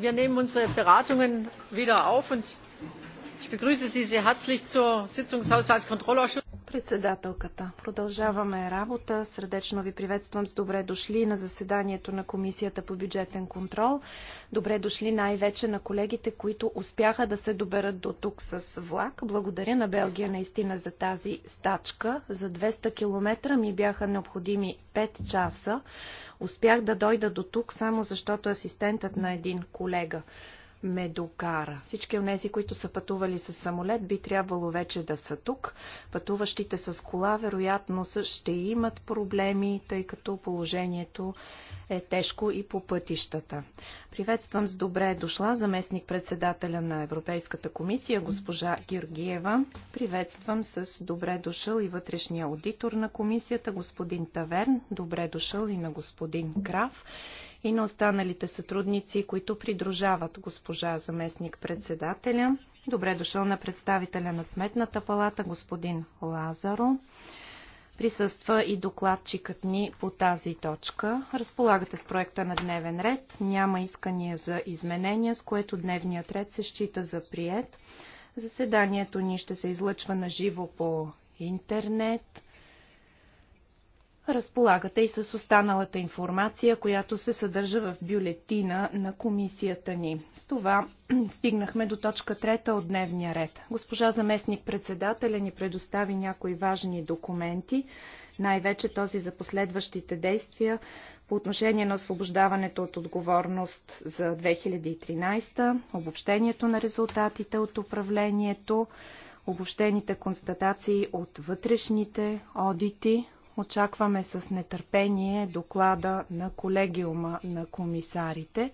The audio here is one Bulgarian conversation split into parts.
wir nehmen unsere beratungen wieder auf und ich begrüße sie sehr herzlich zur sitzung des haushaltskontrollausschusses. Председателката, продължаваме работа. Сърдечно ви приветствам с добре дошли на заседанието на Комисията по бюджетен контрол. Добре дошли най-вече на колегите, които успяха да се доберат до тук с влак. Благодаря на Белгия наистина за тази стачка. За 200 км ми бяха необходими 5 часа. Успях да дойда до тук само защото асистентът на един колега ме докара. Всички от тези, които са пътували с самолет, би трябвало вече да са тук. Пътуващите с кола, вероятно, ще имат проблеми, тъй като положението е тежко и по пътищата. Приветствам с добре дошла заместник председателя на Европейската комисия, госпожа Георгиева. Приветствам с добре дошъл и вътрешния аудитор на комисията, господин Таверн. Добре дошъл и на господин Краф и на останалите сътрудници, които придружават госпожа заместник-председателя. Добре дошъл на представителя на Сметната палата, господин Лазаро. Присъства и докладчикът ни по тази точка. Разполагате с проекта на дневен ред. Няма искания за изменения, с което дневният ред се счита за прият. Заседанието ни ще се излъчва на живо по интернет. Разполагате и с останалата информация, която се съдържа в бюлетина на комисията ни. С това стигнахме до точка трета от дневния ред. Госпожа заместник председателя ни предостави някои важни документи, най-вече този за последващите действия по отношение на освобождаването от отговорност за 2013, обобщението на резултатите от управлението, обобщените констатации от вътрешните одити, Очакваме с нетърпение доклада на колегиума на комисарите.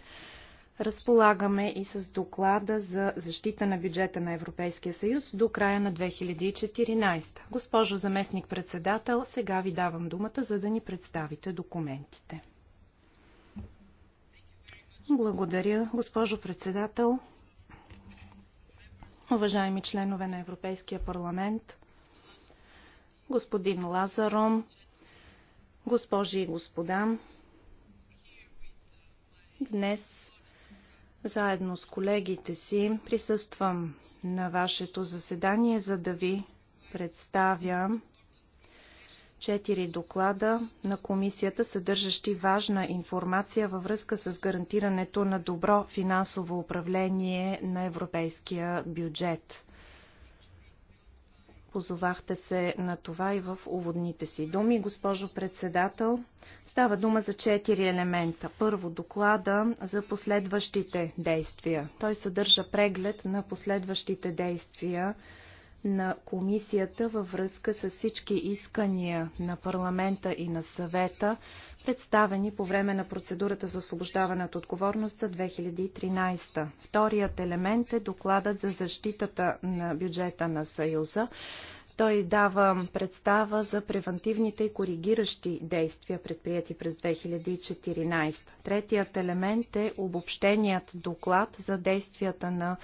Разполагаме и с доклада за защита на бюджета на Европейския съюз до края на 2014. Госпожо заместник-председател, сега ви давам думата, за да ни представите документите. Благодаря, госпожо председател. Уважаеми членове на Европейския парламент, господин Лазаром, госпожи и господа, днес заедно с колегите си присъствам на вашето заседание, за да ви представя четири доклада на комисията, съдържащи важна информация във връзка с гарантирането на добро финансово управление на европейския бюджет. Позовахте се на това и в уводните си думи, госпожо председател. Става дума за четири елемента. Първо, доклада за последващите действия. Той съдържа преглед на последващите действия на комисията във връзка с всички искания на парламента и на съвета, представени по време на процедурата за освобождаване от отговорност за 2013. Вторият елемент е докладът за защитата на бюджета на Съюза. Той дава представа за превентивните и коригиращи действия, предприяти през 2014. Третият елемент е обобщеният доклад за действията на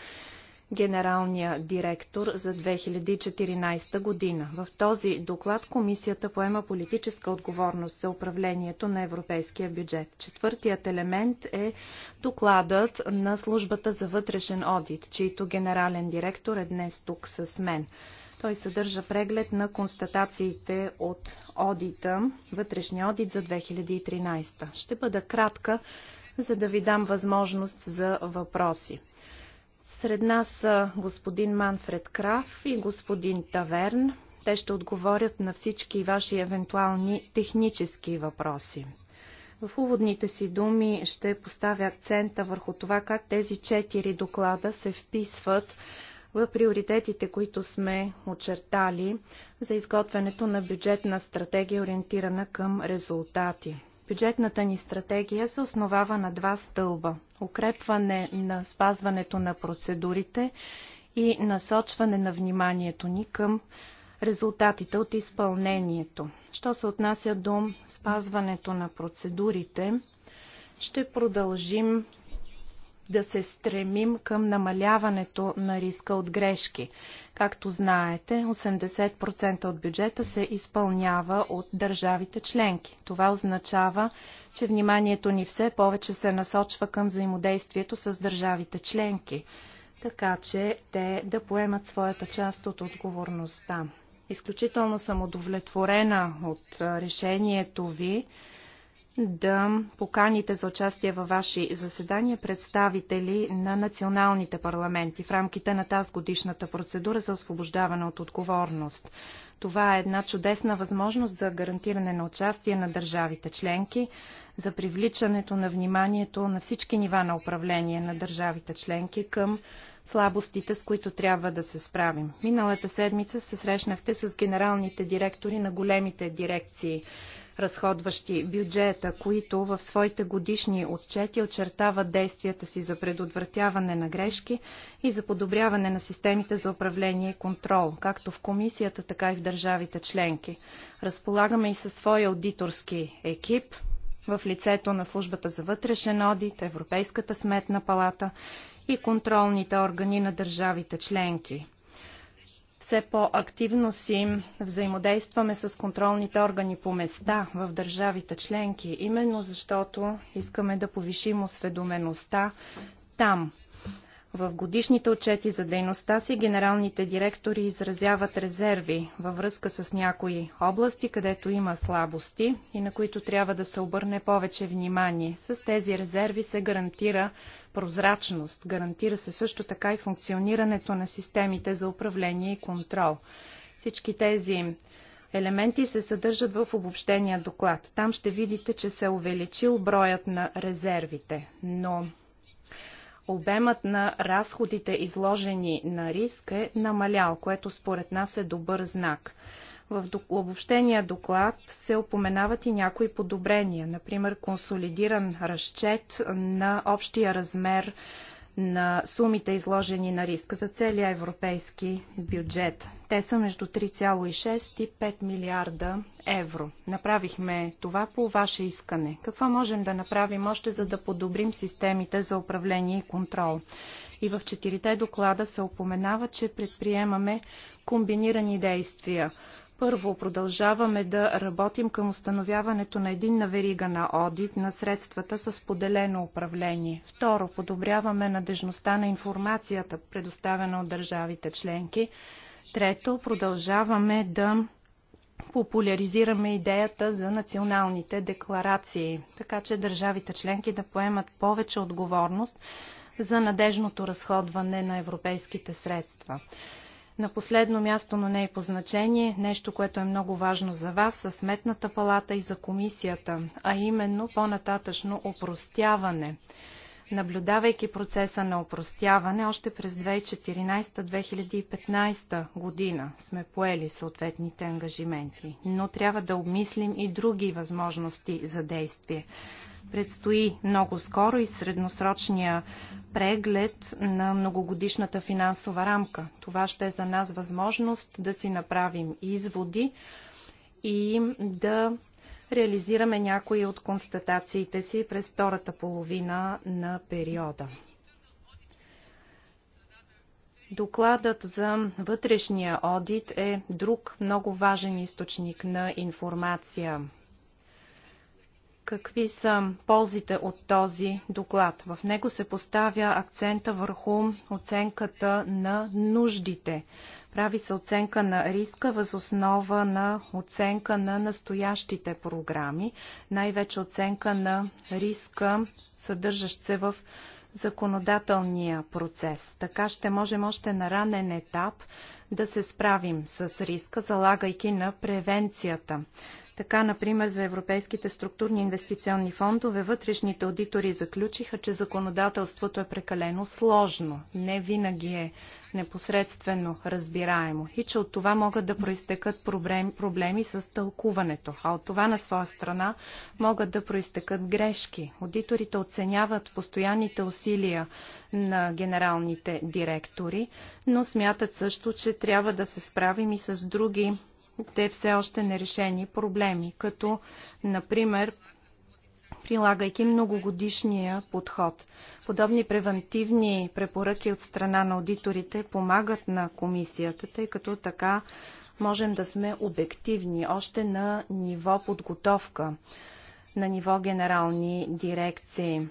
генералния директор за 2014 година. В този доклад комисията поема политическа отговорност за управлението на европейския бюджет. Четвъртият елемент е докладът на службата за вътрешен одит, чийто генерален директор е днес тук с мен. Той съдържа преглед на констатациите от одита, вътрешния одит за 2013. Ще бъда кратка, за да ви дам възможност за въпроси. Сред нас са господин Манфред Краф и господин Таверн. Те ще отговорят на всички ваши евентуални технически въпроси. В уводните си думи ще поставя акцента върху това как тези четири доклада се вписват в приоритетите, които сме очертали за изготвянето на бюджетна стратегия, ориентирана към резултати. Бюджетната ни стратегия се основава на два стълба – укрепване на спазването на процедурите и насочване на вниманието ни към резултатите от изпълнението. Що се отнася до спазването на процедурите, ще продължим да се стремим към намаляването на риска от грешки. Както знаете, 80% от бюджета се изпълнява от държавите членки. Това означава, че вниманието ни все повече се насочва към взаимодействието с държавите членки, така че те да поемат своята част от отговорността. Изключително съм удовлетворена от решението ви да поканите за участие във ваши заседания представители на националните парламенти в рамките на тази годишната процедура за освобождаване от отговорност. Това е една чудесна възможност за гарантиране на участие на държавите членки, за привличането на вниманието на всички нива на управление на държавите членки към слабостите, с които трябва да се справим. Миналата седмица се срещнахте с генералните директори на големите дирекции разходващи бюджета, които в своите годишни отчети очертават действията си за предотвратяване на грешки и за подобряване на системите за управление и контрол, както в комисията, така и в държавите членки. Разполагаме и със своя аудиторски екип, в лицето на службата за вътрешен одит, Европейската сметна палата и контролните органи на държавите членки все по-активно си взаимодействаме с контролните органи по места в държавите членки, именно защото искаме да повишим осведомеността там. В годишните отчети за дейността си генералните директори изразяват резерви във връзка с някои области, където има слабости и на които трябва да се обърне повече внимание. С тези резерви се гарантира прозрачност, гарантира се също така и функционирането на системите за управление и контрол. Всички тези елементи се съдържат в обобщения доклад. Там ще видите, че се е увеличил броят на резервите, но обемът на разходите изложени на риск е намалял, което според нас е добър знак. В обобщения доклад се упоменават и някои подобрения, например консолидиран разчет на общия размер на сумите изложени на риска за целия европейски бюджет. Те са между 3,6 и 5 милиарда евро. Направихме това по ваше искане. Какво можем да направим още, за да подобрим системите за управление и контрол? И в четирите доклада се опоменава, че предприемаме комбинирани действия първо, продължаваме да работим към установяването на един наверига на одит на средствата с поделено управление. Второ, подобряваме надежността на информацията, предоставена от държавите членки. Трето, продължаваме да популяризираме идеята за националните декларации, така че държавите членки да поемат повече отговорност за надежното разходване на европейските средства. На последно място, но не и е по значение, нещо, което е много важно за вас, са Сметната палата и за комисията, а именно по-нататъчно опростяване. Наблюдавайки процеса на опростяване, още през 2014-2015 година сме поели съответните ангажименти, но трябва да обмислим и други възможности за действие. Предстои много скоро и средносрочния преглед на многогодишната финансова рамка. Това ще е за нас възможност да си направим изводи и да реализираме някои от констатациите си през втората половина на периода. Докладът за вътрешния одит е друг много важен източник на информация. Какви са ползите от този доклад? В него се поставя акцента върху оценката на нуждите. Прави се оценка на риска възоснова на оценка на настоящите програми, най-вече оценка на риска, съдържащ се в законодателния процес. Така ще можем още на ранен етап да се справим с риска, залагайки на превенцията. Така, например, за европейските структурни инвестиционни фондове вътрешните аудитори заключиха, че законодателството е прекалено сложно, не винаги е непосредствено разбираемо и че от това могат да проистекат проблем, проблеми с тълкуването, а от това на своя страна могат да проистекат грешки. Аудиторите оценяват постоянните усилия на генералните директори, но смятат също, че трябва да се справим и с други те все още нерешени проблеми, като, например, прилагайки многогодишния подход. Подобни превентивни препоръки от страна на аудиторите помагат на комисията, тъй като така можем да сме обективни още на ниво подготовка, на ниво генерални дирекции.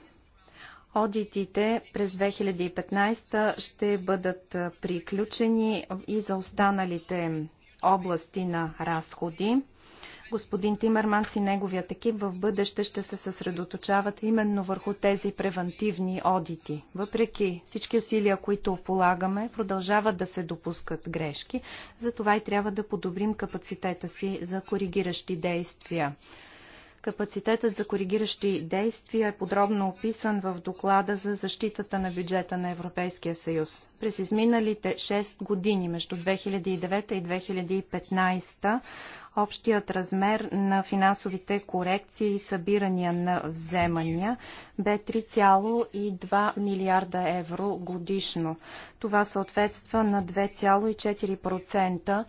Одитите през 2015 ще бъдат приключени и за останалите области на разходи. Господин Тимерманс и неговият екип в бъдеще ще се съсредоточават именно върху тези превентивни одити. Въпреки всички усилия, които полагаме, продължават да се допускат грешки, затова и трябва да подобрим капацитета си за коригиращи действия. Капацитетът за коригиращи действия е подробно описан в доклада за защитата на бюджета на Европейския съюз. През изминалите 6 години между 2009 и 2015 общият размер на финансовите корекции и събирания на вземания бе 3,2 милиарда евро годишно. Това съответства на 2,4%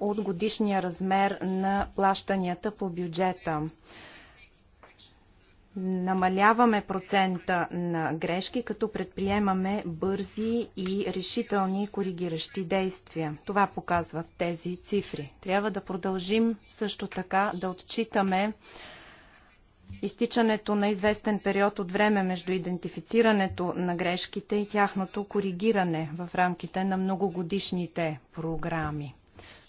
от годишния размер на плащанията по бюджета намаляваме процента на грешки, като предприемаме бързи и решителни коригиращи действия. Това показват тези цифри. Трябва да продължим също така да отчитаме изтичането на известен период от време между идентифицирането на грешките и тяхното коригиране в рамките на многогодишните програми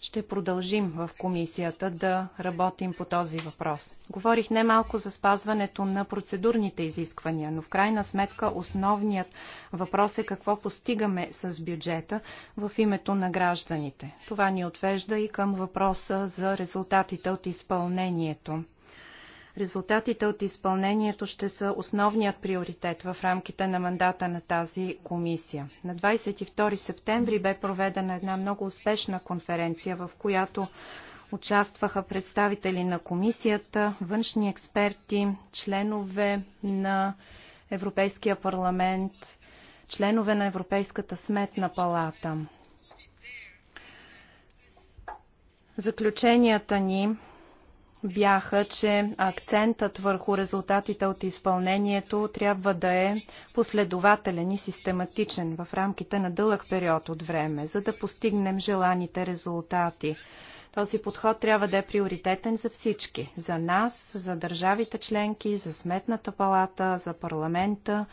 ще продължим в комисията да работим по този въпрос. Говорих не малко за спазването на процедурните изисквания, но в крайна сметка основният въпрос е какво постигаме с бюджета в името на гражданите. Това ни отвежда и към въпроса за резултатите от изпълнението. Резултатите от изпълнението ще са основният приоритет в рамките на мандата на тази комисия. На 22 септември бе проведена една много успешна конференция, в която участваха представители на комисията, външни експерти, членове на Европейския парламент, членове на Европейската сметна палата. Заключенията ни бяха, че акцентът върху резултатите от изпълнението трябва да е последователен и систематичен в рамките на дълъг период от време, за да постигнем желаните резултати. Този подход трябва да е приоритетен за всички. За нас, за държавите членки, за Сметната палата, за парламента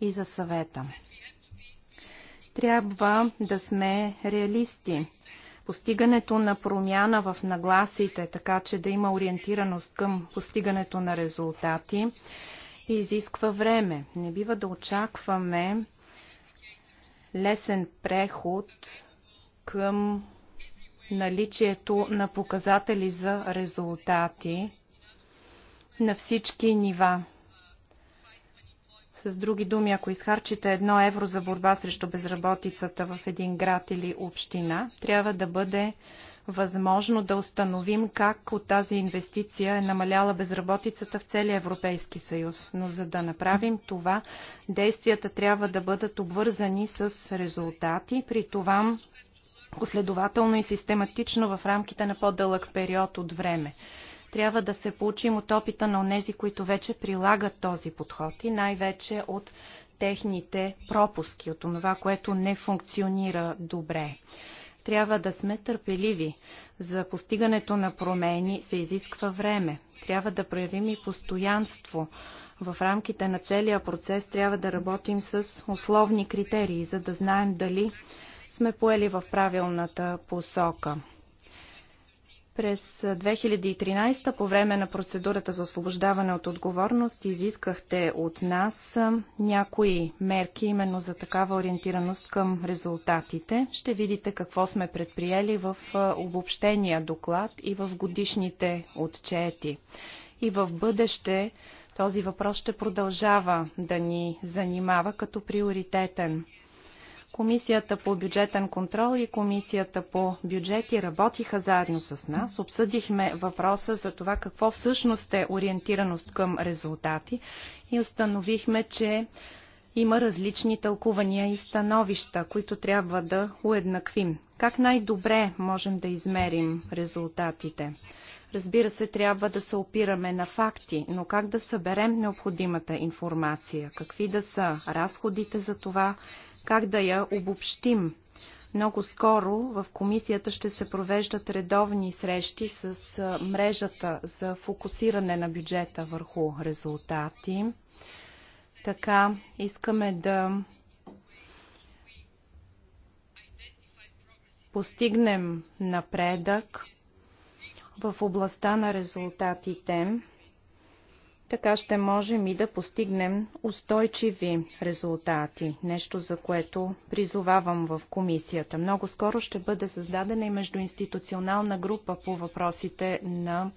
и за съвета. Трябва да сме реалисти. Постигането на промяна в нагласите, така че да има ориентираност към постигането на резултати, изисква време. Не бива да очакваме лесен преход към наличието на показатели за резултати на всички нива. С други думи, ако изхарчите едно евро за борба срещу безработицата в един град или община, трябва да бъде възможно да установим как от тази инвестиция е намаляла безработицата в целия Европейски съюз. Но за да направим това, действията трябва да бъдат обвързани с резултати, при това последователно и систематично в рамките на по-дълъг период от време. Трябва да се получим от опита на онези, които вече прилагат този подход и най-вече от техните пропуски, от това, което не функционира добре. Трябва да сме търпеливи. За постигането на промени се изисква време. Трябва да проявим и постоянство. В рамките на целия процес трябва да работим с условни критерии, за да знаем дали сме поели в правилната посока. През 2013 по време на процедурата за освобождаване от отговорност изискахте от нас някои мерки именно за такава ориентираност към резултатите. Ще видите какво сме предприели в обобщения доклад и в годишните отчети. И в бъдеще този въпрос ще продължава да ни занимава като приоритетен. Комисията по бюджетен контрол и Комисията по бюджети работиха заедно с нас. Обсъдихме въпроса за това какво всъщност е ориентираност към резултати и установихме, че има различни тълкувания и становища, които трябва да уеднаквим. Как най-добре можем да измерим резултатите? Разбира се, трябва да се опираме на факти, но как да съберем необходимата информация? Какви да са разходите за това? как да я обобщим. Много скоро в комисията ще се провеждат редовни срещи с мрежата за фокусиране на бюджета върху резултати. Така искаме да постигнем напредък в областта на резултатите. Така ще можем и да постигнем устойчиви резултати, нещо за което призовавам в комисията. Много скоро ще бъде създадена и междуинституционална група по въпросите на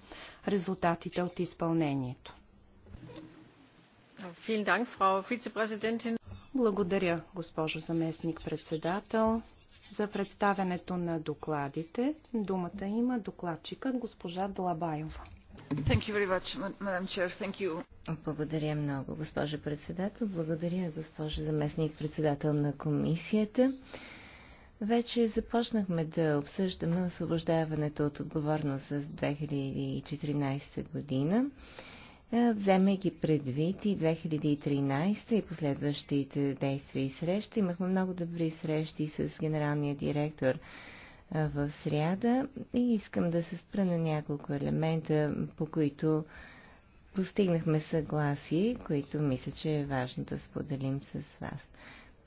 резултатите от изпълнението. Благодаря, госпожо заместник-председател, за представенето на докладите. Думата има докладчикът госпожа Длабаева. Благодаря много, госпожа председател. Благодаря, госпожа заместник председател на комисията. Вече започнахме да обсъждаме освобождаването от отговорност за 2014 година, е, вземайки предвид и 2013 и последващите действия и срещи. Имахме много добри срещи с генералния директор в сряда и искам да се спра на няколко елемента, по които постигнахме съгласие, които мисля, че е важно да споделим с вас.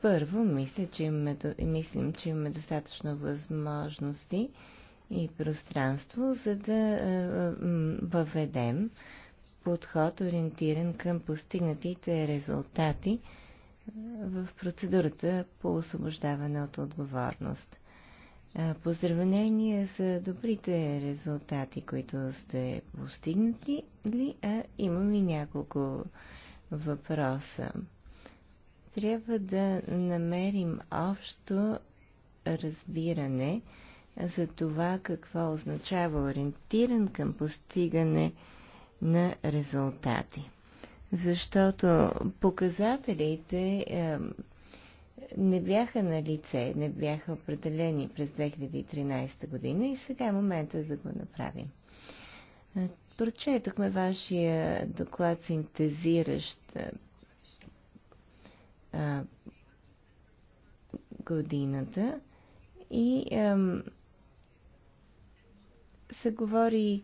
Първо, мисля, че имаме, мислим, че имаме достатъчно възможности и пространство, за да въведем подход, ориентиран към постигнатите резултати в процедурата по освобождаване от отговорност. Поздравления за добрите резултати, които сте постигнати. Ли? А, имам и няколко въпроса. Трябва да намерим общо разбиране за това какво означава ориентиран към постигане на резултати. Защото показателите не бяха на лице, не бяха определени през 2013 година и сега е момента да го направим. Прочетохме вашия доклад синтезиращ а, годината и а, се говори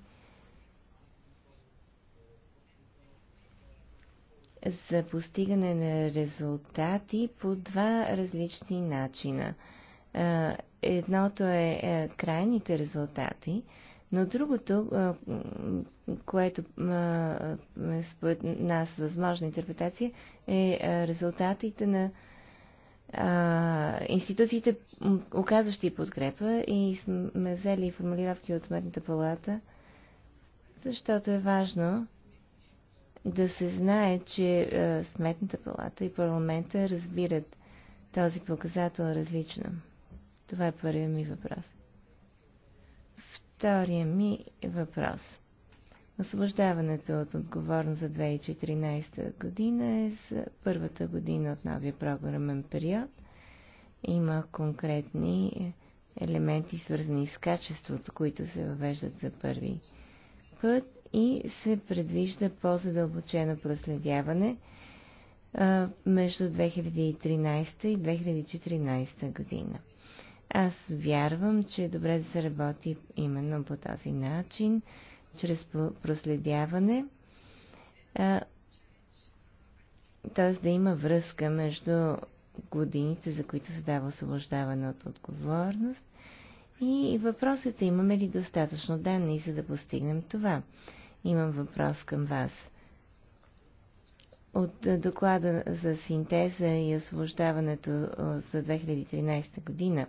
за постигане на резултати по два различни начина. Едното е, е крайните резултати, но другото, което според нас възможна интерпретация, е резултатите на институциите, оказващи подкрепа и сме взели формулировки от Сметната палата, защото е важно да се знае, че е, Сметната палата и парламента разбират този показател различно. Това е първият ми въпрос. Втория ми въпрос. Освобождаването от отговорност за 2014 година е за първата година от новия програмен период. Има конкретни елементи, свързани с качеството, които се въвеждат за първи път и се предвижда по-задълбочено проследяване между 2013 и 2014 година. Аз вярвам, че е добре да се работи именно по този начин, чрез проследяване, т.е. да има връзка между годините, за които се дава освобождаване от отговорност. И въпросът е, имаме ли достатъчно данни, за да постигнем това? имам въпрос към вас. От е, доклада за синтеза и освобождаването е, за 2013 година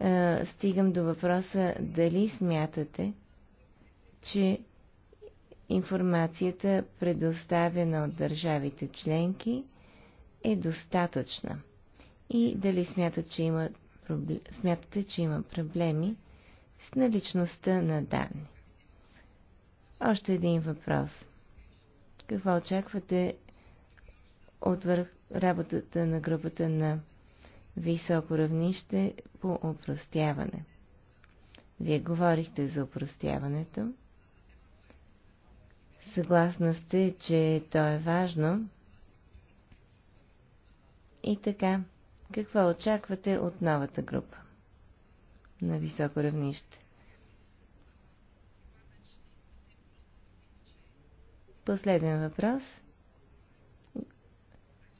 е, стигам до въпроса дали смятате, че информацията, предоставена от държавите членки, е достатъчна? И дали смятате, че има, смятате, че има проблеми с наличността на данни? Още един въпрос. Какво очаквате от върх работата на групата на високо равнище по упростяване? Вие говорихте за упростяването. Съгласна сте, че то е важно. И така, какво очаквате от новата група на високо равнище? Последен въпрос.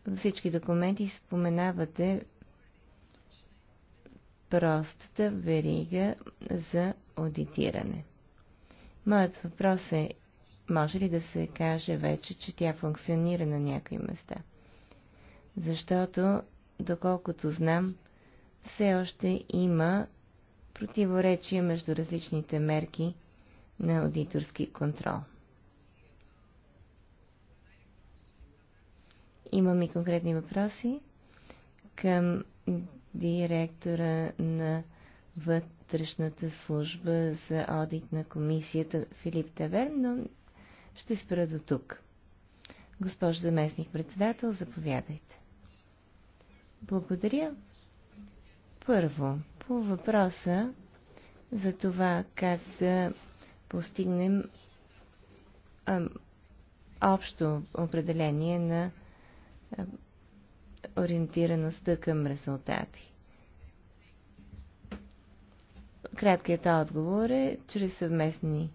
Във всички документи споменавате простата верига за аудитиране. Моят въпрос е, може ли да се каже вече, че тя функционира на някои места? Защото, доколкото знам, все още има противоречия между различните мерки на аудиторски контрол. Имам и конкретни въпроси към директора на вътрешната служба за одит на комисията Филип Тавер, но ще спра до тук. Госпожо заместник-председател, заповядайте. Благодаря. Първо, по въпроса за това как да постигнем а, общо определение на ориентираността към резултати. Краткият отговор е чрез съвместни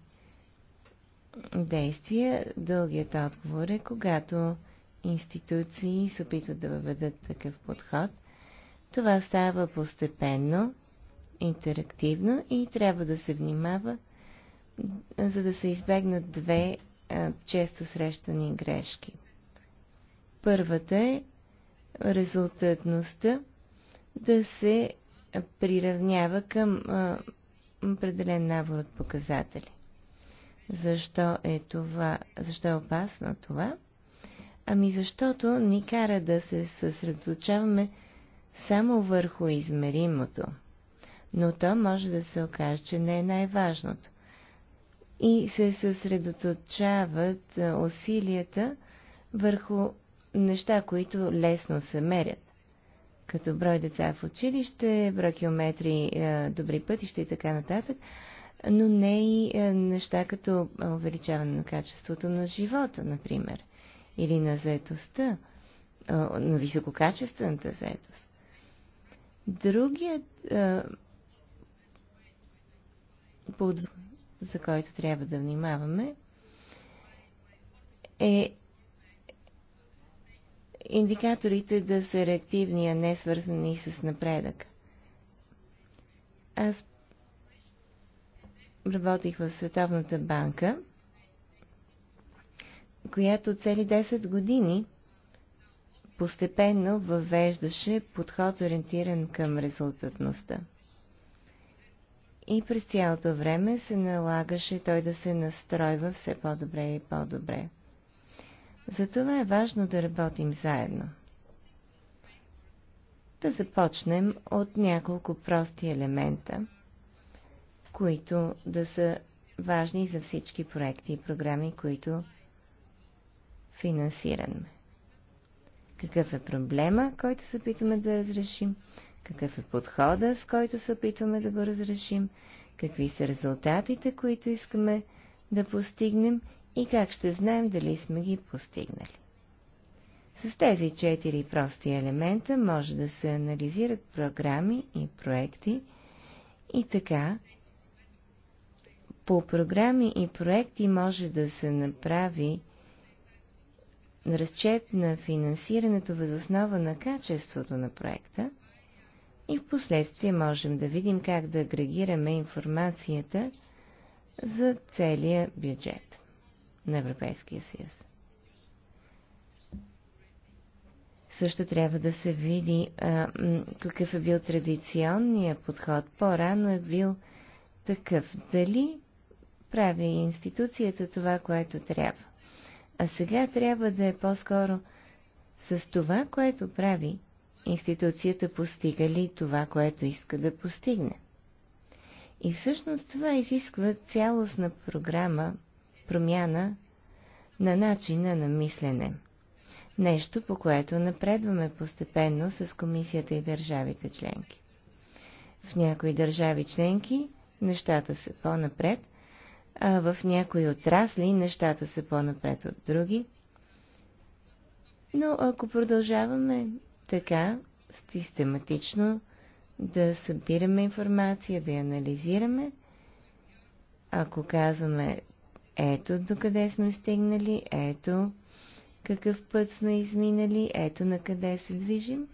действия. Дългият отговор е когато институции се опитват да въведат такъв подход. Това става постепенно, интерактивно и трябва да се внимава, за да се избегнат две често срещани грешки – Първата е резултатността да се приравнява към а, определен набор от показатели. Защо е това? Защо е опасно това? Ами защото ни кара да се съсредоточаваме само върху измеримото. Но то може да се окаже, че не е най-важното. И се съсредоточават усилията върху неща, които лесно се мерят. Като брой деца в училище, брой километри, е, добри пътища и така нататък, но не и е, неща като е, увеличаване на качеството на живота, например, или на заетостта, на висококачествената заетост. Другият под, за който трябва да внимаваме, е индикаторите да са реактивни, а не свързани с напредък. Аз работих в Световната банка, която цели 10 години постепенно въвеждаше подход ориентиран към резултатността. И през цялото време се налагаше той да се настройва все по-добре и по-добре. Затова е важно да работим заедно. Да започнем от няколко прости елемента, които да са важни за всички проекти и програми, които финансираме. Какъв е проблема, който се опитваме да разрешим? Какъв е подхода, с който се опитваме да го разрешим? Какви са резултатите, които искаме да постигнем и как ще знаем дали сме ги постигнали. С тези четири прости елемента може да се анализират програми и проекти и така по програми и проекти може да се направи разчет на финансирането възоснова на качеството на проекта и в последствие можем да видим как да агрегираме информацията за целия бюджет на Европейския съюз. Също трябва да се види а, какъв е бил традиционният подход. По-рано е бил такъв. Дали прави институцията това, което трябва? А сега трябва да е по-скоро с това, което прави, институцията постига ли това, което иска да постигне. И всъщност това изисква цялостна програма, промяна на начина на мислене. Нещо, по което напредваме постепенно с комисията и държавите членки. В някои държави членки нещата са по-напред, а в някои отрасли нещата са по-напред от други. Но ако продължаваме така, систематично да събираме информация, да я анализираме, ако казваме ето до къде сме стигнали, ето какъв път сме изминали, ето на къде се движим.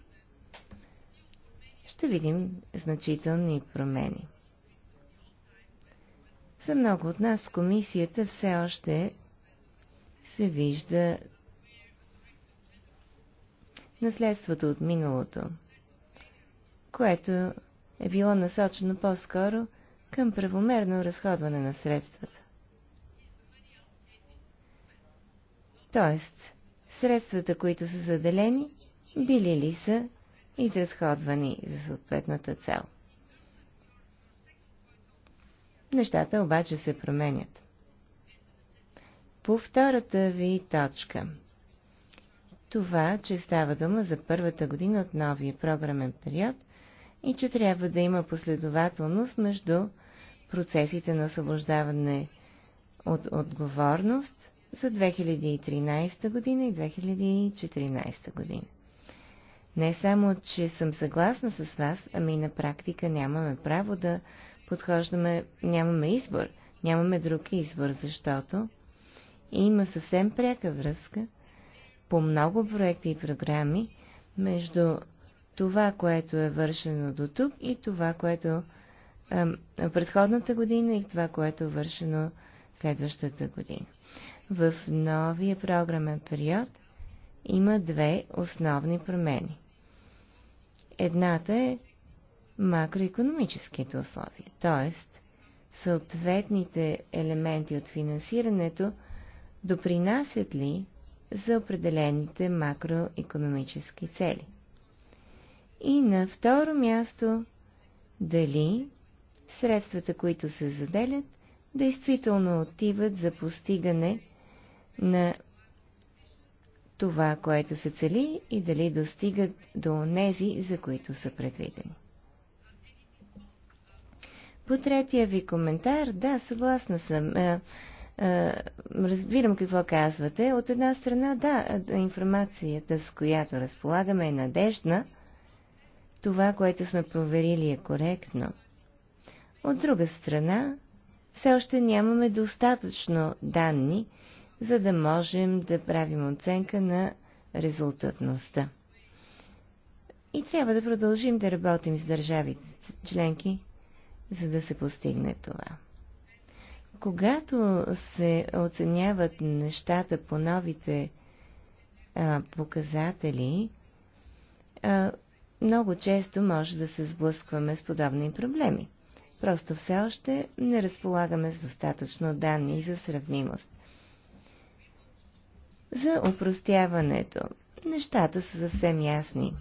Ще видим значителни промени. За много от нас комисията все още се вижда наследството от миналото, което е било насочено по-скоро към правомерно разходване на средствата. Тоест, средствата, които са заделени, били ли са изразходвани за съответната цел. Нещата обаче се променят. По втората ви точка. Това, че става дума за първата година от новия програмен период и че трябва да има последователност между процесите на освобождаване от отговорност за 2013 година и 2014 година. Не само, че съм съгласна с вас, ами на практика нямаме право да подхождаме, нямаме избор, нямаме друг избор, защото има съвсем пряка връзка по много проекти и програми между това, което е вършено до тук и това, което е, предходната година и това, което е вършено следващата година в новия програмен период има две основни промени. Едната е макроекономическите условия, т.е. съответните елементи от финансирането допринасят ли за определените макроекономически цели. И на второ място, дали средствата, които се заделят, действително отиват за постигане на това, което се цели и дали достигат до онези, за които са предвидени. По третия ви коментар, да, съгласна съм. Е, е, разбирам какво казвате. От една страна, да, е, информацията, с която разполагаме, е надежна. Това, което сме проверили, е коректно. От друга страна, все още нямаме достатъчно данни, за да можем да правим оценка на резултатността. И трябва да продължим да работим с държавите членки, за да се постигне това. Когато се оценяват нещата по новите а, показатели, а, много често може да се сблъскваме с подобни проблеми. Просто все още не разполагаме с достатъчно данни за сравнимост. За упростяването. Нещата са съвсем ясни.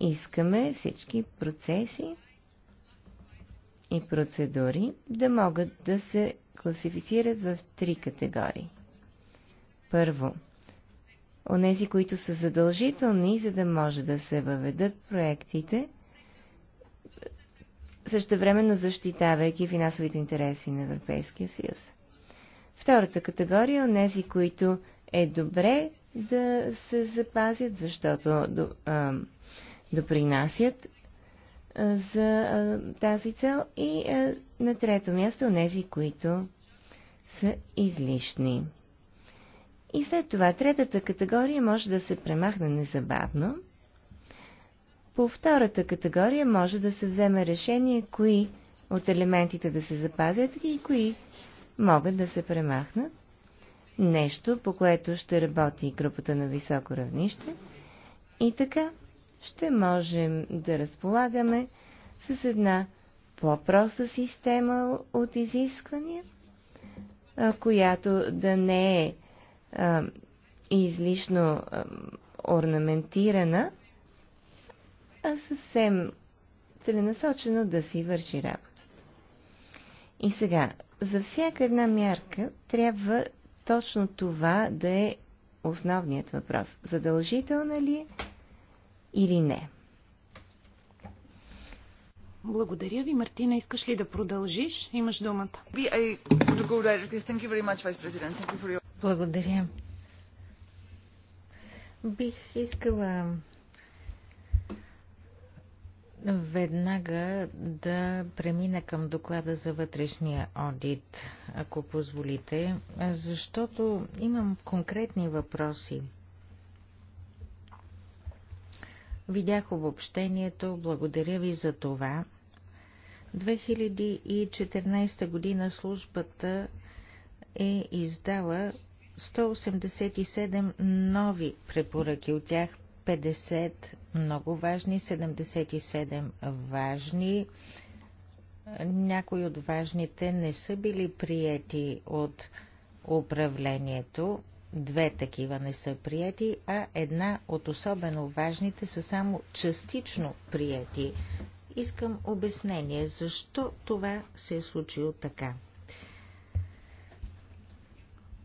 Искаме всички процеси и процедури да могат да се класифицират в три категории. Първо, онези, които са задължителни, за да може да се въведат проектите, същевременно защитавайки финансовите интереси на Европейския съюз. Втората категория е – онези, които е добре да се запазят, защото допринасят за тази цел и на трето място нези, които са излишни. И след това третата категория може да се премахне незабавно. По втората категория може да се вземе решение кои от елементите да се запазят и кои могат да се премахнат нещо, по което ще работи групата на високо равнище. И така ще можем да разполагаме с една по-проста система от изисквания, която да не е а, излишно а, орнаментирана, а съвсем целенасочено да си върши работата. И сега, за всяка една мярка трябва точно това да е основният въпрос. Задължителна ли или не? Благодаря ви, Мартина. Искаш ли да продължиш? Имаш думата. Благодаря. Бих искала веднага да премина към доклада за вътрешния одит, ако позволите, защото имам конкретни въпроси. Видях обобщението, благодаря ви за това. 2014 година службата е издала 187 нови препоръки, от тях 50 много важни, 77 важни. Някои от важните не са били приети от управлението. Две такива не са приети, а една от особено важните са само частично приети. Искам обяснение защо това се е случило така.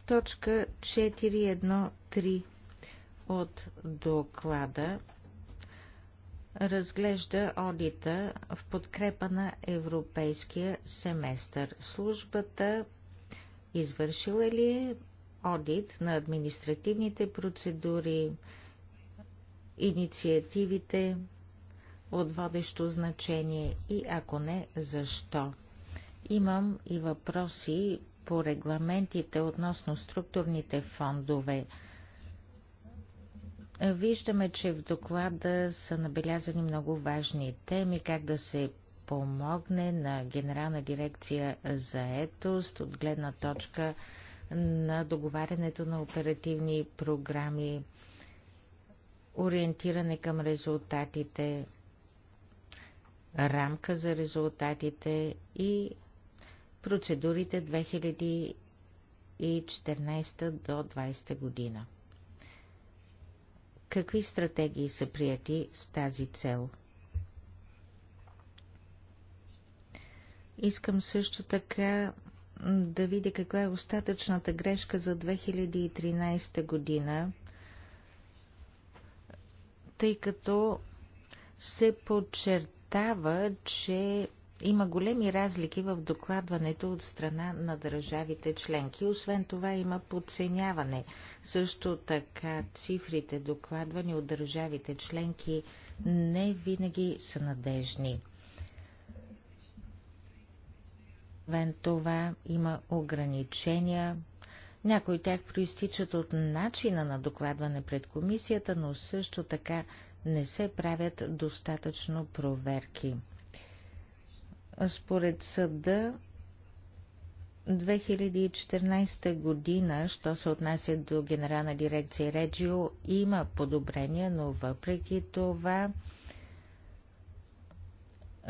Точка 413 от доклада разглежда одита в подкрепа на европейския семестър. Службата извършила ли е одит на административните процедури, инициативите от водещо значение и ако не, защо? Имам и въпроси по регламентите относно структурните фондове – Виждаме, че в доклада са набелязани много важни теми, как да се помогне на Генерална дирекция за етост от гледна точка на договарянето на оперативни програми, ориентиране към резултатите, рамка за резултатите и процедурите 2014 до 2020 година. Какви стратегии са прияти с тази цел? Искам също така да видя каква е остатъчната грешка за 2013 година, тъй като се подчертава, че има големи разлики в докладването от страна на държавите членки. Освен това има подценяване. Също така цифрите, докладвани от държавите членки, не винаги са надежни. Освен това има ограничения. Някои от тях проистичат от начина на докладване пред комисията, но също така не се правят достатъчно проверки. Според съда 2014 година, що се отнася до генерална дирекция Реджио, има подобрения, но въпреки това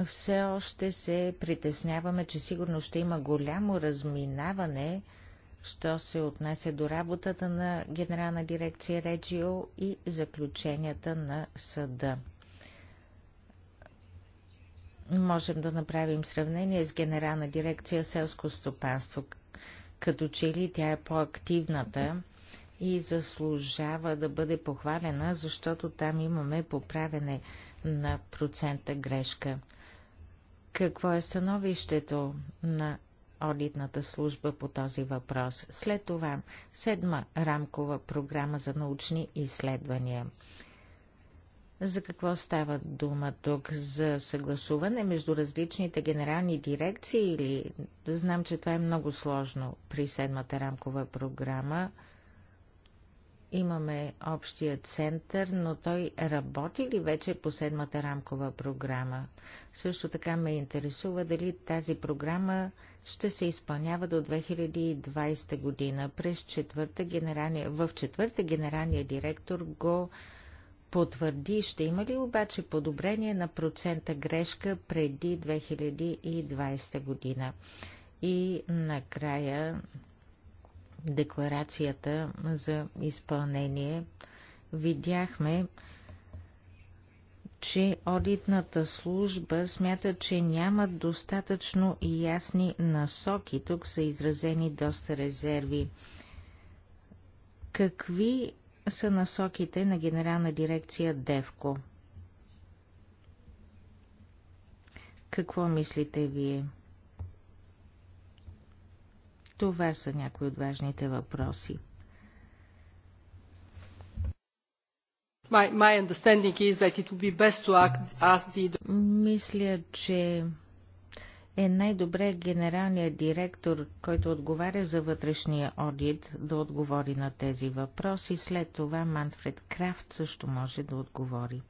все още се притесняваме, че сигурно ще има голямо разминаване, що се отнася до работата на генерална дирекция Реджио и заключенията на съда можем да направим сравнение с Генерална дирекция селско стопанство, като че ли тя е по-активната и заслужава да бъде похвалена, защото там имаме поправене на процента грешка. Какво е становището на одитната служба по този въпрос? След това седма рамкова програма за научни изследвания. За какво става дума тук? За съгласуване между различните генерални дирекции или... Знам, че това е много сложно при седмата рамкова програма. Имаме общия център, но той работи ли вече по седмата рамкова програма? Също така ме интересува дали тази програма ще се изпълнява до 2020 година. През четвърта генерания, В четвърта генералния директор го потвърди, ще има ли обаче подобрение на процента грешка преди 2020 година? И накрая декларацията за изпълнение. Видяхме, че одитната служба смята, че няма достатъчно ясни насоки. Тук са изразени доста резерви. Какви са насоките на Генерална дирекция ДЕВКО. Какво мислите вие? Това са някои от важните въпроси. My, my be the... Мисля, че е най-добре генералният директор, който отговаря за вътрешния одит, да отговори на тези въпроси. След това Манфред Крафт също може да отговори.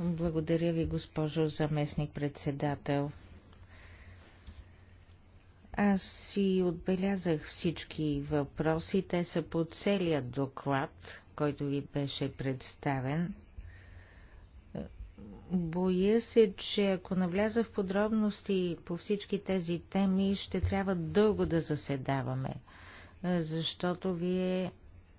Благодаря ви, госпожо заместник-председател. Аз си отбелязах всички въпроси. Те са по целия доклад, който ви беше представен. Боя се, че ако навляза в подробности по всички тези теми, ще трябва дълго да заседаваме, е, защото вие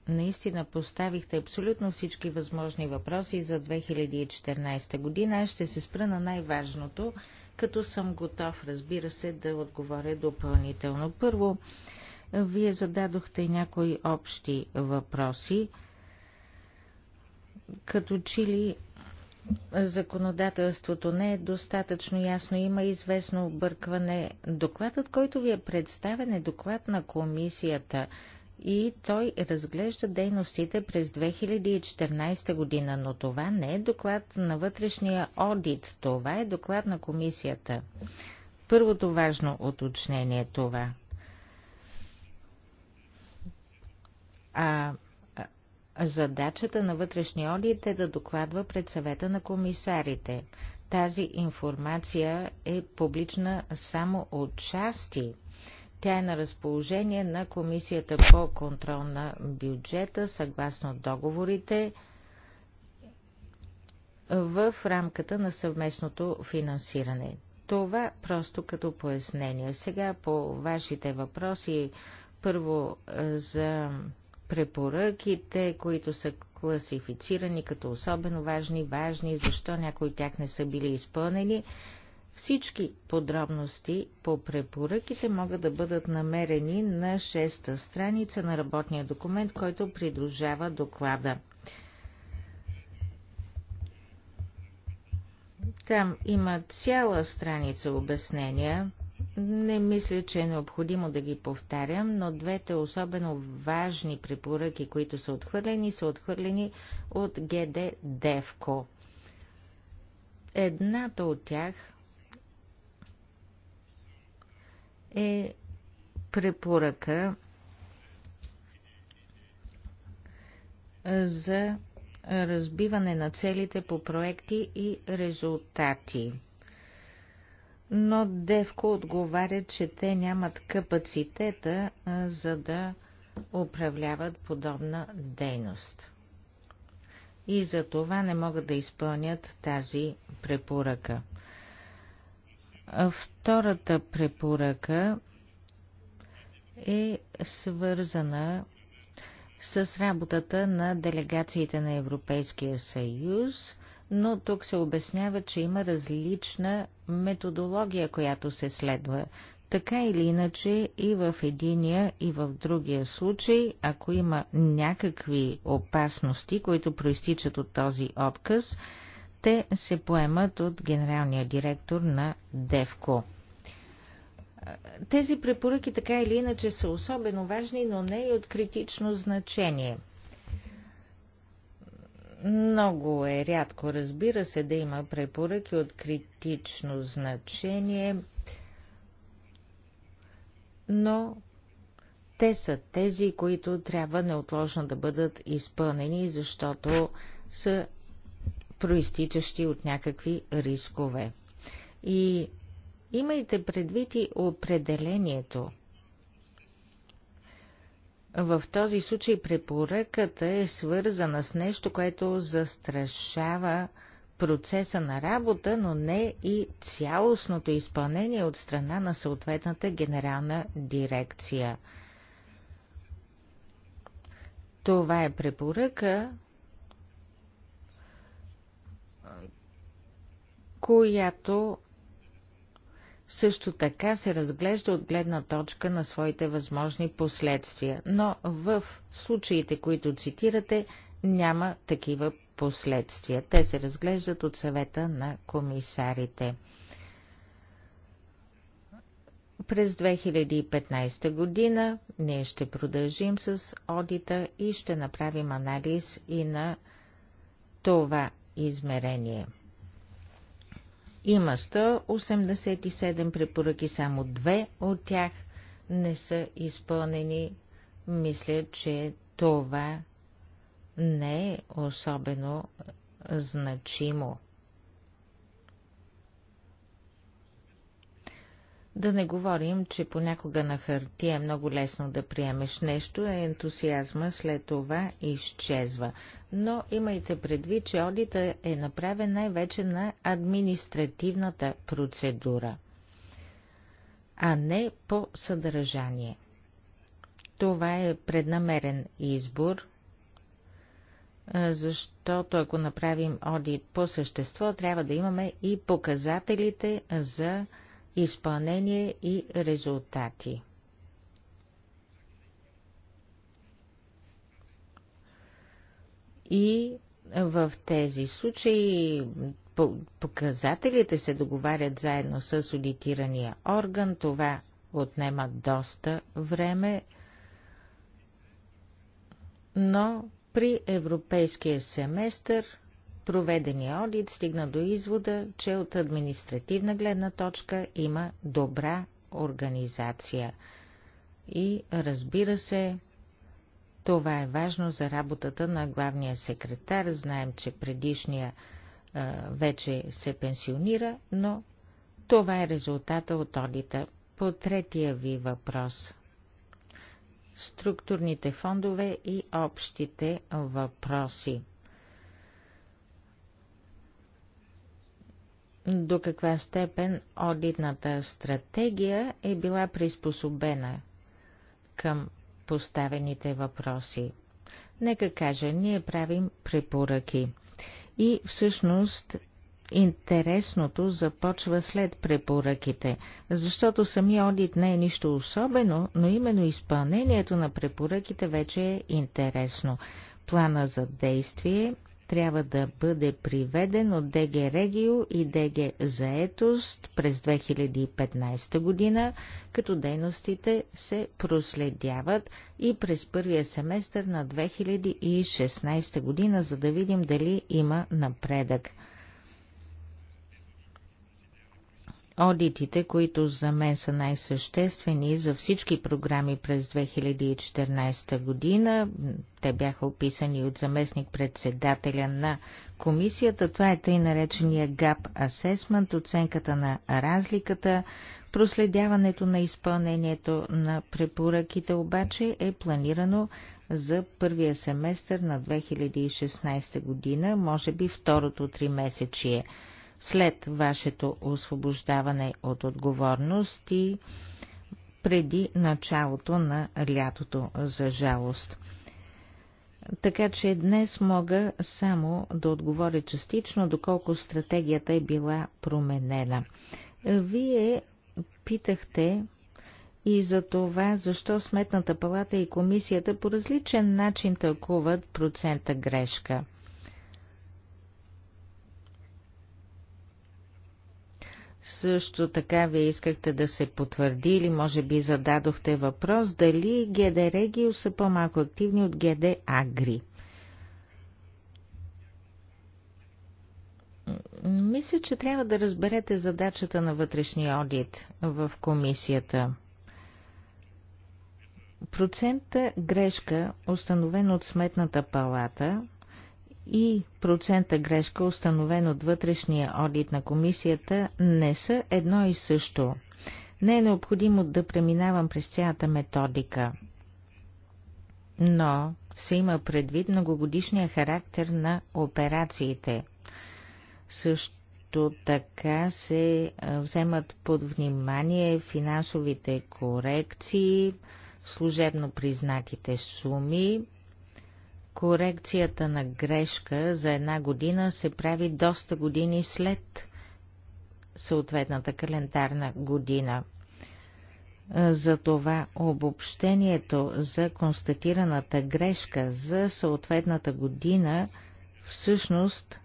наистина поставихте абсолютно всички възможни въпроси за 2014 година. Аз ще се спра на най-важното, като съм готов, разбира се, да отговоря допълнително. Първо, вие зададохте някои общи въпроси, като че ли законодателството не е достатъчно ясно, има известно объркване. Докладът, който ви е представен е доклад на комисията и той разглежда дейностите през 2014 година, но това не е доклад на вътрешния одит, това е доклад на комисията. Първото важно уточнение е това. А Задачата на вътрешния одит е да докладва пред съвета на комисарите. Тази информация е публична само от части. Тя е на разположение на Комисията по контрол на бюджета, съгласно договорите, в рамката на съвместното финансиране. Това просто като пояснение. Сега по вашите въпроси, първо за препоръките, които са класифицирани като особено важни, важни, защо някои от тях не са били изпълнени. Всички подробности по препоръките могат да бъдат намерени на шеста страница на работния документ, който придружава доклада. Там има цяла страница обяснения не мисля, че е необходимо да ги повтарям, но двете особено важни препоръки, които са отхвърлени, са отхвърлени от ГД Девко. Едната от тях е препоръка за разбиване на целите по проекти и резултати – но Девко отговаря, че те нямат капацитета за да управляват подобна дейност. И за това не могат да изпълнят тази препоръка. Втората препоръка е свързана с работата на делегациите на Европейския съюз – но тук се обяснява, че има различна методология, която се следва. Така или иначе, и в единия, и в другия случай, ако има някакви опасности, които проистичат от този отказ, те се поемат от генералния директор на ДЕВКО. Тези препоръки така или иначе са особено важни, но не и от критично значение. Много е рядко, разбира се, да има препоръки от критично значение, но те са тези, които трябва неотложно да бъдат изпълнени, защото са проистичащи от някакви рискове. И имайте предвид и определението в този случай препоръката е свързана с нещо, което застрашава процеса на работа, но не и цялостното изпълнение от страна на съответната генерална дирекция. Това е препоръка, която също така се разглежда от гледна точка на своите възможни последствия, но в случаите, които цитирате, няма такива последствия. Те се разглеждат от съвета на комисарите. През 2015 година ние ще продължим с одита и ще направим анализ и на това измерение – има 187 препоръки, само две от тях не са изпълнени. Мисля, че това не е особено значимо. Да не говорим, че понякога на хартия е много лесно да приемеш нещо, а ентусиазма след това изчезва. Но имайте предвид, че одита е направен най-вече на административната процедура, а не по съдържание. Това е преднамерен избор, защото ако направим одит по същество, трябва да имаме и показателите за изпълнение и резултати. И в тези случаи показателите се договарят заедно с аудитирания орган. Това отнема доста време, но при европейския семестър Проведения одит стигна до извода, че от административна гледна точка има добра организация. И разбира се, това е важно за работата на главния секретар. Знаем, че предишния а, вече се пенсионира, но това е резултата от одита. По третия ви въпрос. Структурните фондове и общите въпроси. до каква степен одитната стратегия е била приспособена към поставените въпроси. Нека кажа, ние правим препоръки. И всъщност интересното започва след препоръките, защото самия одит не е нищо особено, но именно изпълнението на препоръките вече е интересно. Плана за действие трябва да бъде приведен от ДГ Регио и ДГ Заетост през 2015 година, като дейностите се проследяват и през първия семестър на 2016 година, за да видим дали има напредък. Одитите, които за мен са най-съществени за всички програми през 2014 година, те бяха описани от заместник-председателя на комисията. Това е тъй наречения GAP Assessment, оценката на разликата, проследяването на изпълнението на препоръките обаче е планирано за първия семестър на 2016 година, може би второто три месечие след вашето освобождаване от отговорност и преди началото на лятото, за жалост. Така че днес мога само да отговоря частично, доколко стратегията е била променена. Вие питахте и за това, защо Сметната палата и комисията по различен начин тълкуват процента грешка – Също така вие искахте да се потвърди или може би зададохте въпрос дали ГД Регио са по-малко активни от ГД Агри. Мисля, че трябва да разберете задачата на вътрешния одит в комисията. Процента грешка, установен от Сметната палата, и процента грешка, установен от вътрешния одит на комисията, не са едно и също. Не е необходимо да преминавам през цялата методика. Но се има предвид многогодишния характер на операциите. Също така се вземат под внимание финансовите корекции, служебно признатите суми, Корекцията на грешка за една година се прави доста години след съответната календарна година. Затова обобщението за констатираната грешка за съответната година всъщност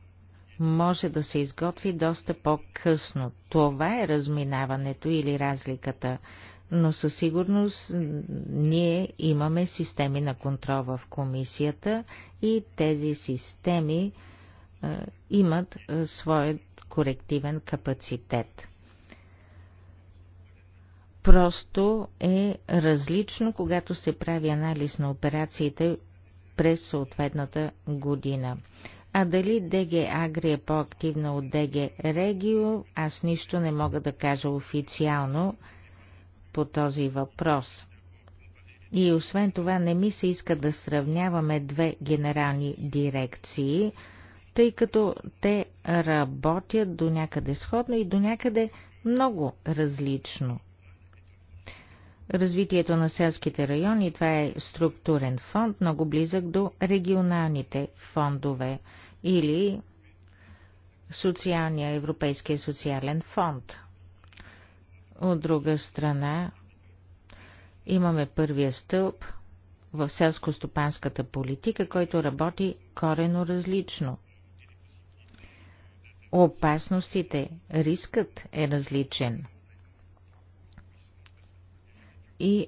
може да се изготви доста по-късно. Това е разминаването или разликата но със сигурност ние имаме системи на контрол в комисията и тези системи е, имат е, своят корективен капацитет. Просто е различно, когато се прави анализ на операциите през съответната година. А дали ДГ Агри е по-активна от ДГ Регио, аз нищо не мога да кажа официално, по този въпрос. И освен това не ми се иска да сравняваме две генерални дирекции, тъй като те работят до някъде сходно и до някъде много различно. Развитието на селските райони, това е структурен фонд, много близък до регионалните фондове или социалния Европейския социален фонд – от друга страна, имаме първия стълб в селско-стопанската политика, който работи корено различно. Опасностите, рискът е различен. И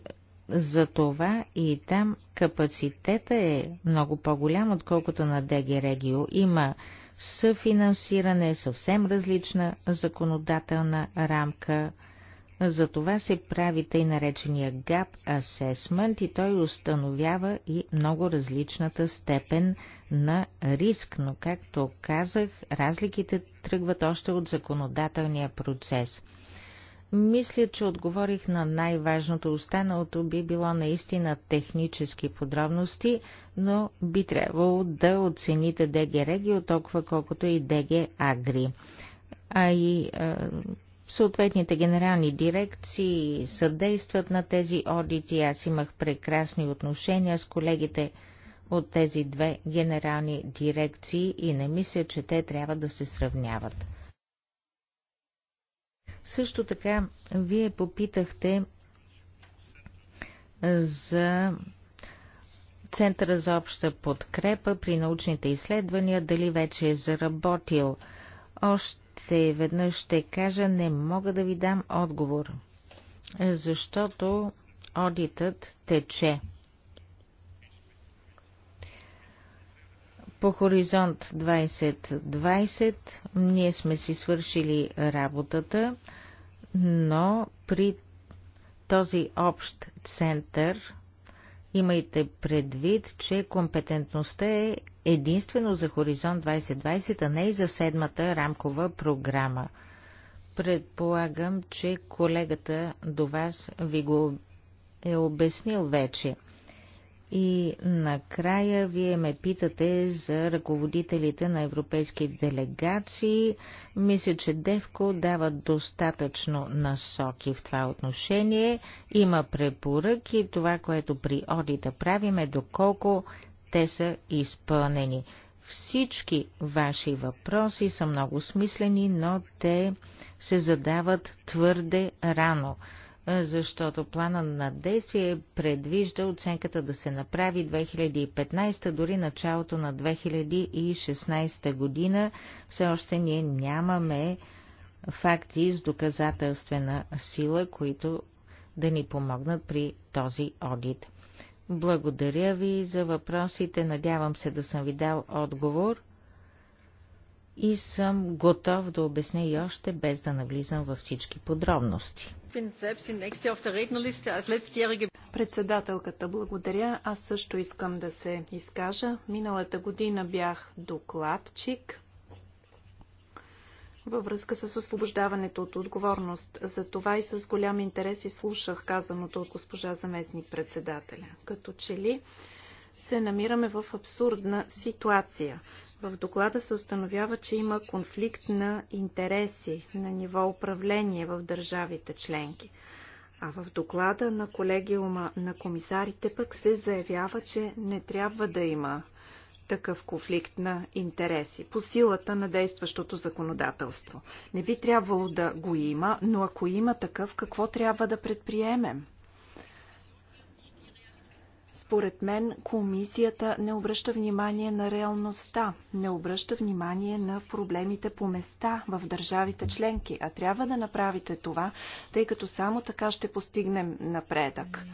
за това и там капацитета е много по-голям, отколкото на ДГ Регио. Има съфинансиране, съвсем различна законодателна рамка – за това се прави тъй наречения gap assessment и той установява и много различната степен на риск, но както казах, разликите тръгват още от законодателния процес. Мисля, че отговорих на най-важното. Останалото би било наистина технически подробности, но би трябвало да оцените ДГ Регио толкова колкото и ДГ Агри. А и е, Съответните генерални дирекции съдействат на тези одити. Аз имах прекрасни отношения с колегите от тези две генерални дирекции и не мисля, че те трябва да се сравняват. Също така, вие попитахте за Центъра за обща подкрепа при научните изследвания, дали вече е заработил – още веднъж ще кажа, не мога да ви дам отговор, защото одитът тече. По хоризонт 2020 ние сме си свършили работата, но при този общ център Имайте предвид, че компетентността е единствено за Хоризонт 2020, а не и за седмата рамкова програма. Предполагам, че колегата до вас ви го е обяснил вече. И накрая вие ме питате за ръководителите на европейски делегации. Мисля, че Девко дава достатъчно насоки в това отношение. Има препоръки. Това, което при одита правим е доколко те са изпълнени. Всички ваши въпроси са много смислени, но те се задават твърде рано защото плана на действие предвижда оценката да се направи 2015, дори началото на 2016 година. Все още ние нямаме факти с доказателствена сила, които да ни помогнат при този одит. Благодаря ви за въпросите, надявам се да съм ви дал отговор и съм готов да обясня и още без да навлизам във всички подробности. Председателката, благодаря. Аз също искам да се изкажа. Миналата година бях докладчик във връзка с освобождаването от отговорност. За това и с голям интерес изслушах казаното от госпожа заместник председателя. Като че ли се намираме в абсурдна ситуация. В доклада се установява, че има конфликт на интереси на ниво управление в държавите членки. А в доклада на колегиума на комисарите пък се заявява, че не трябва да има такъв конфликт на интереси по силата на действащото законодателство. Не би трябвало да го има, но ако има такъв, какво трябва да предприемем? Според мен комисията не обръща внимание на реалността, не обръща внимание на проблемите по места в държавите членки, а трябва да направите това, тъй като само така ще постигнем напредък.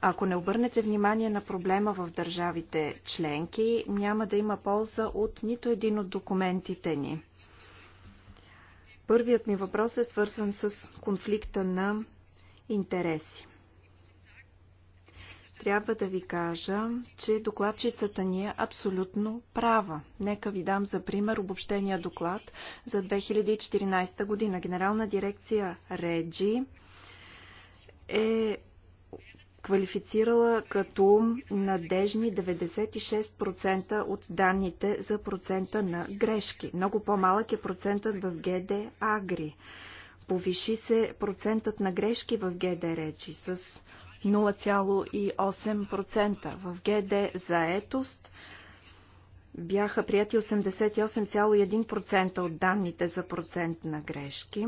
Ако не обърнете внимание на проблема в държавите членки, няма да има полза от нито един от документите ни. Първият ми въпрос е свързан с конфликта на интереси трябва да ви кажа, че докладчицата ни е абсолютно права. Нека ви дам за пример обобщения доклад за 2014 година. Генерална дирекция Реджи е квалифицирала като надежни 96% от данните за процента на грешки. Много по-малък е процентът в ГД Агри. Повиши се процентът на грешки в ГД Речи с 0,8%. В ГД заетост бяха прияти 88,1% от данните за процент на грешки.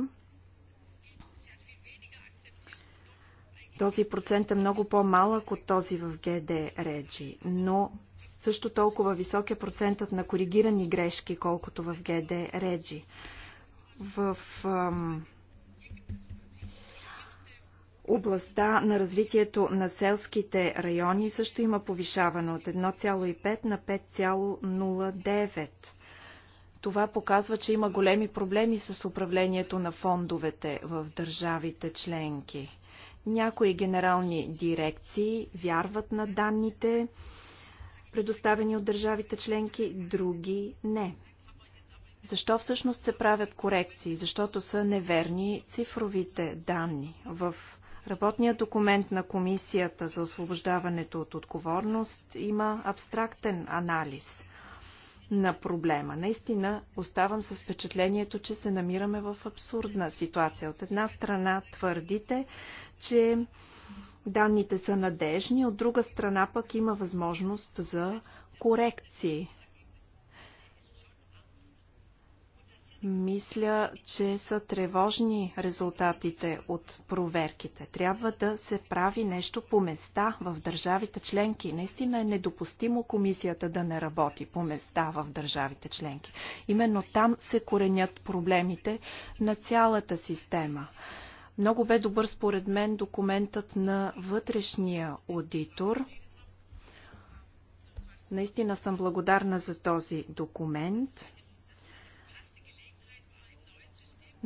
Този процент е много по-малък от този в ГД Реджи, но също толкова висок е процентът на коригирани грешки, колкото в ГД Реджи. В ам, областта на развитието на селските райони също има повишаване от 1,5 на 5,09. Това показва, че има големи проблеми с управлението на фондовете в държавите членки. Някои генерални дирекции вярват на данните, предоставени от държавите членки, други не. Защо всъщност се правят корекции? Защото са неверни цифровите данни. В Работният документ на Комисията за освобождаването от отговорност има абстрактен анализ на проблема. Наистина оставам с впечатлението, че се намираме в абсурдна ситуация. От една страна твърдите, че данните са надежни, от друга страна пък има възможност за корекции. Мисля, че са тревожни резултатите от проверките. Трябва да се прави нещо по места в държавите членки. Наистина е недопустимо комисията да не работи по места в държавите членки. Именно там се коренят проблемите на цялата система. Много бе добър според мен документът на вътрешния аудитор. Наистина съм благодарна за този документ.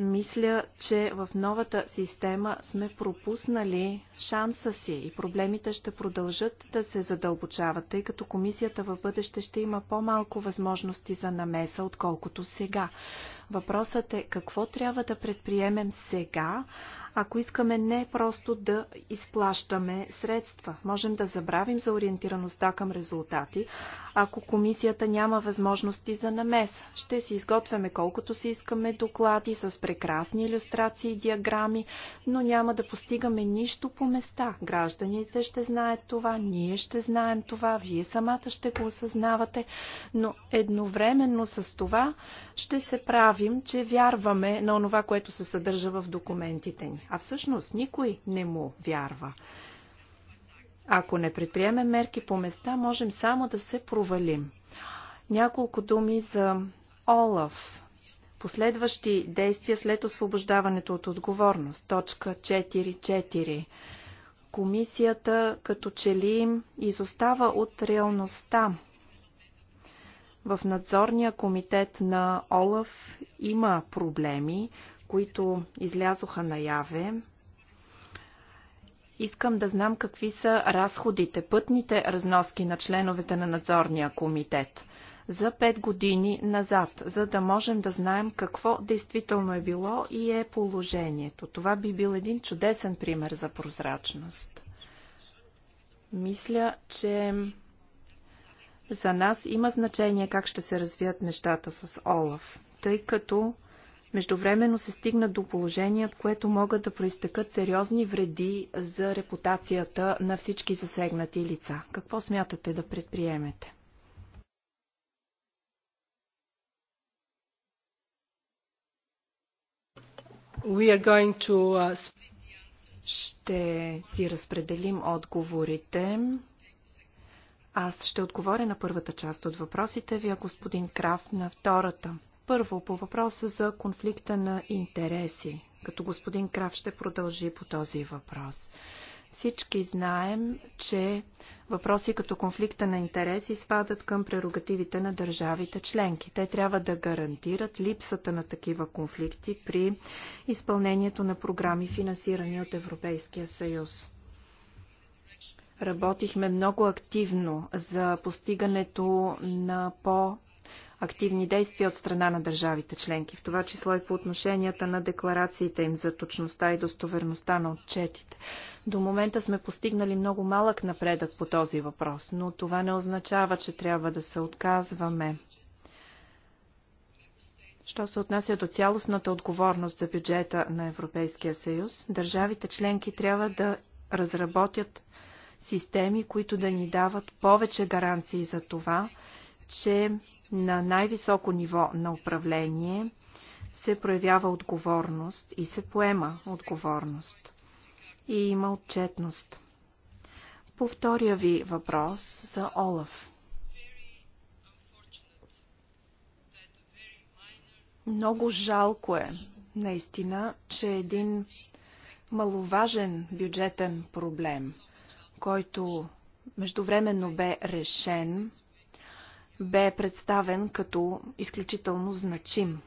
Мисля, че в новата система сме пропуснали шанса си и проблемите ще продължат да се задълбочават, тъй като комисията във бъдеще ще има по-малко възможности за намеса, отколкото сега. Въпросът е какво трябва да предприемем сега, ако искаме не просто да изплащаме средства. Можем да забравим за ориентираността към резултати, ако комисията няма възможности за намес. Ще си изготвяме колкото си искаме доклади с прекрасни иллюстрации и диаграми, но няма да постигаме нищо по места. Гражданите ще знаят това, ние ще знаем това, вие самата ще го осъзнавате, но едновременно с това ще се правим, че вярваме на това, което се съдържа в документите ни а всъщност никой не му вярва. Ако не предприемем мерки по места, можем само да се провалим. Няколко думи за Олаф. Последващи действия след освобождаването от отговорност. Точка 4.4. Комисията като че ли изостава от реалността. В надзорния комитет на Олаф има проблеми, които излязоха наяве, искам да знам какви са разходите, пътните разноски на членовете на надзорния комитет за 5 години назад, за да можем да знаем какво действително е било и е положението. Това би бил един чудесен пример за прозрачност. Мисля, че за нас има значение как ще се развият нещата с Олаф, тъй като Междувременно се стигна до положение, от което могат да проистъкат сериозни вреди за репутацията на всички засегнати лица. Какво смятате да предприемете? We are going to, uh... Ще си разпределим отговорите. Аз ще отговоря на първата част от въпросите ви, а господин Крафт на втората. Първо, по въпроса за конфликта на интереси, като господин Крав ще продължи по този въпрос. Всички знаем, че въпроси като конфликта на интереси спадат към прерогативите на държавите членки. Те трябва да гарантират липсата на такива конфликти при изпълнението на програми, финансирани от Европейския съюз. Работихме много активно за постигането на по- активни действия от страна на държавите членки, в това число и по отношенията на декларациите им за точността и достоверността на отчетите. До момента сме постигнали много малък напредък по този въпрос, но това не означава, че трябва да се отказваме. Що се отнася до цялостната отговорност за бюджета на Европейския съюз, държавите членки трябва да разработят системи, които да ни дават повече гаранции за това, че на най-високо ниво на управление се проявява отговорност и се поема отговорност. И има отчетност. По втория ви въпрос за Олаф. Много жалко е, наистина, че един маловажен бюджетен проблем, който междувременно бе решен, бе представен като изключително значим.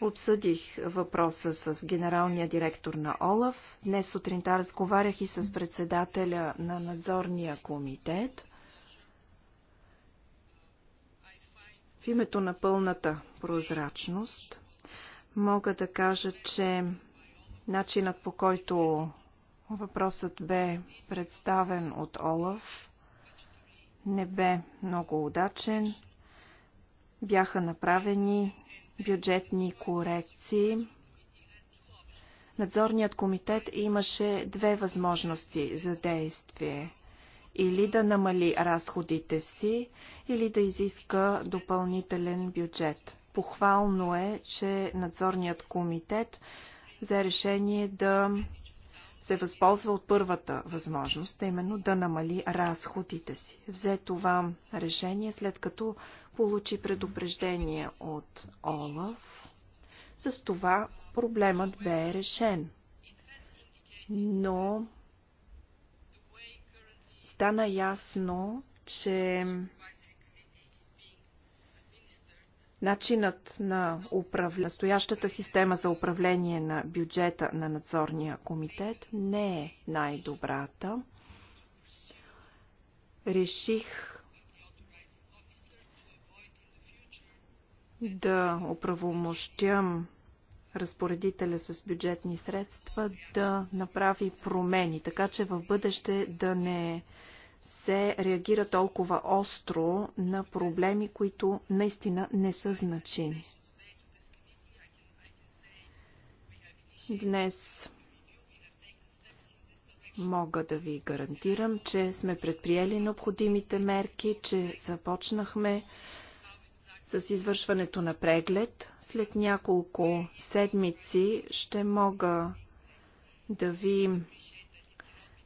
Обсъдих въпроса с генералния директор на ОЛАФ. Днес сутринта разговарях и с председателя на надзорния комитет. В името на пълната прозрачност мога да кажа, че начинът по който въпросът бе представен от Олаф не бе много удачен. Бяха направени бюджетни корекции. Надзорният комитет имаше две възможности за действие или да намали разходите си, или да изиска допълнителен бюджет. Похвално е, че надзорният комитет взе решение да се възползва от първата възможност, а именно да намали разходите си. Взе това решение след като получи предупреждение от Олаф. С това проблемът бе решен. Но стана ясно, че Начинът на управля... настоящата система за управление на бюджета на надзорния комитет не е най-добрата. Реших да оправомощям разпоредителя с бюджетни средства да направи промени, така че в бъдеще да не се реагира толкова остро на проблеми, които наистина не са значими. Днес мога да ви гарантирам, че сме предприели необходимите мерки, че започнахме с извършването на преглед. След няколко седмици ще мога да ви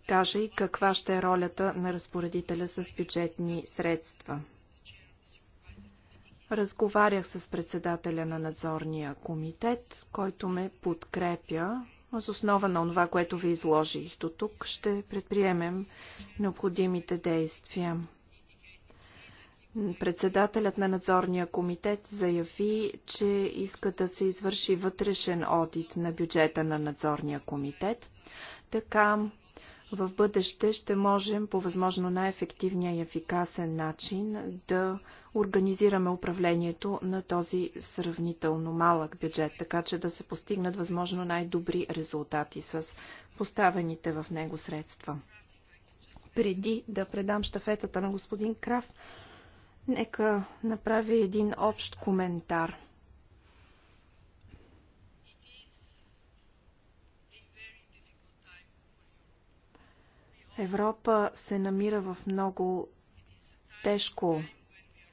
кажа и каква ще е ролята на разпоредителя с бюджетни средства. Разговарях с председателя на надзорния комитет, който ме подкрепя. С основа на това, което ви изложих до тук, ще предприемем необходимите действия. Председателят на надзорния комитет заяви, че иска да се извърши вътрешен одит на бюджета на надзорния комитет. Така в бъдеще ще можем по възможно най-ефективния и ефикасен начин да организираме управлението на този сравнително малък бюджет, така че да се постигнат възможно най-добри резултати с поставените в него средства. Преди да предам щафетата на господин Крав, нека направя един общ коментар – Европа се намира в много тежко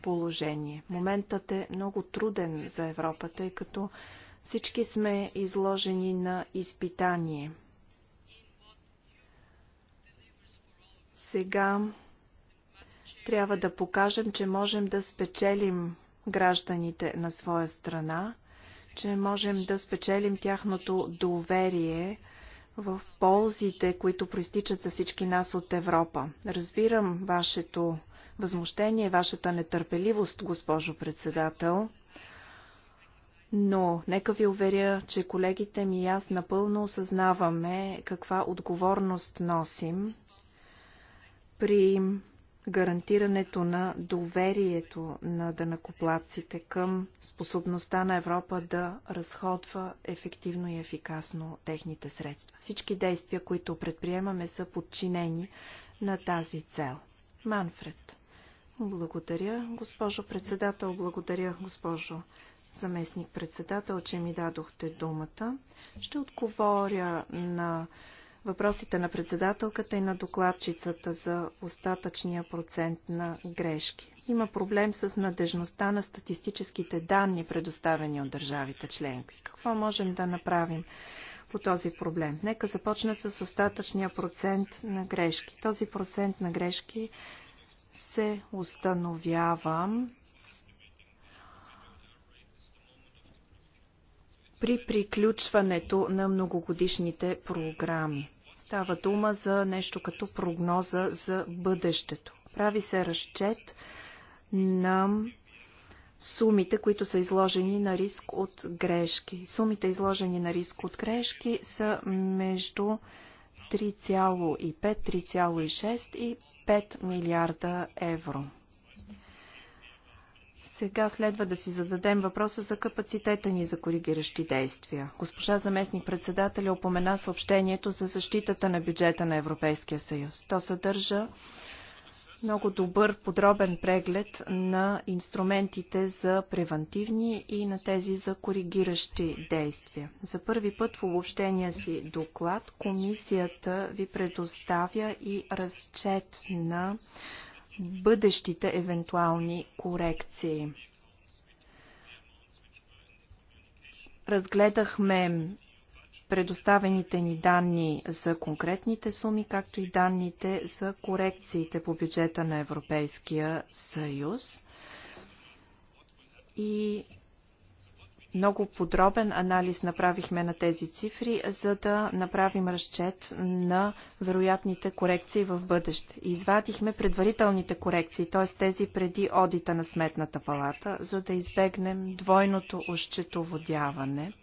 положение. Моментът е много труден за Европа, тъй като всички сме изложени на изпитание. Сега трябва да покажем, че можем да спечелим гражданите на своя страна, че можем да спечелим тяхното доверие – в ползите, които проистичат за всички нас от Европа. Разбирам вашето възмущение, вашата нетърпеливост, госпожо председател, но нека ви уверя, че колегите ми и аз напълно осъзнаваме каква отговорност носим при гарантирането на доверието на дънакоплатците към способността на Европа да разходва ефективно и ефикасно техните средства. Всички действия, които предприемаме, са подчинени на тази цел. Манфред. Благодаря, госпожо председател. Благодаря, госпожо заместник председател, че ми дадохте думата. Ще отговоря на въпросите на председателката и на докладчицата за остатъчния процент на грешки. Има проблем с надежността на статистическите данни, предоставени от държавите членки. Какво можем да направим? по този проблем. Нека започна с остатъчния процент на грешки. Този процент на грешки се установява при приключването на многогодишните програми. Става дума за нещо като прогноза за бъдещето. Прави се разчет на сумите, които са изложени на риск от грешки. Сумите изложени на риск от грешки са между 3,5, 3,6 и 5 милиарда евро. Сега следва да си зададем въпроса за капацитета ни за коригиращи действия. Госпожа заместник председателя опомена съобщението за защитата на бюджета на Европейския съюз. То съдържа много добър подробен преглед на инструментите за превантивни и на тези за коригиращи действия. За първи път в обобщения си доклад комисията ви предоставя и разчет на бъдещите евентуални корекции. Разгледахме предоставените ни данни за конкретните суми, както и данните за корекциите по бюджета на Европейския съюз. И много подробен анализ направихме на тези цифри, за да направим разчет на вероятните корекции в бъдеще. Извадихме предварителните корекции, т.е. тези преди одита на Сметната палата, за да избегнем двойното ощетоводяване.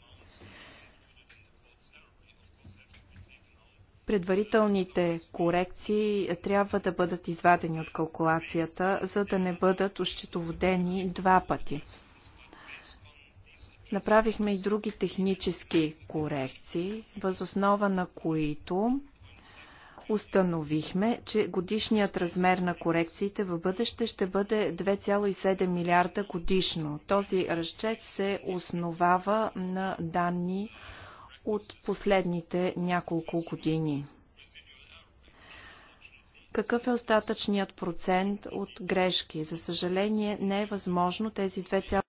предварителните корекции трябва да бъдат извадени от калкулацията, за да не бъдат ощетоводени два пъти. Направихме и други технически корекции, възоснова на които установихме, че годишният размер на корекциите в бъдеще ще бъде 2,7 милиарда годишно. Този разчет се основава на данни от последните няколко години. Какъв е остатъчният процент от грешки? За съжаление, не е възможно тези 2,7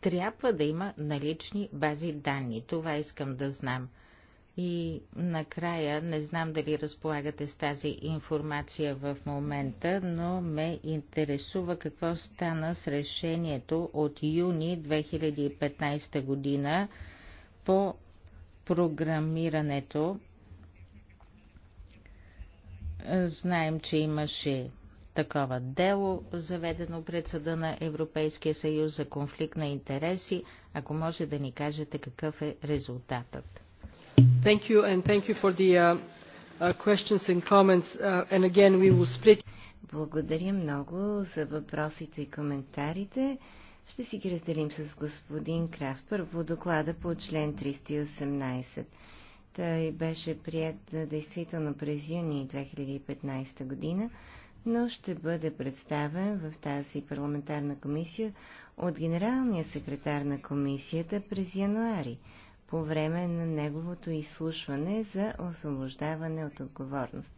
трябва да има налични бази данни. Това искам да знам. И накрая, не знам дали разполагате с тази информация в момента, но ме интересува какво стана с решението от юни 2015 година по програмирането. Знаем, че имаше такова дело, заведено пред съда на Европейския съюз за конфликт на интереси, ако може да ни кажете какъв е резултатът. Thank you and thank you for the uh, uh questions and comments uh, and again we will split Благодаря много за въпросите и коментарите. Ще си ги разделим с господин Крав, Първо доклада по член 318. Той беше прият действително през юни 2015 година но ще бъде представен в тази парламентарна комисия от генералния секретар на комисията през януари, по време на неговото изслушване за освобождаване от отговорност.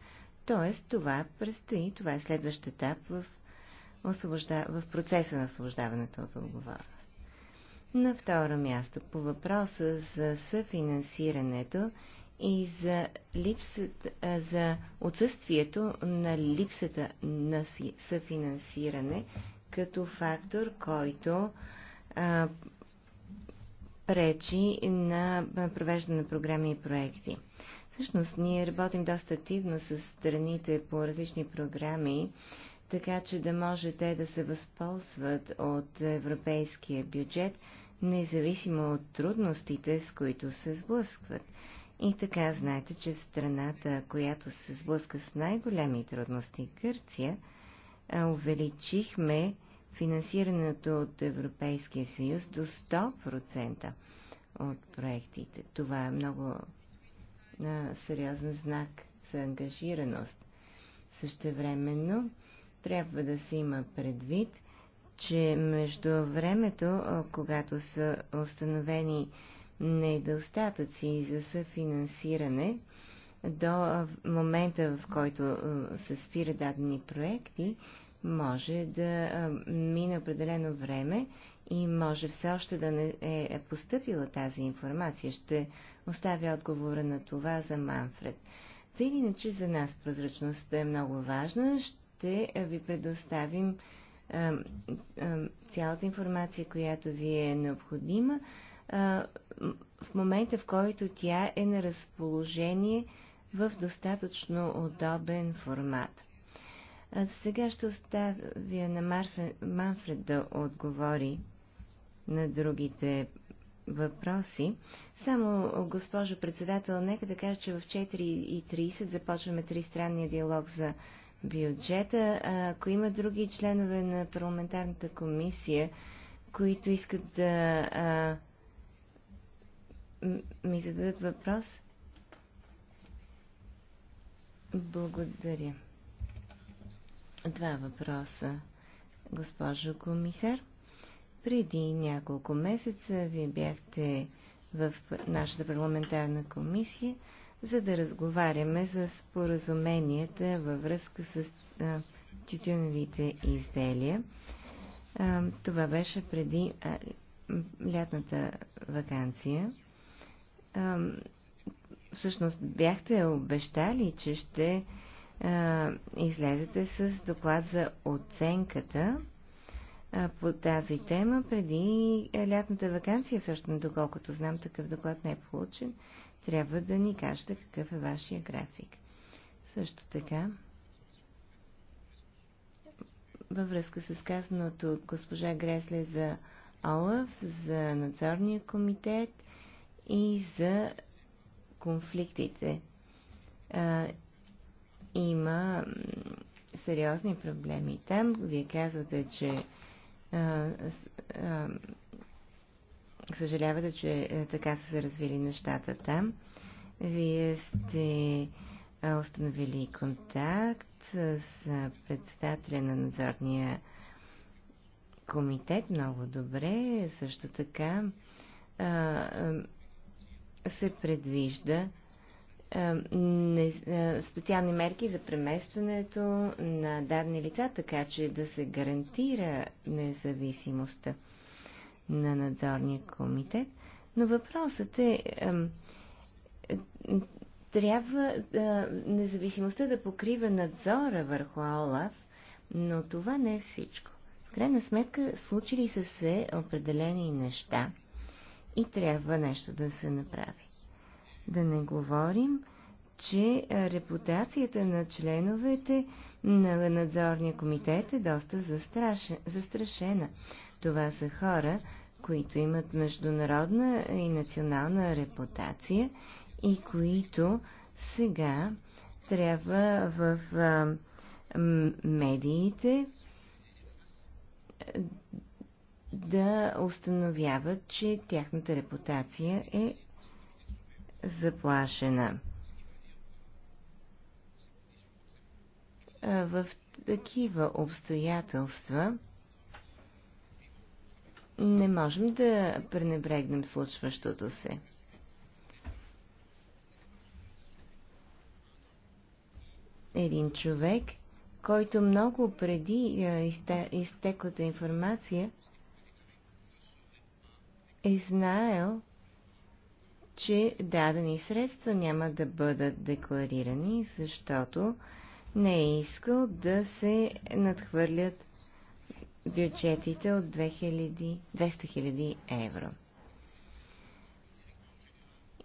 Тоест, това предстои, това е следващ етап в, освобожда... в процеса на освобождаването от отговорност. На второ място, по въпроса за съфинансирането и за, липсата, за отсъствието на липсата на съфинансиране като фактор, който а, пречи на провеждане на програми и проекти. Всъщност, ние работим доста активно с страните по различни програми, така че да може те да се възползват от европейския бюджет, независимо от трудностите, с които се сблъскват. И така, знаете, че в страната, която се сблъска с най-големи трудности, Гърция, увеличихме финансирането от Европейския съюз до 100% от проектите. Това е много а, сериозен знак за ангажираност. Същевременно трябва да се има предвид, че между времето, когато са установени недостатъци за съфинансиране до момента, в който се спира дадени проекти, може да мине определено време и може все още да не е поступила тази информация. Ще оставя отговора на това за Манфред. Тъй или иначе за нас прозрачността е много важна. Ще ви предоставим цялата информация, която ви е необходима в момента, в който тя е на разположение в достатъчно удобен формат. А сега ще оставя на Марфе, Манфред да отговори на другите въпроси. Само, госпожо председател, нека да кажа, че в 4.30 започваме тристранния диалог за бюджета. А ако има други членове на парламентарната комисия, които искат да а, ми зададат въпрос, благодаря. Два въпроса, госпожо комисар. Преди няколко месеца вие бяхте в нашата парламентарна комисия, за да разговаряме за споразуменията във връзка с а, тютюновите изделия. това беше преди лятната вакансия всъщност бяхте обещали, че ще а, излезете с доклад за оценката а, по тази тема преди лятната вакансия. всъщност доколкото знам, такъв доклад не е получен. Трябва да ни кажете какъв е вашия график. Също така, във връзка с казаното от госпожа Гресле за ОЛАФ, за надзорния комитет, и за конфликтите. А, има сериозни проблеми там. Вие казвате, че а, а, съжалявате, че е, така са се развили нещата там. Вие сте установили контакт с председателя на надзорния комитет много добре. Също така се предвижда специални мерки за преместването на дадени лица, така че да се гарантира независимостта на надзорния комитет. Но въпросът е, трябва независимостта да покрива надзора върху Олаф, но това не е всичко. В крайна сметка, случили са се определени неща, и трябва нещо да се направи. Да не говорим, че репутацията на членовете на надзорния комитет е доста застрашена. Това са хора, които имат международна и национална репутация и които сега трябва в медиите да установяват, че тяхната репутация е заплашена. В такива обстоятелства не можем да пренебрегнем случващото се. Един човек, който много преди изтеклата информация – е знаел, че дадени средства няма да бъдат декларирани, защото не е искал да се надхвърлят бюджетите от 2000, 200 000 евро.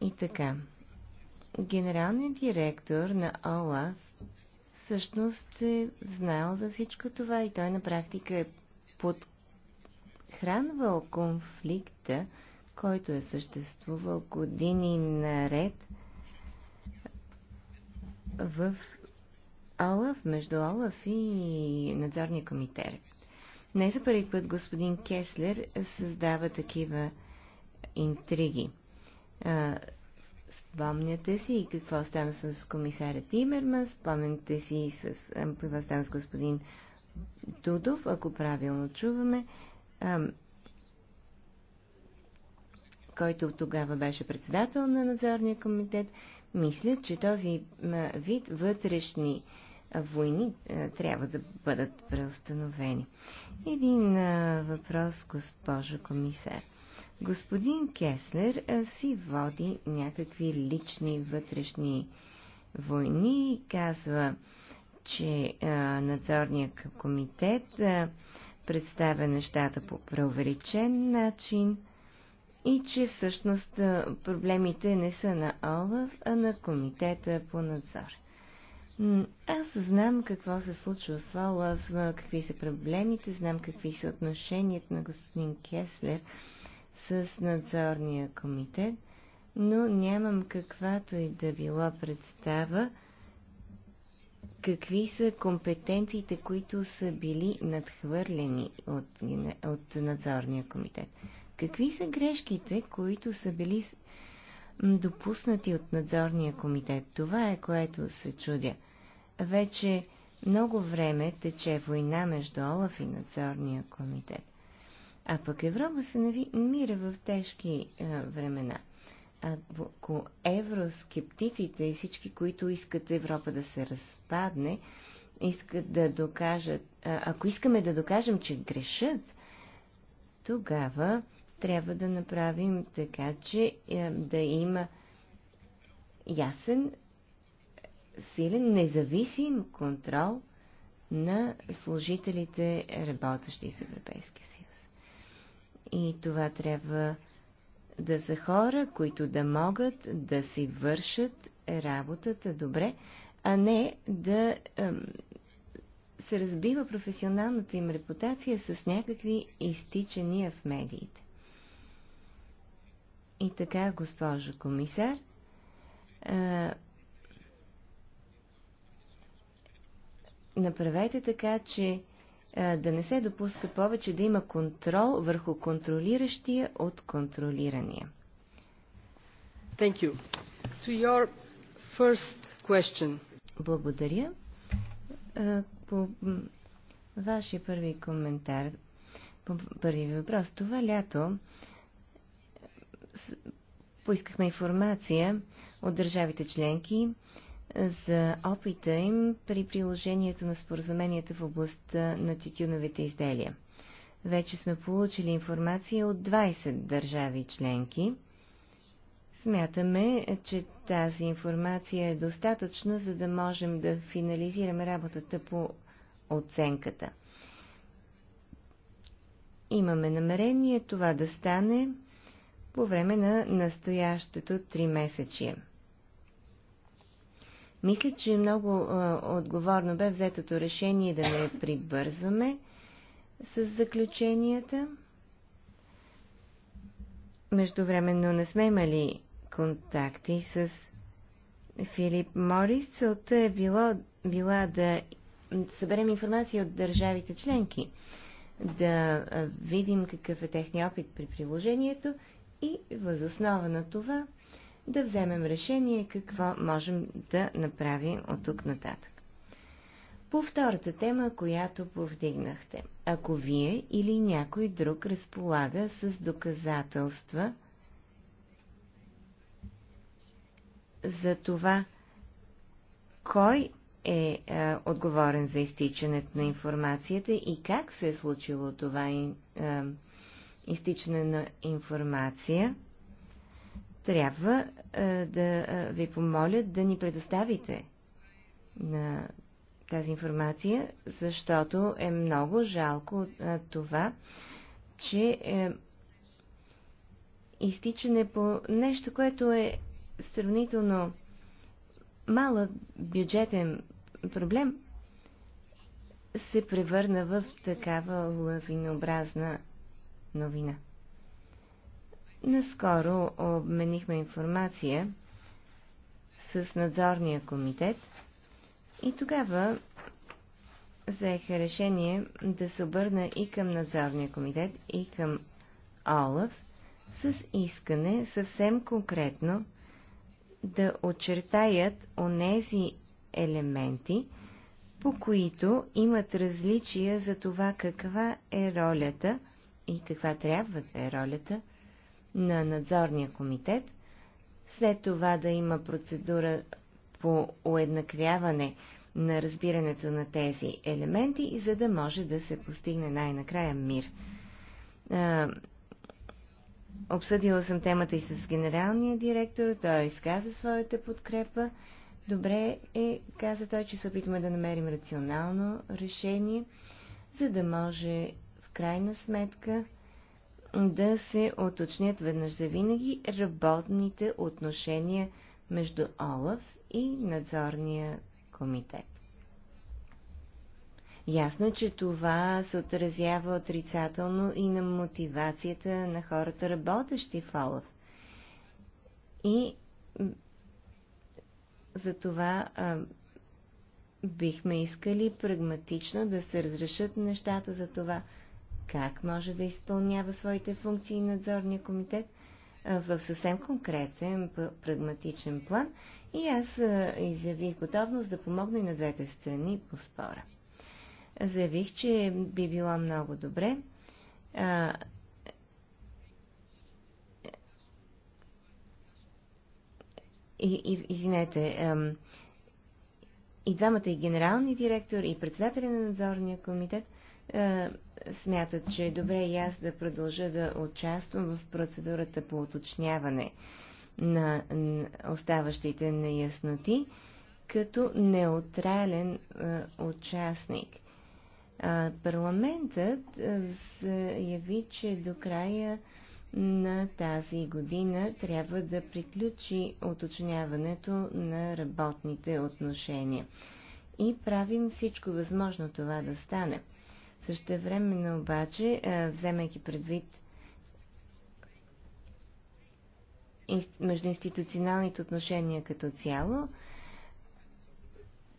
И така, генералният директор на ОЛАФ всъщност е знаел за всичко това и той на практика е под подхранвал конфликта, който е съществувал години наред в Олаф, между Олаф и надзорния комитет. Не за първи път господин Кеслер създава такива интриги. Спомняте си и какво стана с комисаря Тимерман, спомняте си и с, какво стана с господин Дудов, ако правилно чуваме, който тогава беше председател на надзорния комитет, мисля, че този вид вътрешни войни трябва да бъдат преустановени. Един въпрос, госпожо комисар. Господин Кеслер си води някакви лични вътрешни войни и казва, че надзорният комитет представя нещата по преувеличен начин и че всъщност проблемите не са на Олаф, а на комитета по надзор. Аз знам какво се случва в Олаф, какви са проблемите, знам какви са отношенията на господин Кеслер с надзорния комитет, но нямам каквато и да било представа какви са компетенциите, които са били надхвърлени от, от надзорния комитет? Какви са грешките, които са били допуснати от надзорния комитет? Това е което се чудя. Вече много време тече война между Олаф и надзорния комитет. А пък Европа се намира в тежки е, времена ако евроскептиците и всички, които искат Европа да се разпадне, искат да докажат, ако искаме да докажем, че грешат, тогава трябва да направим така, че да има ясен, силен, независим контрол на служителите, работещи с Европейския съюз. И това трябва да са хора, които да могат да си вършат работата добре, а не да ем, се разбива професионалната им репутация с някакви изтичания в медиите. И така, госпожо комисар, е, направете така, че е, да не се допуска повече да има контрол върху контролиращия от контролирания. Thank you. To your first question. Благодаря. Е, по вашия първи коментар, по първи въпрос, това лято поискахме информация от държавите членки за опита им при приложението на споразуменията в областта на тютюновите изделия. Вече сме получили информация от 20 държави членки. Смятаме, че тази информация е достатъчна, за да можем да финализираме работата по оценката. Имаме намерение това да стане по време на настоящото месечие. Мисля, че е много а, отговорно бе взетото решение да не прибързваме с заключенията. Междувременно не сме имали контакти с Филип Морис. Целта е било, била да съберем информация от държавите членки, да видим какъв е техния опит при приложението и възоснова на това да вземем решение какво можем да направим от тук нататък. По втората тема, която повдигнахте. Ако вие или някой друг разполага с доказателства за това, кой е а, отговорен за изтичането на информацията и как се е случило това а, изтичане на информация, трябва е, да е, ви помоля да ни предоставите на тази информация, защото е много жалко е, това, че изтичане по нещо, което е сравнително малък бюджетен проблем, се превърна в такава лавинообразна новина. Наскоро обменихме информация с надзорния комитет и тогава взеха решение да се обърна и към надзорния комитет, и към ОЛАФ с искане съвсем конкретно да очертаят онези елементи, по които имат различия за това каква е ролята и каква трябва да е ролята на надзорния комитет, след това да има процедура по уеднаквяване на разбирането на тези елементи и за да може да се постигне най-накрая мир. А, обсъдила съм темата и с генералния директор, той изказа своята подкрепа. Добре е, каза той, че се опитваме да намерим рационално решение, за да може в крайна сметка да се оточнят веднъж за винаги работните отношения между ОЛАФ и надзорния комитет. Ясно е, че това се отразява отрицателно и на мотивацията на хората, работещи в ОЛАФ. И за това а, бихме искали прагматично да се разрешат нещата за това как може да изпълнява своите функции надзорния комитет в съвсем конкретен, прагматичен план и аз изявих готовност да помогна и на двете страни по спора. Заявих, че би било много добре и, и, извинете, и двамата и генерални директор, и председателя на надзорния комитет – е, смятат, че е добре и аз да продължа да участвам в процедурата по уточняване на оставащите неясноти като неутрален е, участник. Е, парламентът заяви, че до края на тази година трябва да приключи уточняването на работните отношения. И правим всичко възможно това да стане. Същевременно обаче, вземайки предвид междуинституционалните отношения като цяло,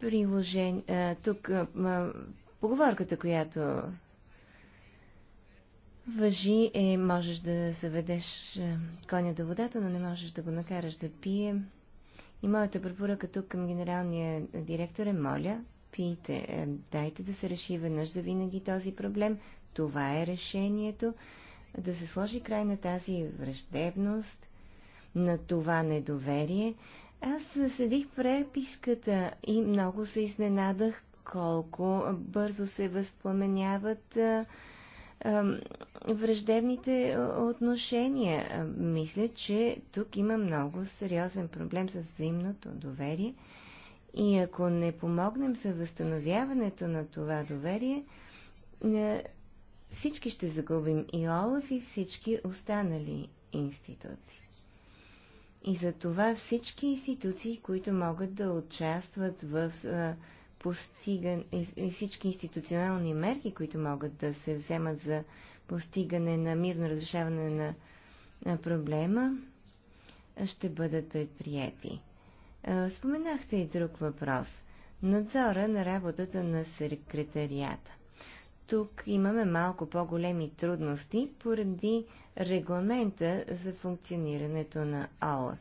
приложен... тук поговорката, която въжи е можеш да заведеш коня до водата, но не можеш да го накараш да пие. И моята препоръка тук към генералния директор е моля, опиите. Е, дайте да се реши веднъж за винаги този проблем. Това е решението. Да се сложи край на тази враждебност, на това недоверие. Аз следих преписката и много се изненадах колко бързо се възпламеняват а, е, а, е, враждебните отношения. мисля, че тук има много сериозен проблем с взаимното доверие и ако не помогнем за възстановяването на това доверие, е, всички ще загубим и Олаф, и всички останали институции. И за това всички институции, които могат да участват в е, постигане и всички институционални мерки, които могат да се вземат за постигане на мирно разрешаване на, на проблема, ще бъдат предприяти. Е, споменахте и друг въпрос. Надзора на работата на секретарията. Тук имаме малко по-големи трудности поради регламента за функционирането на ОЛАФ.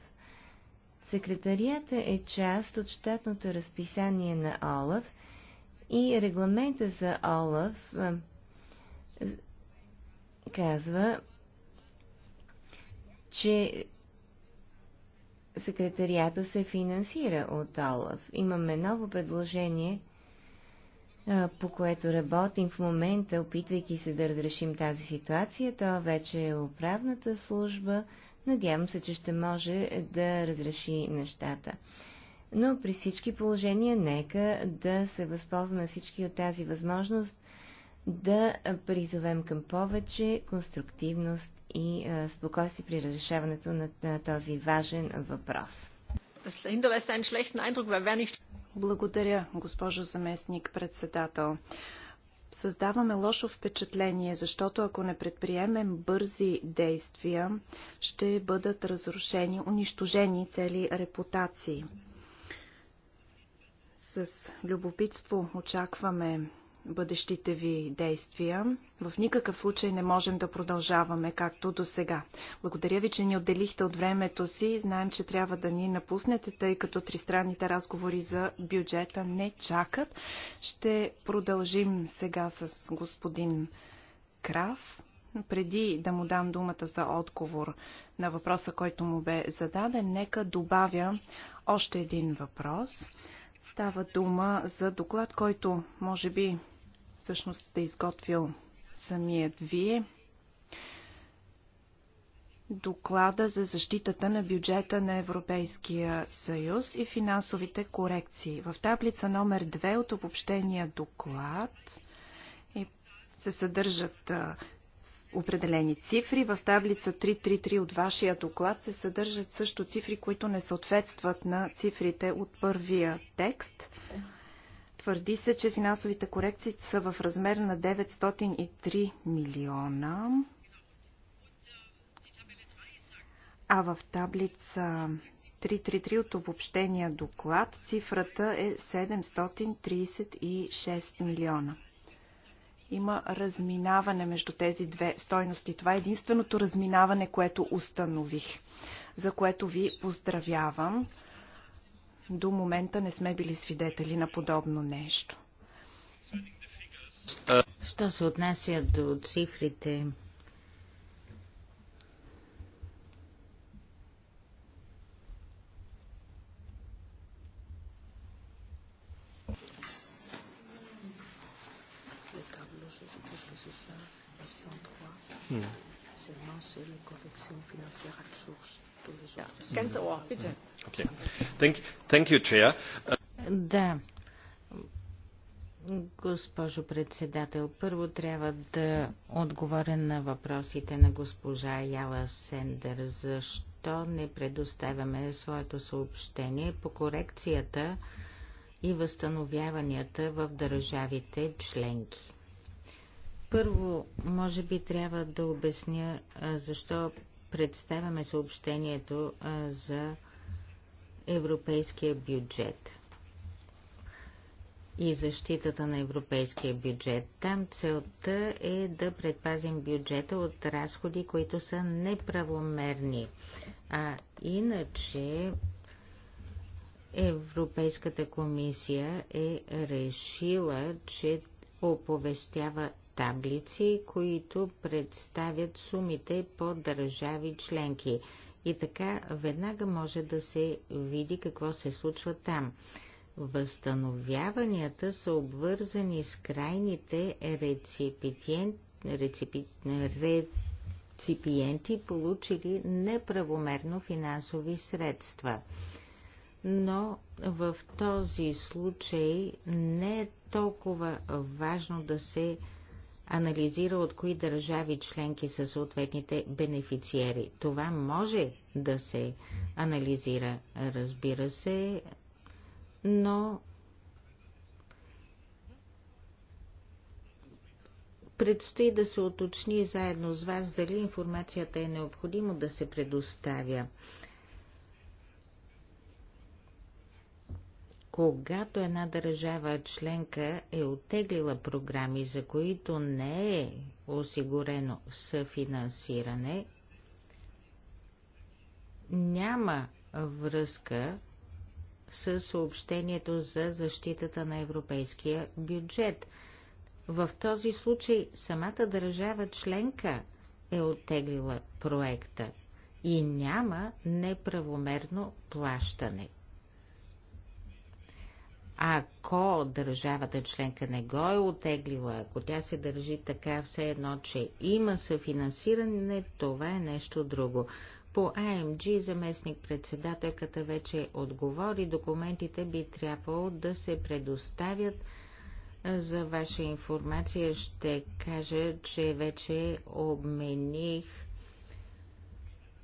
Секретарията е част от щатното разписание на ОЛАФ и регламента за ОЛАФ е, казва, че секретарията се финансира от ОЛАФ. Имаме ново предложение, по което работим в момента, опитвайки се да разрешим тази ситуация. То вече е управната служба. Надявам се, че ще може да разреши нещата. Но при всички положения, нека да се възползваме всички от тази възможност – да призовем към повече конструктивност и спокойствие при разрешаването на този важен въпрос. Благодаря, госпожо заместник председател. Създаваме лошо впечатление, защото ако не предприемем бързи действия, ще бъдат разрушени, унищожени цели репутации. С любопитство очакваме бъдещите ви действия. В никакъв случай не можем да продължаваме както до сега. Благодаря ви, че ни отделихте от времето си. Знаем, че трябва да ни напуснете, тъй като тристранните разговори за бюджета не чакат. Ще продължим сега с господин Крав. Преди да му дам думата за отговор на въпроса, който му бе зададен, нека добавя още един въпрос. Става дума за доклад, който може би всъщност сте изготвил самият вие. Доклада за защитата на бюджета на Европейския съюз и финансовите корекции. В таблица номер 2 от обобщения доклад е- се съдържат определени цифри. В таблица 333 от вашия доклад се съдържат също цифри, които не съответстват на цифрите от първия текст. Твърди се, че финансовите корекции са в размер на 903 милиона. А в таблица 333 от обобщения доклад цифрата е 736 милиона. Има разминаване между тези две стойности. Това е единственото разминаване, което установих, за което ви поздравявам. До момента не сме били свидетели на подобно нещо. Що се отнася до цифрите, Hmm. Seulement les corrections financières à source. Да. Госпожо председател, първо трябва да отговоря на въпросите на госпожа Яла Сендер. Защо не предоставяме своето съобщение по корекцията и възстановяванията в държавите членки? Първо, може би трябва да обясня защо представяме съобщението за европейския бюджет и защитата на европейския бюджет. Там целта е да предпазим бюджета от разходи, които са неправомерни. А иначе Европейската комисия е решила, че оповестява таблици, които представят сумите по държави членки. И така веднага може да се види какво се случва там. Възстановяванията са обвързани с крайните реципи, реципиенти, получили неправомерно финансови средства. Но в този случай не е толкова важно да се анализира от кои държави членки са съответните бенефициери. Това може да се анализира, разбира се, но Предстои да се уточни заедно с вас дали информацията е необходимо да се предоставя Когато една държава членка е оттеглила програми, за които не е осигурено съфинансиране, няма връзка с съобщението за защитата на европейския бюджет. В този случай самата държава членка е оттеглила проекта и няма неправомерно плащане. Ако държавата членка не го е отеглила, ако тя се държи така все едно, че има съфинансиране, това е нещо друго. По АМГ заместник председателката вече отговори, документите би трябвало да се предоставят за ваша информация ще кажа, че вече обмених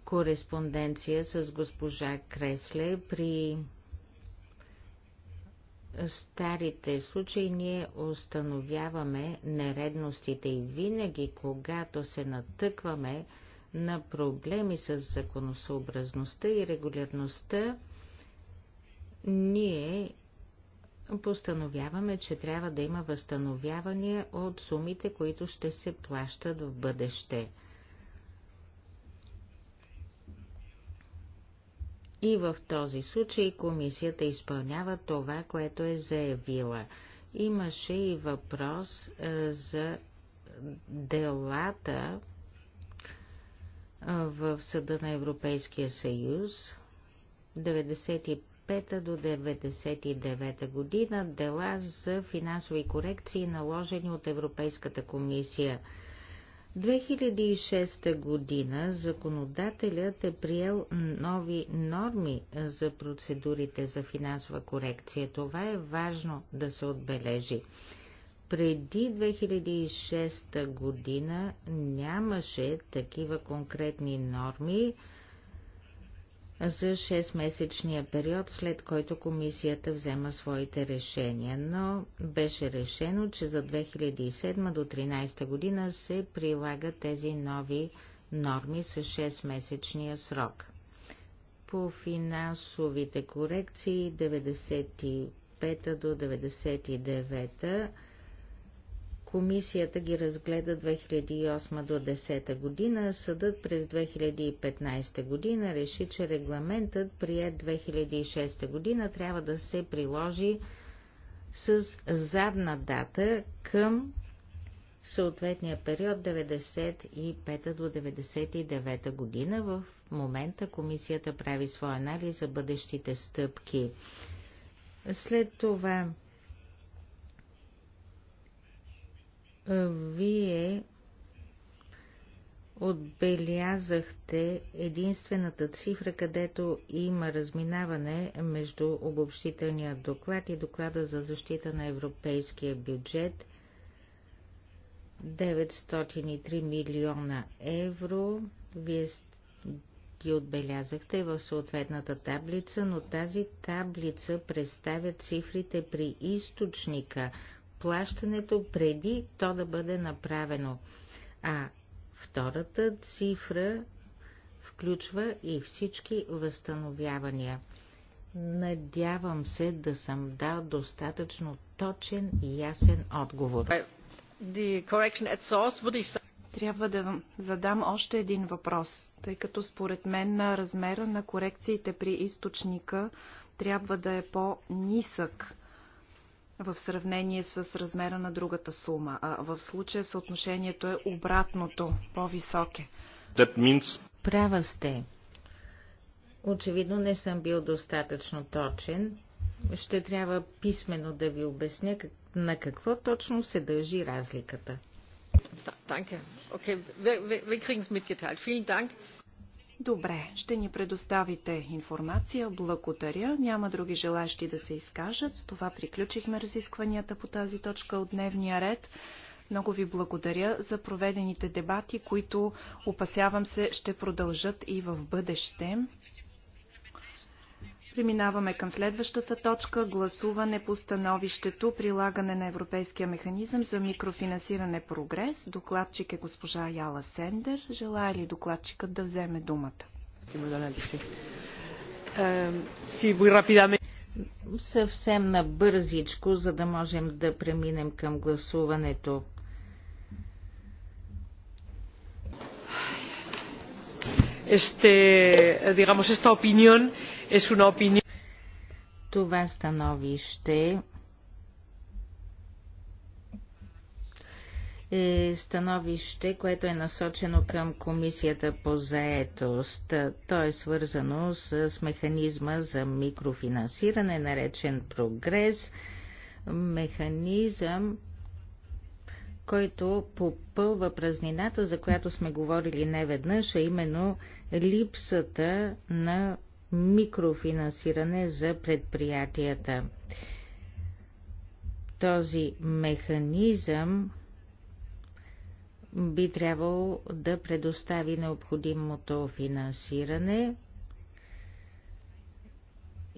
кореспонденция с госпожа Кресле при старите случаи ние установяваме нередностите и винаги, когато се натъкваме на проблеми с законосъобразността и регулярността, ние постановяваме, че трябва да има възстановявания от сумите, които ще се плащат в бъдеще – И в този случай комисията изпълнява това, което е заявила. Имаше и въпрос е, за делата е, в Съда на Европейския съюз 95 до 99 година дела за финансови корекции, наложени от Европейската комисия – 2006 година законодателят е приел нови норми за процедурите за финансова корекция. Това е важно да се отбележи. Преди 2006 година нямаше такива конкретни норми, за 6-месечния период, след който комисията взема своите решения, но беше решено, че за 2007 до 2013 година се прилагат тези нови норми с 6-месечния срок. По финансовите корекции 95 до 99 Комисията ги разгледа 2008 до 2010 година, съдът през 2015 година реши, че регламентът прият 2006 година трябва да се приложи с задна дата към съответния период 95 до 99 година. В момента комисията прави своя анализ за бъдещите стъпки. След това Вие отбелязахте единствената цифра, където има разминаване между обобщителния доклад и доклада за защита на европейския бюджет 903 милиона евро. Вие ги отбелязахте в съответната таблица, но тази таблица представя цифрите при източника плащането преди то да бъде направено. А втората цифра включва и всички възстановявания. Надявам се да съм дал достатъчно точен и ясен отговор. Трябва да задам още един въпрос, тъй като според мен на размера на корекциите при източника трябва да е по-нисък в сравнение с размера на другата сума. А в случая съотношението е обратното, по-високе. Means... Права сте. Очевидно не съм бил достатъчно точен. Ще трябва писменно да ви обясня как... на какво точно се дължи разликата. Да, Okay, wir, wir kriegen Добре, ще ни предоставите информация. Благодаря. Няма други желащи да се изкажат. С това приключихме разискванията по тази точка от дневния ред. Много ви благодаря за проведените дебати, които опасявам се ще продължат и в бъдеще. Преминаваме към следващата точка – гласуване по становището прилагане на Европейския механизъм за микрофинансиране прогрес. Докладчик е госпожа Яла Сендер. Желая ли докладчикът да вземе думата? Съвсем набързичко, за да можем да преминем към гласуването. Este, digamos, esta opinión това становище е становище, което е насочено към Комисията по заетост. То е свързано с механизма за микрофинансиране, наречен прогрес, механизъм, който попълва празнината, за която сме говорили неведнъж, а именно липсата на микрофинансиране за предприятията. Този механизъм би трябвало да предостави необходимото финансиране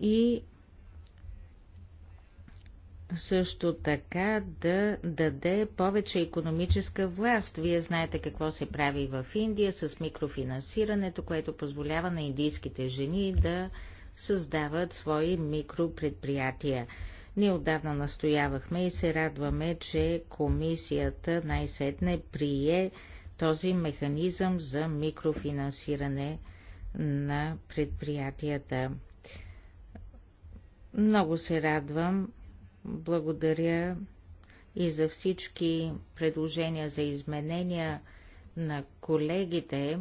и също така да даде повече економическа власт. Вие знаете какво се прави в Индия с микрофинансирането, което позволява на индийските жени да създават свои микропредприятия. Ние отдавна настоявахме и се радваме, че комисията най-сетне прие този механизъм за микрофинансиране на предприятията. Много се радвам, благодаря и за всички предложения за изменения на колегите.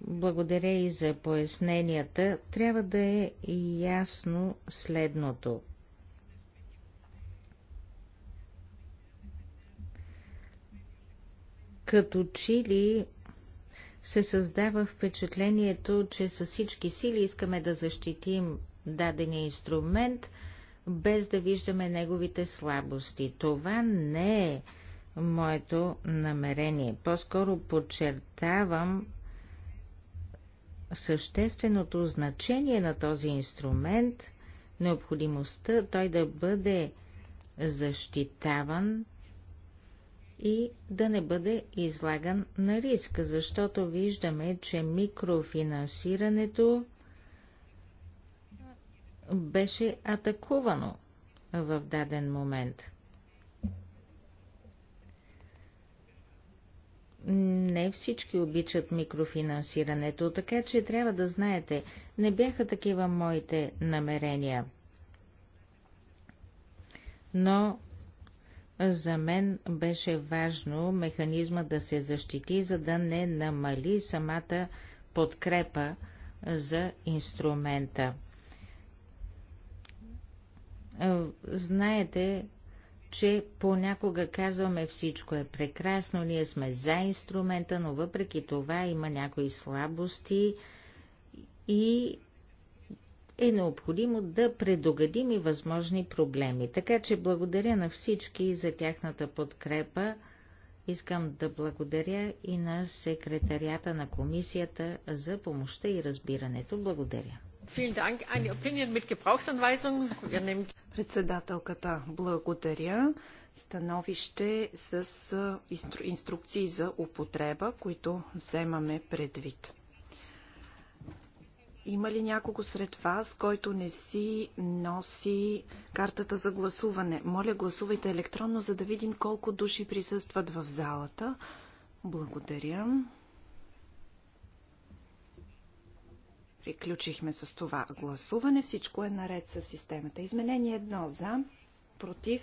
Благодаря и за поясненията. Трябва да е ясно следното. Като чили се създава впечатлението, че със всички сили искаме да защитим дадения инструмент, без да виждаме неговите слабости. Това не е моето намерение. По-скоро подчертавам същественото значение на този инструмент, необходимостта той да бъде защитаван и да не бъде излаган на риск, защото виждаме, че микрофинансирането беше атакувано в даден момент. Не всички обичат микрофинансирането, така че трябва да знаете, не бяха такива моите намерения. Но за мен беше важно механизма да се защити, за да не намали самата подкрепа за инструмента. Е, знаете, че понякога казваме всичко е прекрасно, ние сме за инструмента, но въпреки това има някои слабости и е необходимо да предогадим и възможни проблеми. Така че благодаря на всички за тяхната подкрепа. Искам да благодаря и на секретарията на комисията за помощта и разбирането. Благодаря. Председателката благодаря. Становище с э, инструкции за употреба, които вземаме предвид. Има ли някого сред вас, който не си носи картата за гласуване? Моля, гласувайте електронно, за да видим колко души присъстват в залата. Благодаря. Приключихме с това гласуване. Всичко е наред с системата. Изменение 1 за, против.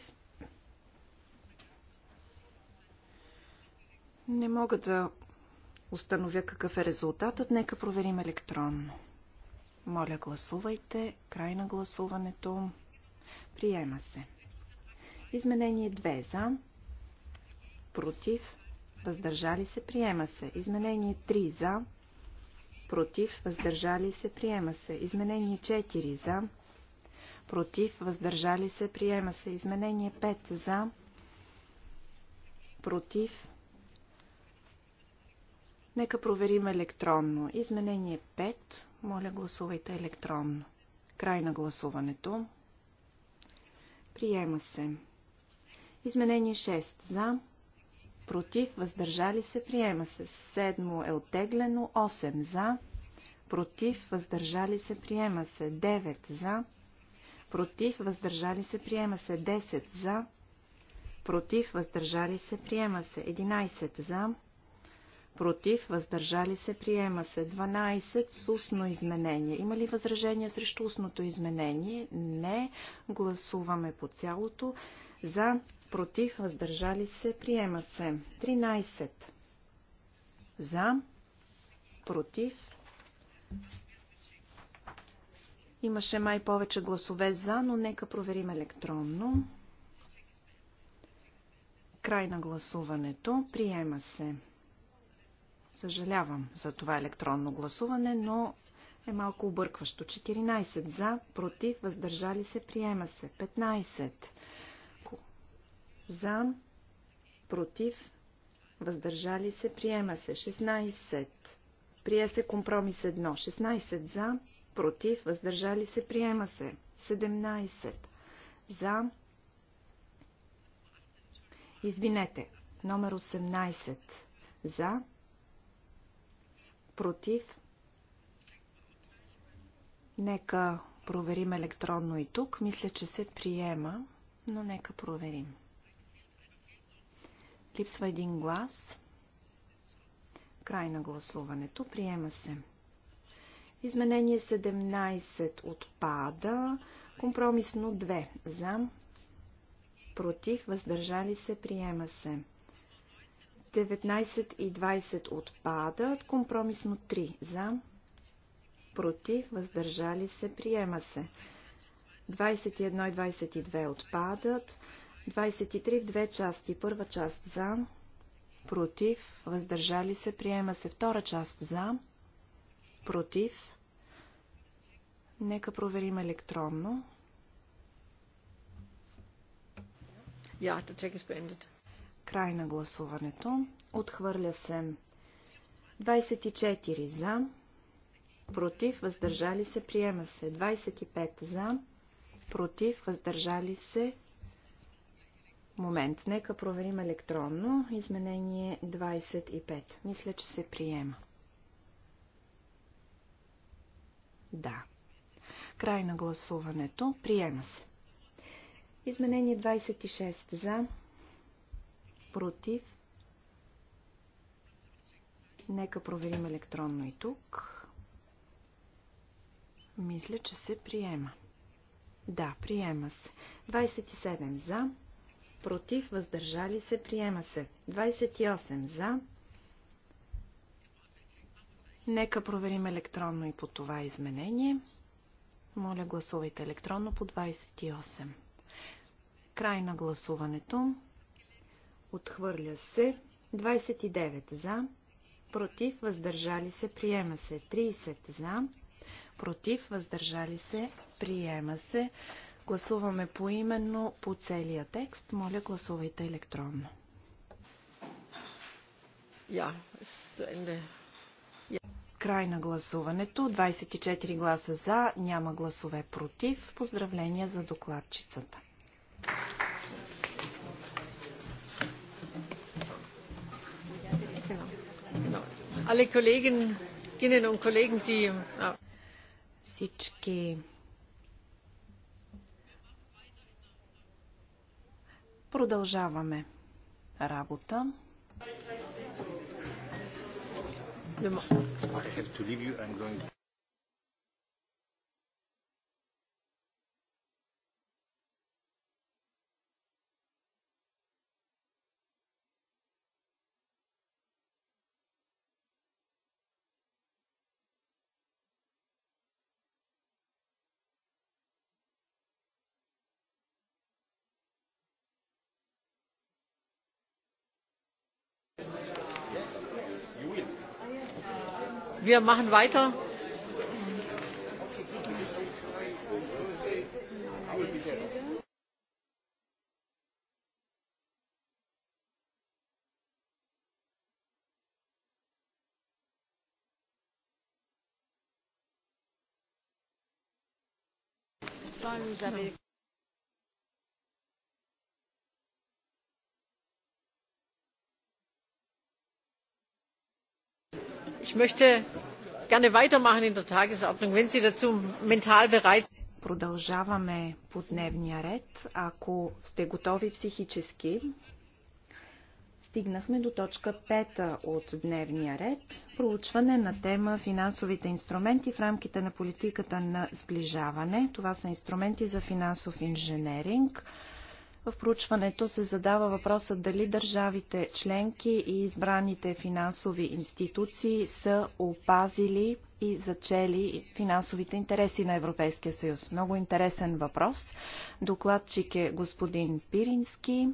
Не мога да установя какъв е резултатът. Нека проверим електронно. Моля, гласувайте. Край на гласуването. Приема се. Изменение 2 за, против, въздържали се, приема се. Изменение 3 за, против, въздържали се, приема се. Изменение 4 за, против, въздържали се, приема се. Изменение 5 за, против. Нека проверим електронно. Изменение 5. Моля, гласувайте електронно. Край на гласуването. Приема се. Изменение 6 за, против, въздържали се, приема се. Седмо е оттеглено, 8 за, против, въздържали се, приема се. 9 за, против, въздържали се, приема се. 10 за, против, въздържали се, приема се. 11 за, против, въздържали се, приема се. 12 с устно изменение. Има ли възражение срещу устното изменение? Не. Гласуваме по цялото. За, против, въздържали се, приема се. 13. За, против. Имаше май повече гласове за, но нека проверим електронно. Край на гласуването. Приема се. Съжалявам за това електронно гласуване, но е малко объркващо. 14 за, против, въздържали се, приема се. 15 за, против, въздържали се, приема се 16. Прие се компромис 1. 16 за, против, въздържали се, приема се 17 за. Извинете, номер 18 за, против. Нека проверим електронно и тук. Мисля, че се приема, но нека проверим. Липсва един глас. Край на гласуването. Приема се. Изменение 17 отпада. Компромисно 2. За. Против. Въздържали се. Приема се. 19 и 20 отпадат. Компромисно 3. За. Против. Въздържали се. Приема се. 21 и 22 отпадат. 23 в две части. Първа част за, против, въздържали се, приема се. Втора част за, против. Нека проверим електронно. Ja, Check beendet. Край на гласуването. Отхвърля се 24 за, против, въздържали се, приема се. 25 за, против, въздържали се, момент. Нека проверим електронно. Изменение 25. Мисля, че се приема. Да. Край на гласуването. Приема се. Изменение 26 за. Против. Нека проверим електронно и тук. Мисля, че се приема. Да, приема се. 27 за против, въздържали се, приема се. 28 за. Нека проверим електронно и по това изменение. Моля, гласувайте електронно по 28. Край на гласуването. Отхвърля се. 29 за. Против, въздържали се, приема се. 30 за. Против, въздържали се, приема се. Гласуваме поименно по целия текст. Моля, гласувайте електронно. Я, yeah, край на гласуването. 24 гласа за, няма гласове против. Поздравления за докладчицата. Всички Продължаваме. Работа. Wir machen weiter. Vous avez Ich möchte gerne weitermachen in der Tagesordnung, wenn Sie dazu mental bereit sind. Продължаваме по дневния ред. Ако сте готови психически, стигнахме до точка 5 от дневния ред. Проучване на тема финансовите инструменти в рамките на политиката на сближаване. Това са инструменти за финансов инженеринг. В проучването се задава въпросът дали държавите членки и избраните финансови институции са опазили и зачели финансовите интереси на Европейския съюз. Много интересен въпрос. Докладчик е господин Пирински.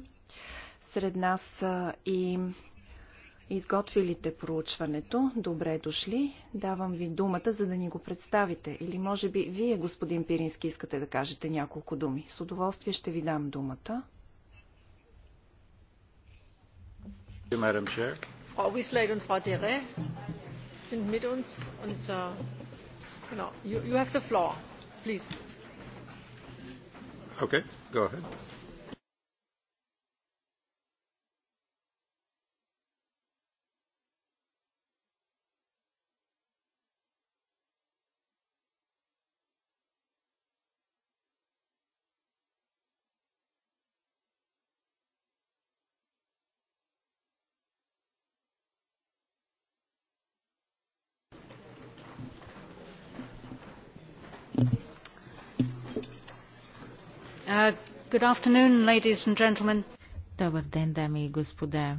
Сред нас и изготвилите проучването, добре дошли. Давам ви думата, за да ни го представите. Или може би вие, господин Пирински, искате да кажете няколко думи. С удоволствие ще ви дам думата. Äh, okay, go ahead. Good afternoon, ladies and gentlemen. Добър ден, дами и господа.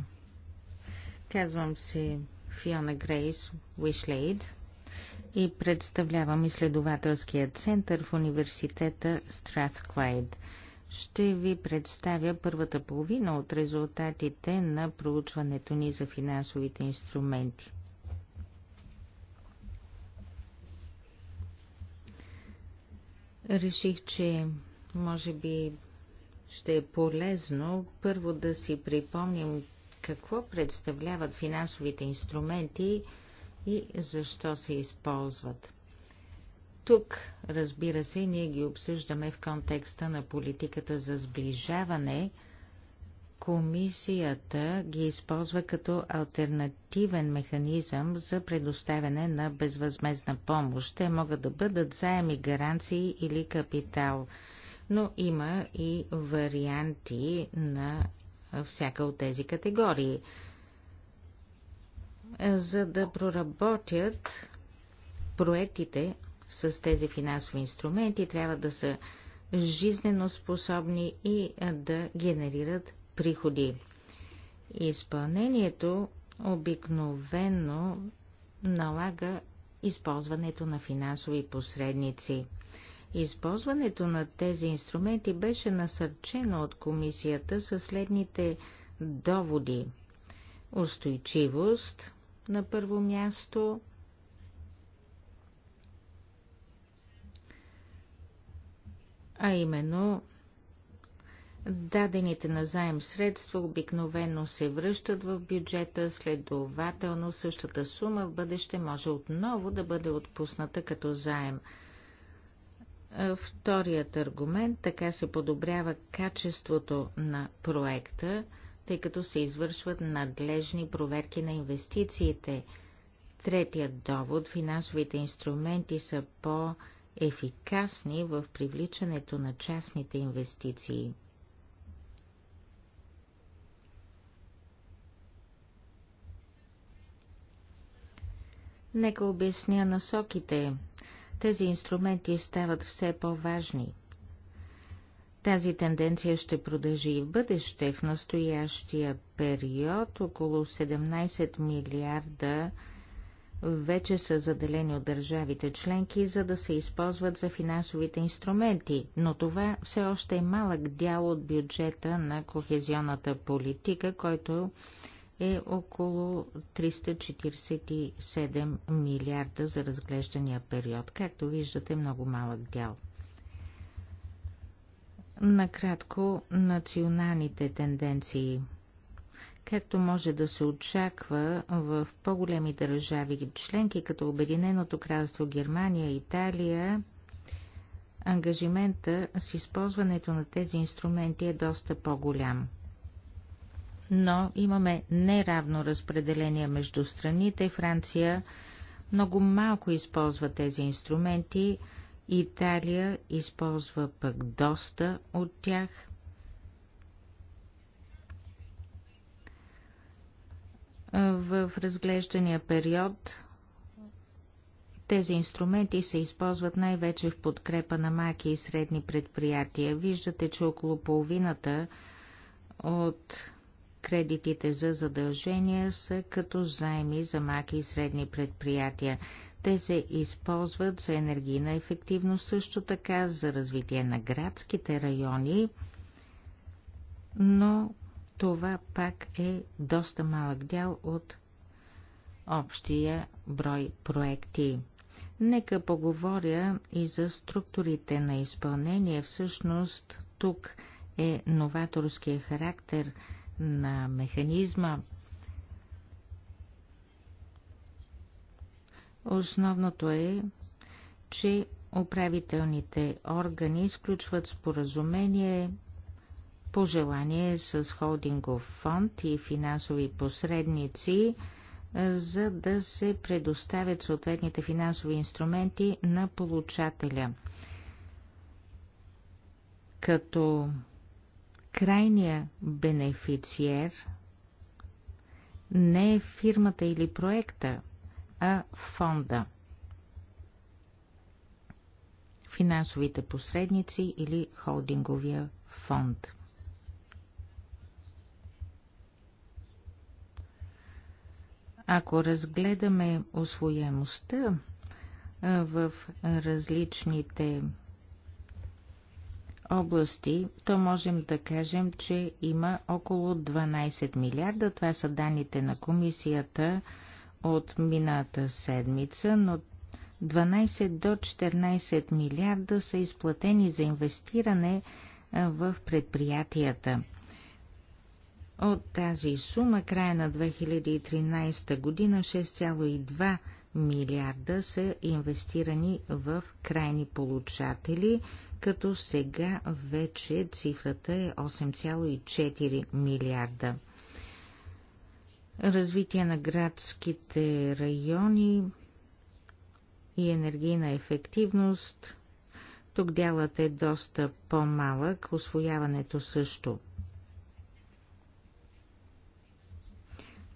Казвам се Фиона Грейс Уишлейд и представлявам изследователския център в университета Стратклайд. Ще ви представя първата половина от резултатите на проучването ни за финансовите инструменти. Реших, че може би ще е полезно първо да си припомним какво представляват финансовите инструменти и защо се използват. Тук, разбира се, ние ги обсъждаме в контекста на политиката за сближаване. Комисията ги използва като альтернативен механизъм за предоставяне на безвъзмезна помощ. Те могат да бъдат заеми, гаранции или капитал но има и варианти на всяка от тези категории. За да проработят проектите с тези финансови инструменти, трябва да са жизнено способни и да генерират приходи. Изпълнението обикновенно налага използването на финансови посредници. Използването на тези инструменти беше насърчено от комисията със следните доводи. Устойчивост на първо място, а именно Дадените на заем средства обикновено се връщат в бюджета, следователно същата сума в бъдеще може отново да бъде отпусната като заем. Е, вторият аргумент – така се подобрява качеството на проекта, тъй като се извършват надлежни проверки на инвестициите. Третият довод – финансовите инструменти са по-ефикасни в привличането на частните инвестиции. Нека обясня насоките тези инструменти стават все по-важни. Тази тенденция ще продължи и в бъдеще. В настоящия период около 17 милиарда вече са заделени от държавите членки, за да се използват за финансовите инструменти, но това все още е малък дял от бюджета на кохезионната политика, който е около 347 милиарда за разглеждания период. Както виждате, много малък дял. Накратко, националните тенденции. Както може да се очаква в по-големи държави членки, като Обединеното кралство Германия, Италия, ангажимента с използването на тези инструменти е доста по-голям – но имаме неравно разпределение между страните. Франция много малко използва тези инструменти, Италия използва пък доста от тях. В разглеждания период тези инструменти се използват най-вече в подкрепа на маки и средни предприятия. Виждате, че около половината от Кредитите за задължения са като заеми за маки и средни предприятия. Те се използват за енергийна ефективност, също така за развитие на градските райони, но това пак е доста малък дял от общия брой проекти. Нека поговоря и за структурите на изпълнение. Всъщност тук е новаторския характер на механизма. Основното е, че управителните органи изключват споразумение по желание с холдингов фонд и финансови посредници, за да се предоставят съответните финансови инструменти на получателя. Като крайния бенефициер не е фирмата или проекта, а фонда. Финансовите посредници или холдинговия фонд. Ако разгледаме освоемостта в различните области, то можем да кажем, че има около 12 милиарда. Това са данните на комисията от мината седмица, но 12 до 14 милиарда са изплатени за инвестиране в предприятията. От тази сума края на 2013 година 6,2 милиарда са инвестирани в крайни получатели, като сега вече цифрата е 8,4 милиарда. Развитие на градските райони и енергийна ефективност. Тук дялът е доста по-малък, освояването също.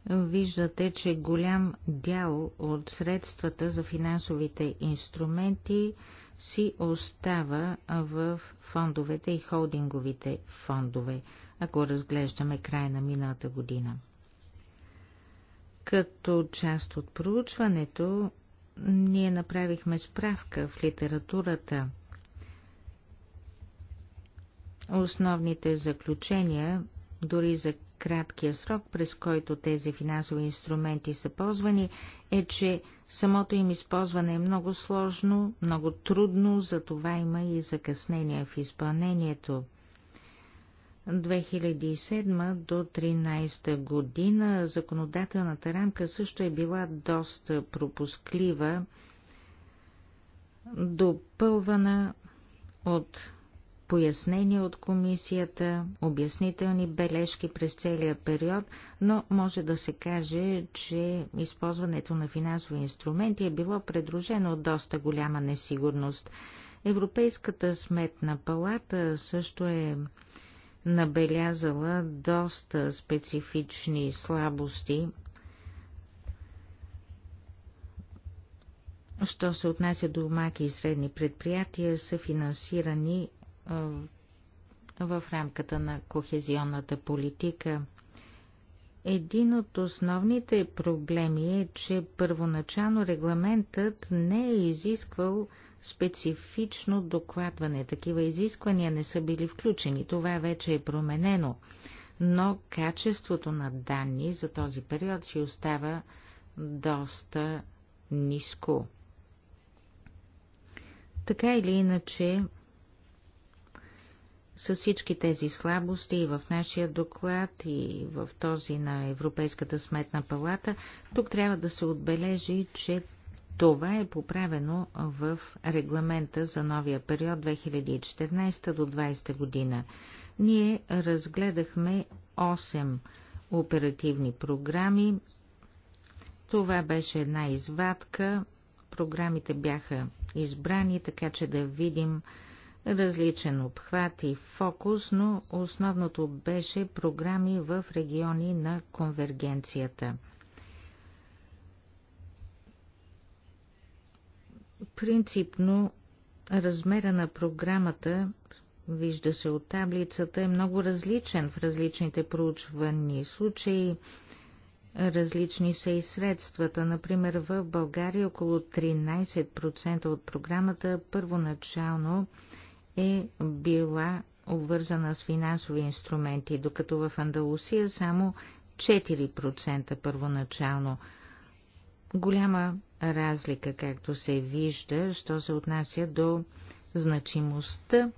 Виждате, че голям дял от средствата за финансовите инструменти си остава в фондовете и холдинговите фондове, ако разглеждаме края на миналата година. Като част от проучването, ние направихме справка в литературата. Основните заключения, дори за краткия срок, през който тези финансови инструменти са ползвани, е, че самото им използване е много сложно, много трудно, затова има и закъснения в изпълнението. 2007 до 2013 година законодателната рамка също е била доста пропусклива, допълвана от пояснения от комисията, обяснителни бележки през целия период, но може да се каже, че използването на финансови инструменти е било предружено от доста голяма несигурност. Европейската сметна палата също е набелязала доста специфични слабости Що се отнася до маки и средни предприятия, са финансирани в рамката на кохезионната политика. Един от основните проблеми е, че първоначално регламентът не е изисквал специфично докладване. Такива изисквания не са били включени. Това вече е променено. Но качеството на данни за този период си остава доста ниско. Така или иначе, с всички тези слабости и в нашия доклад, и в този на Европейската сметна палата, тук трябва да се отбележи, че това е поправено в регламента за новия период 2014 до 2020 година. Ние разгледахме 8 оперативни програми. Това беше една извадка. Програмите бяха избрани, така че да видим различен обхват и фокус, но основното беше програми в региони на конвергенцията. Принципно размера на програмата, вижда се от таблицата, е много различен в различните проучвани случаи. Различни са и средствата. Например, в България около 13% от програмата първоначално е била обвързана с финансови инструменти, докато в Андалусия само 4% първоначално. Голяма разлика, както се вижда, що се отнася до значимостта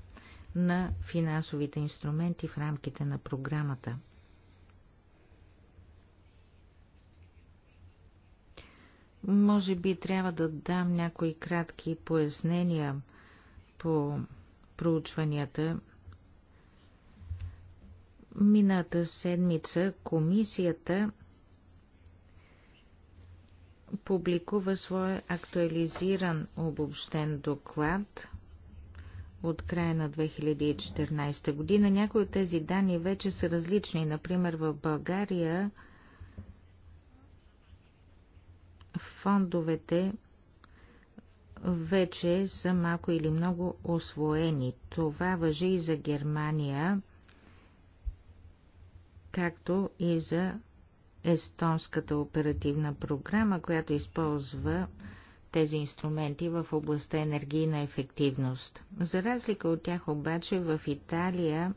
на финансовите инструменти в рамките на програмата. Може би трябва да дам някои кратки пояснения по проучванията. Мината седмица комисията публикува своя актуализиран обобщен доклад от края на 2014 година. Някои от тези данни вече са различни. Например, в България фондовете вече са малко или много освоени. Това въжи и за Германия, както и за естонската оперативна програма, която използва тези инструменти в областта енергийна ефективност. За разлика от тях обаче в Италия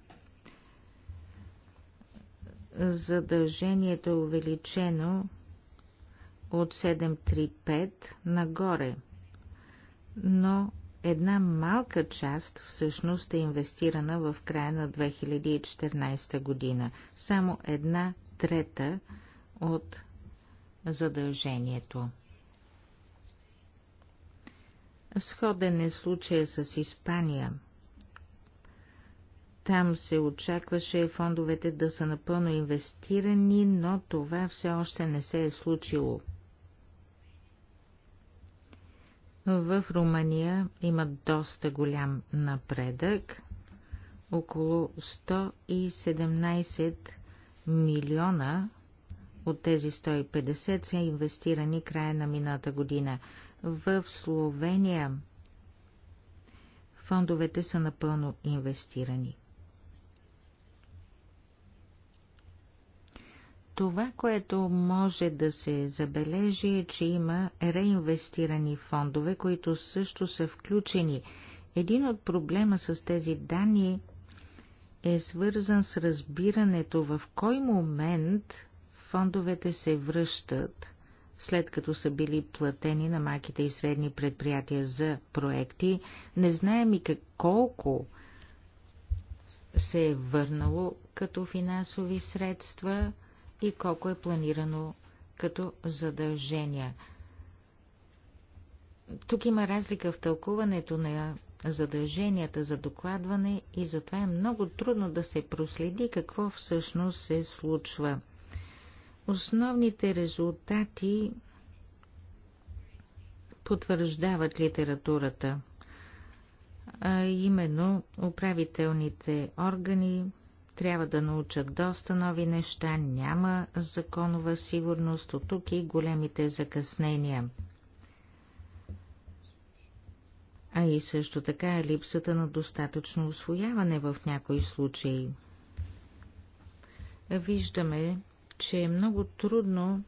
задължението е увеличено от 735 нагоре – но една малка част всъщност е инвестирана в края на 2014 година. Само една трета от задължението. Сходен е случая с Испания. Там се очакваше фондовете да са напълно инвестирани, но това все още не се е случило – В Румъния има доста голям напредък. Около 117 милиона от тези 150 са инвестирани края на мината година. В Словения фондовете са напълно инвестирани. Това, което може да се забележи е, че има реинвестирани фондове, които също са включени. Един от проблема с тези данни е свързан с разбирането в кой момент фондовете се връщат, след като са били платени на маките и средни предприятия за проекти. Не знаем и как, колко се е върнало като финансови средства и колко е планирано като задължения. Тук има разлика в тълкуването на задълженията за докладване и затова е много трудно да се проследи какво всъщност се случва. Основните резултати потвърждават литературата, а именно управителните органи трябва да научат доста нови неща, няма законова сигурност, от тук и големите закъснения. А и също така е липсата на достатъчно освояване в някои случаи. Виждаме, че е много трудно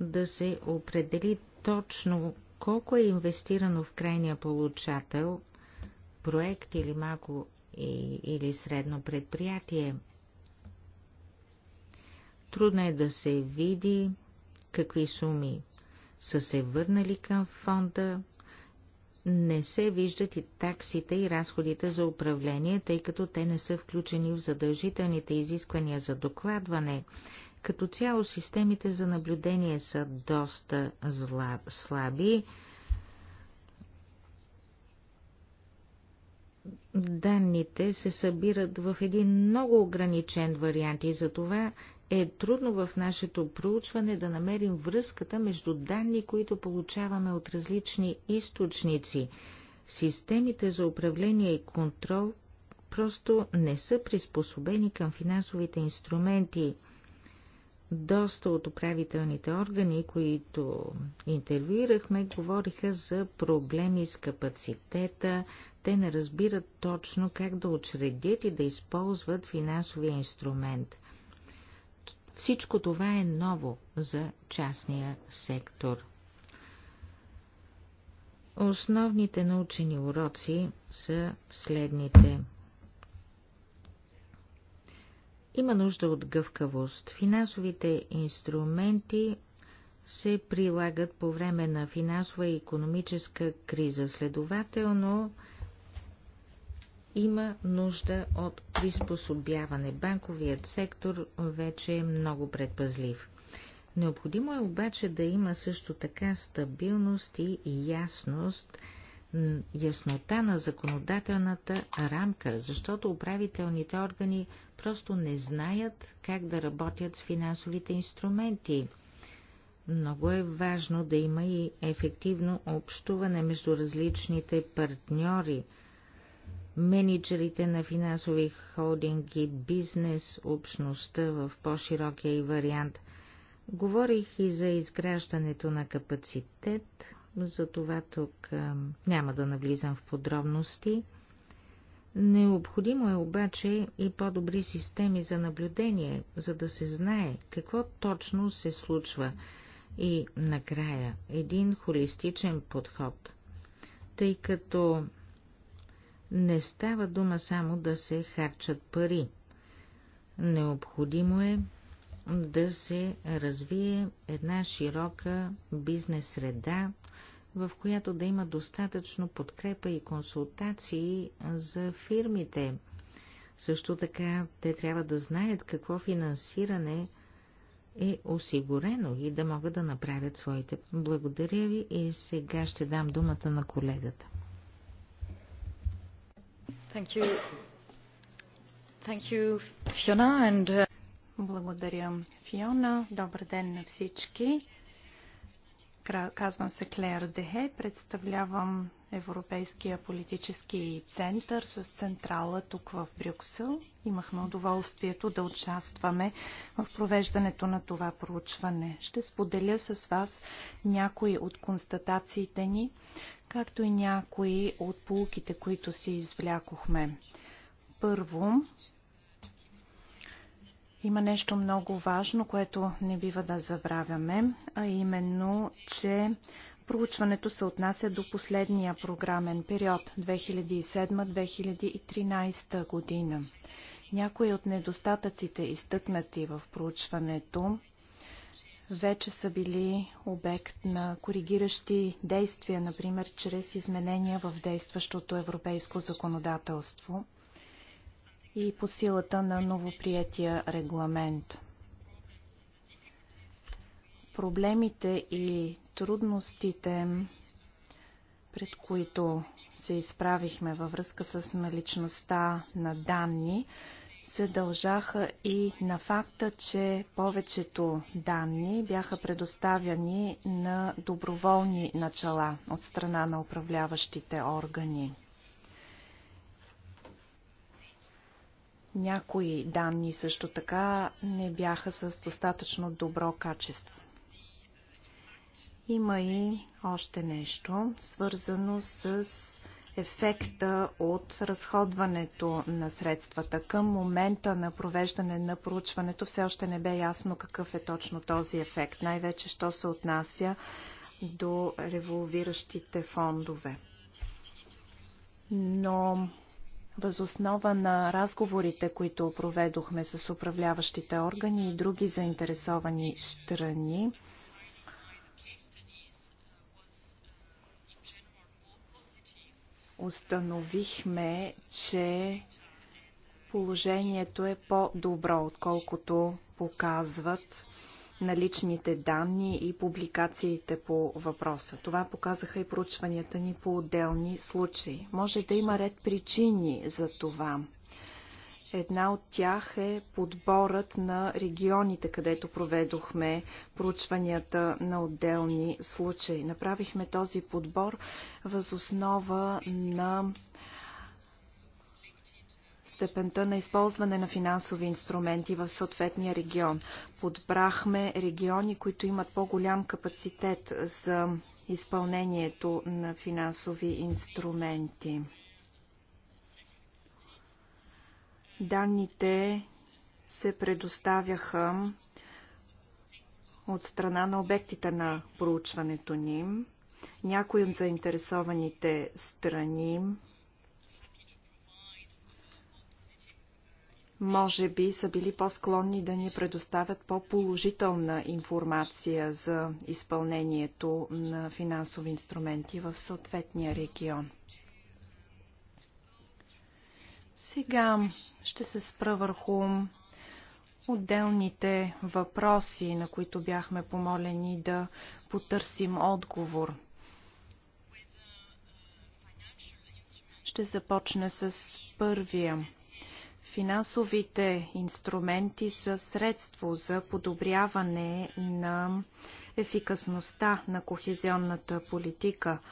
да се определи точно колко е инвестирано в крайния получател, проект или малко и, или средно предприятие. Трудно е да се види какви суми са се върнали към фонда. Не се виждат и таксите и разходите за управление, тъй като те не са включени в задължителните изисквания за докладване. Като цяло системите за наблюдение са доста зла, слаби. данните се събират в един много ограничен вариант и затова е трудно в нашето проучване да намерим връзката между данни, които получаваме от различни източници. Системите за управление и контрол просто не са приспособени към финансовите инструменти. Доста от управителните органи, които интервюирахме, говориха за проблеми с капацитета, те не разбират точно как да учредят и да използват финансовия инструмент. Всичко това е ново за частния сектор. Основните научени уроци са следните. Има нужда от гъвкавост. Финансовите инструменти се прилагат по време на финансова и економическа криза. Следователно, има нужда от приспособяване. Банковият сектор вече е много предпазлив. Необходимо е обаче да има също така стабилност и ясност, яснота на законодателната рамка, защото управителните органи просто не знаят как да работят с финансовите инструменти. Много е важно да има и ефективно общуване между различните партньори – менеджерите на финансови холдинги, бизнес, общността в по-широкия и вариант. Говорих и за изграждането на капацитет, затова тук а, няма да навлизам в подробности. Необходимо е обаче и по-добри системи за наблюдение, за да се знае какво точно се случва. И накрая един холистичен подход, тъй като не става дума само да се харчат пари. Необходимо е да се развие една широка бизнес среда, в която да има достатъчно подкрепа и консултации за фирмите. Също така те трябва да знаят какво финансиране е осигурено и да могат да направят своите. Благодаря ви и сега ще дам думата на колегата. Uh, Благодаря, Фиона. Добър ден на всички. Казвам се Клеер Дехе, представлявам Европейския политически център с централа тук в Брюксел. Имахме удоволствието да участваме в провеждането на това проучване. Ще споделя с вас някои от констатациите ни, както и някои от полуките, които си извлякохме. Първо, има нещо много важно, което не бива да забравяме, а именно, че проучването се отнася до последния програмен период 2007-2013 година. Някои от недостатъците, изтъкнати в проучването, вече са били обект на коригиращи действия, например чрез изменения в действащото европейско законодателство и по силата на новоприятия регламент. Проблемите и трудностите, пред които се изправихме във връзка с наличността на данни, се дължаха и на факта, че повечето данни бяха предоставяни на доброволни начала от страна на управляващите органи. Някои данни също така не бяха с достатъчно добро качество. Има и още нещо, свързано с ефекта от разходването на средствата. Към момента на провеждане на проучването все още не бе ясно какъв е точно този ефект, най-вече що се отнася до револвиращите фондове. Но Възоснова на разговорите, които проведохме с управляващите органи и други заинтересовани страни, установихме, че положението е по-добро, отколкото показват наличните данни и публикациите по въпроса. Това показаха и проучванията ни по отделни случаи. Може да има ред причини за това. Една от тях е подборът на регионите, където проведохме проучванията на отделни случаи. Направихме този подбор възоснова на степента на използване на финансови инструменти в съответния регион. Подбрахме региони, които имат по-голям капацитет за изпълнението на финансови инструменти. Данните се предоставяха от страна на обектите на проучването ни. Някои от заинтересованите страни може би са били по-склонни да ни предоставят по-положителна информация за изпълнението на финансови инструменти в съответния регион. Сега ще се спра върху отделните въпроси, на които бяхме помолени да потърсим отговор. Ще започна с първия. Финансовите инструменти са средство за подобряване на ефикасността на кохезионната политика –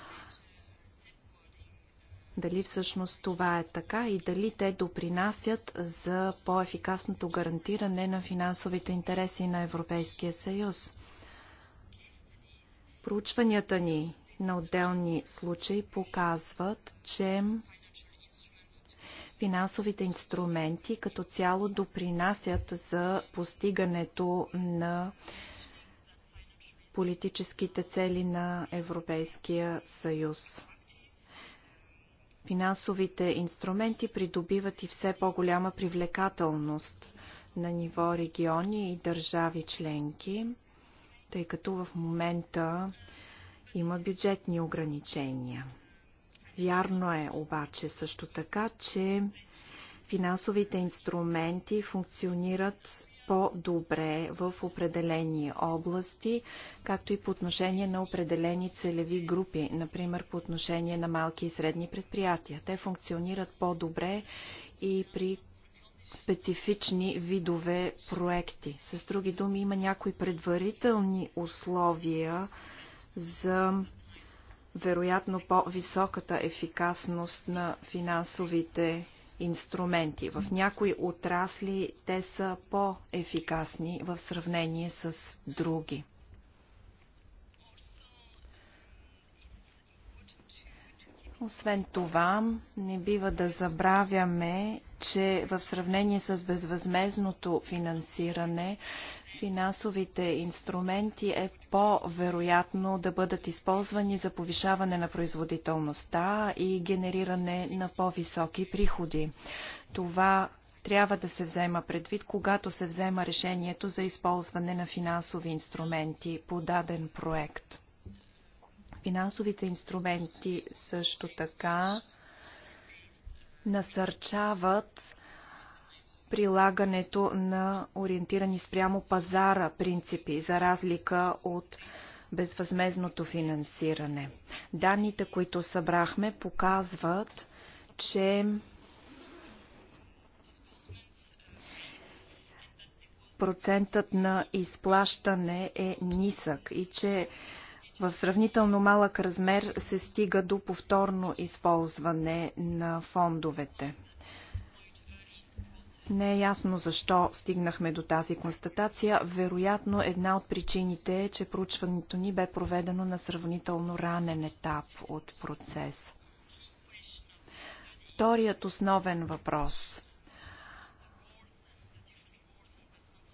дали всъщност това е така и дали те допринасят за по-ефикасното гарантиране на финансовите интереси на Европейския съюз. Проучванията ни на отделни случаи показват, че финансовите инструменти като цяло допринасят за постигането на политическите цели на Европейския съюз. Финансовите инструменти придобиват и все по-голяма привлекателност на ниво региони и държави членки, тъй като в момента има бюджетни ограничения. Вярно е обаче също така, че финансовите инструменти функционират по-добре в определени области, както и по отношение на определени целеви групи, например по отношение на малки и средни предприятия. Те функционират по-добре и при специфични видове проекти. С други думи, има някои предварителни условия за вероятно по-високата ефикасност на финансовите инструменти. В някои отрасли те са по-ефикасни в сравнение с други. Освен това, не бива да забравяме, че в сравнение с безвъзмезното финансиране, финансовите инструменти е по-вероятно да бъдат използвани за повишаване на производителността и генериране на по-високи приходи. Това трябва да се взема предвид, когато се взема решението за използване на финансови инструменти по даден проект. Финансовите инструменти също така насърчават прилагането на ориентирани спрямо пазара принципи, за разлика от безвъзмезното финансиране. Данните, които събрахме, показват, че процентът на изплащане е нисък и че в сравнително малък размер се стига до повторно използване на фондовете. Не е ясно защо стигнахме до тази констатация. Вероятно една от причините е, че проучването ни бе проведено на сравнително ранен етап от процес. Вторият основен въпрос,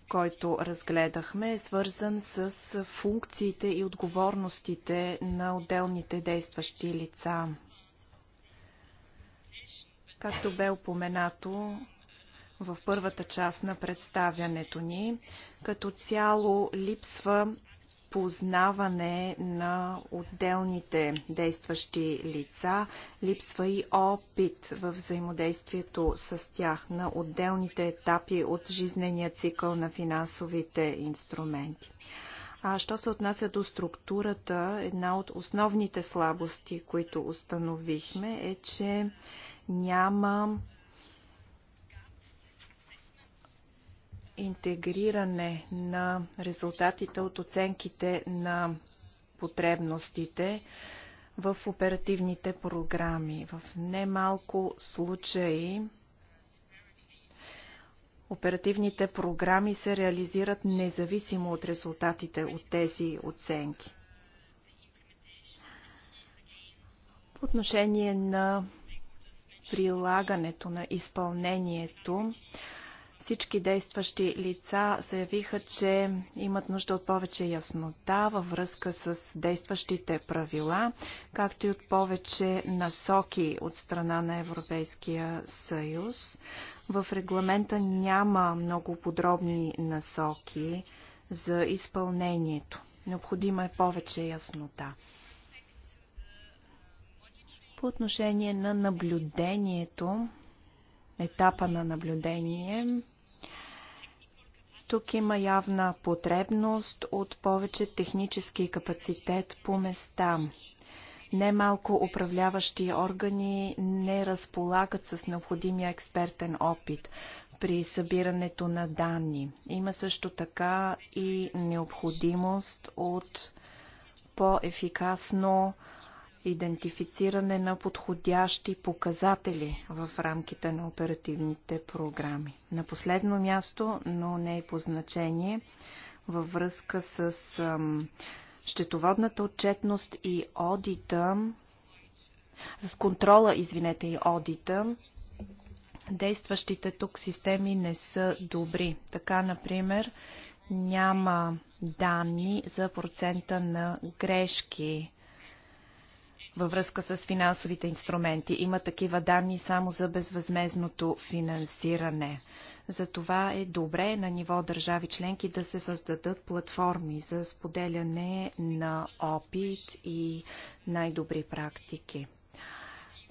който разгледахме, е свързан с функциите и отговорностите на отделните действащи лица. Както бе упоменато, в първата част на представянето ни. Като цяло липсва познаване на отделните действащи лица, липсва и опит в взаимодействието с тях на отделните етапи от жизнения цикъл на финансовите инструменти. А що се отнася до структурата, една от основните слабости, които установихме, е, че няма интегриране на резултатите от оценките на потребностите в оперативните програми. В немалко случаи оперативните програми се реализират независимо от резултатите от тези оценки. По отношение на прилагането на изпълнението, всички действащи лица заявиха, че имат нужда от повече яснота във връзка с действащите правила, както и от повече насоки от страна на Европейския съюз. В регламента няма много подробни насоки за изпълнението. Необходима е повече яснота. По отношение на наблюдението, етапа на наблюдение. Тук има явна потребност от повече технически капацитет по места. Немалко управляващи органи не разполагат с необходимия експертен опит при събирането на данни. Има също така и необходимост от по-ефикасно идентифициране на подходящи показатели в рамките на оперативните програми. На последно място, но не и е по значение, във връзка с ам, щетоводната отчетност и одита, с контрола, извинете, и одита, действащите тук системи не са добри. Така, например, няма данни за процента на грешки във връзка с финансовите инструменти. Има такива данни само за безвъзмезното финансиране. Затова е добре на ниво държави членки да се създадат платформи за споделяне на опит и най-добри практики.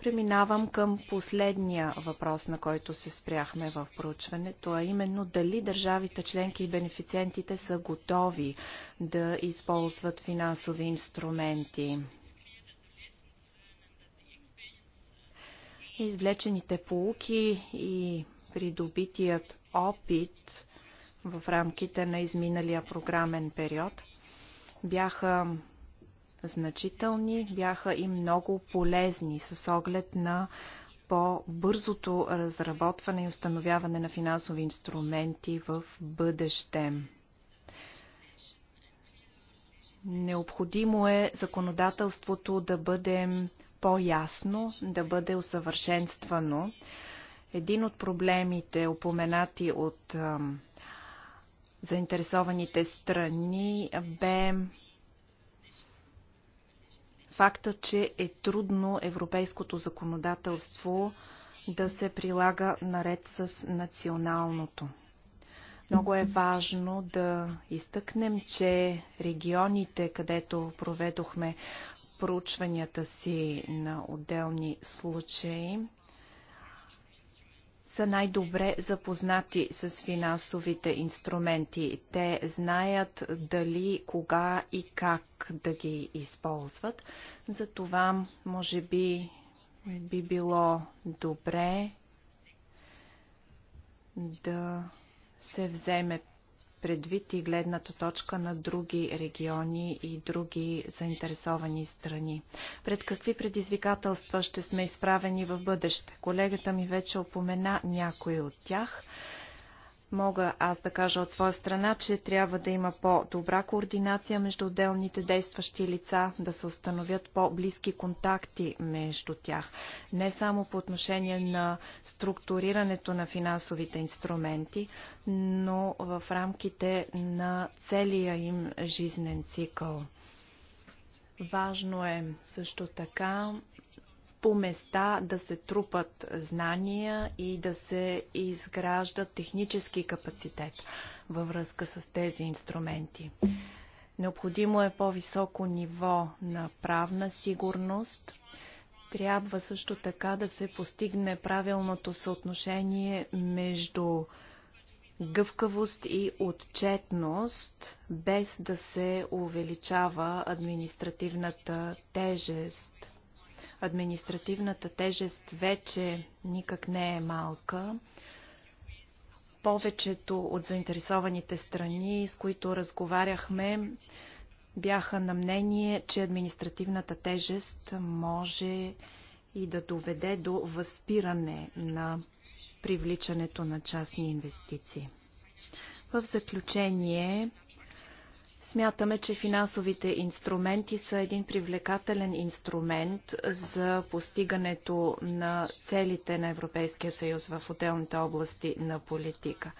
Преминавам към последния въпрос, на който се спряхме в проучването, а именно дали държавите членки и бенефициентите са готови да използват финансови инструменти. Извлечените полуки и придобитият опит в рамките на изминалия програмен период бяха значителни, бяха и много полезни с оглед на по-бързото разработване и установяване на финансови инструменти в бъдеще. Необходимо е законодателството да бъде по-ясно, да бъде усъвършенствано. Един от проблемите, упоменати от заинтересованите страни, бе факта, че е трудно европейското законодателство да се прилага наред с националното. Много е важно да изтъкнем, че регионите, където проведохме проучванията си на отделни случаи са най-добре запознати с финансовите инструменти. Те знаят дали, кога и как да ги използват. Затова, може би, би било добре да се вземет предвид и гледната точка на други региони и други заинтересовани страни. Пред какви предизвикателства ще сме изправени в бъдеще? Колегата ми вече опомена някои от тях. Мога аз да кажа от своя страна, че трябва да има по-добра координация между отделните действащи лица, да се установят по-близки контакти между тях. Не само по отношение на структурирането на финансовите инструменти, но в рамките на целия им жизнен цикъл. Важно е също така по места да се трупат знания и да се изгражда технически капацитет във връзка с тези инструменти. Необходимо е по-високо ниво на правна сигурност. Трябва също така да се постигне правилното съотношение между гъвкавост и отчетност, без да се увеличава административната тежест. Административната тежест вече никак не е малка. Повечето от заинтересованите страни, с които разговаряхме, бяха на мнение, че административната тежест може и да доведе до възпиране на привличането на частни инвестиции. В заключение, Смятаме, че финансовите инструменти са един привлекателен инструмент за постигането на целите на Европейския съюз в отделните области на политика.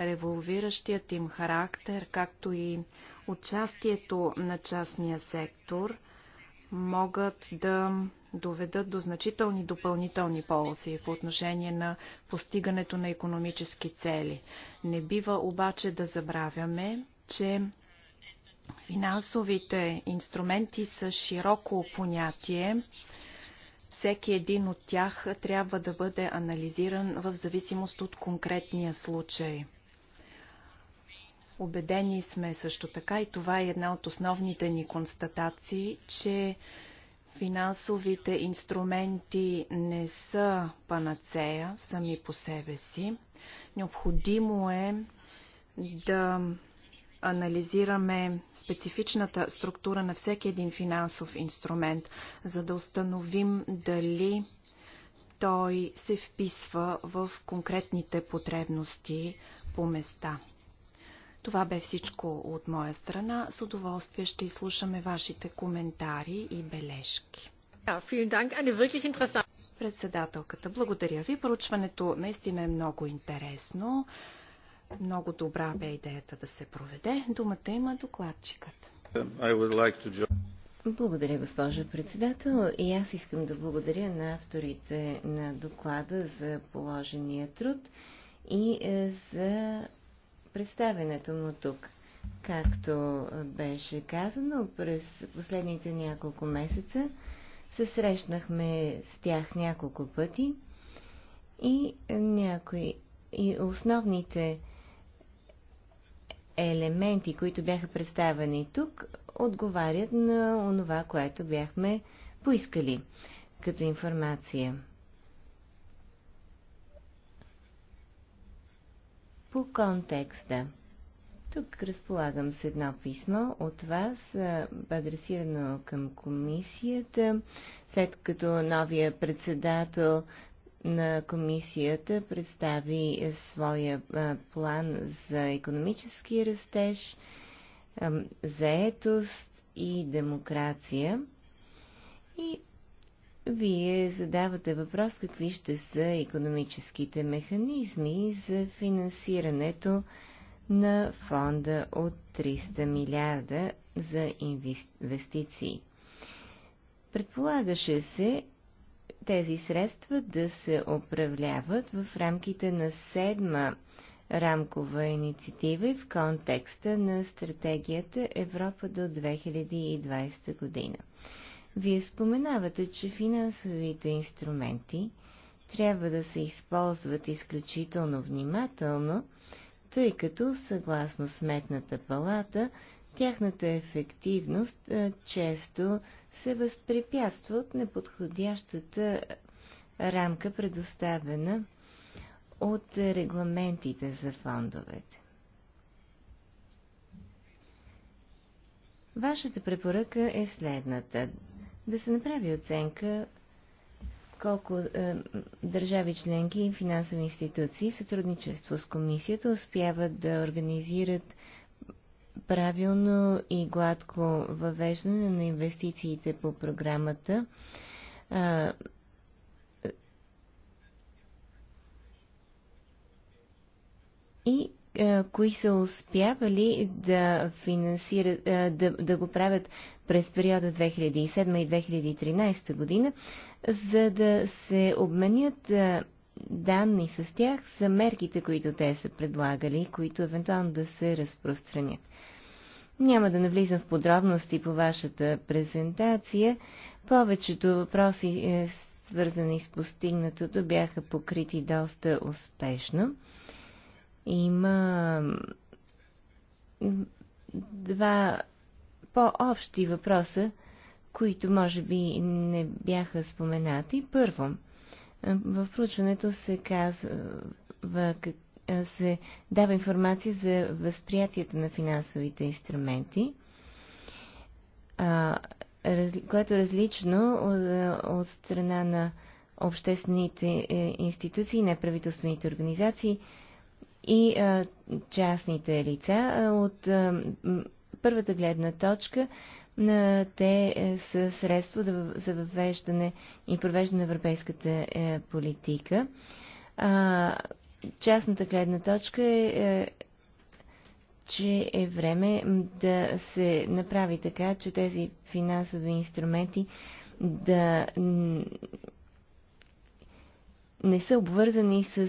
Револвиращият им характер, както и участието на частния сектор, могат да доведат до значителни допълнителни ползи по отношение на постигането на економически цели. Не бива обаче да забравяме, че Финансовите инструменти са широко понятие. Всеки един от тях трябва да бъде анализиран в зависимост от конкретния случай. Обедени сме също така, и това е една от основните ни констатации, че финансовите инструменти не са панацея сами по себе си. Необходимо е да анализираме специфичната структура на всеки един финансов инструмент, за да установим дали той се вписва в конкретните потребности по места. Това бе всичко от моя страна. С удоволствие ще изслушаме вашите коментари и бележки. Председателката, благодаря ви. Проучването наистина е много интересно. Много добра бе идеята да се проведе. Думата има докладчикът. Благодаря, госпожа председател. И аз искам да благодаря на авторите на доклада за положения труд и е, за представенето му тук. Както е, беше казано, през последните няколко месеца се срещнахме с тях няколко пъти и е, някои и основните елементи, които бяха представени тук, отговарят на онова, което бяхме поискали като информация. По контекста. Тук разполагам с едно писмо от вас, адресирано към комисията, след като новия председател на комисията представи своя план за економически растеж, заетост и демокрация. И вие задавате въпрос какви ще са економическите механизми за финансирането на фонда от 300 милиарда за инвестиции. Предполагаше се, тези средства да се управляват в рамките на седма рамкова инициатива и в контекста на стратегията Европа до 2020 година. Вие споменавате, че финансовите инструменти трябва да се използват изключително внимателно, тъй като, съгласно Сметната палата, Тяхната ефективност често се възпрепятства от неподходящата рамка, предоставена от регламентите за фондовете. Вашата препоръка е следната. Да се направи оценка колко е, държави членки и финансови институции в сътрудничество с комисията успяват да организират правилно и гладко въвеждане на инвестициите по програмата. и а, кои са успявали да финансират, а, да, да го правят през периода 2007 и 2013 година, за да се обменят а, данни с тях за мерките, които те са предлагали, които евентуално да се разпространят. Няма да навлизам в подробности по вашата презентация. Повечето въпроси, е, свързани с постигнатото, бяха покрити доста успешно. Има два по-общи въпроса, които може би не бяха споменати. Първо, в проучването се казва, се дава информация за възприятието на финансовите инструменти, което е различно от страна на обществените е, институции, неправителствените организации и частните лица. От първата гледна точка те е, са средство за въвеждане и провеждане на европейската е, политика. А, частната гледна точка е, е, че е време да се направи така, че тези финансови инструменти да не са обвързани с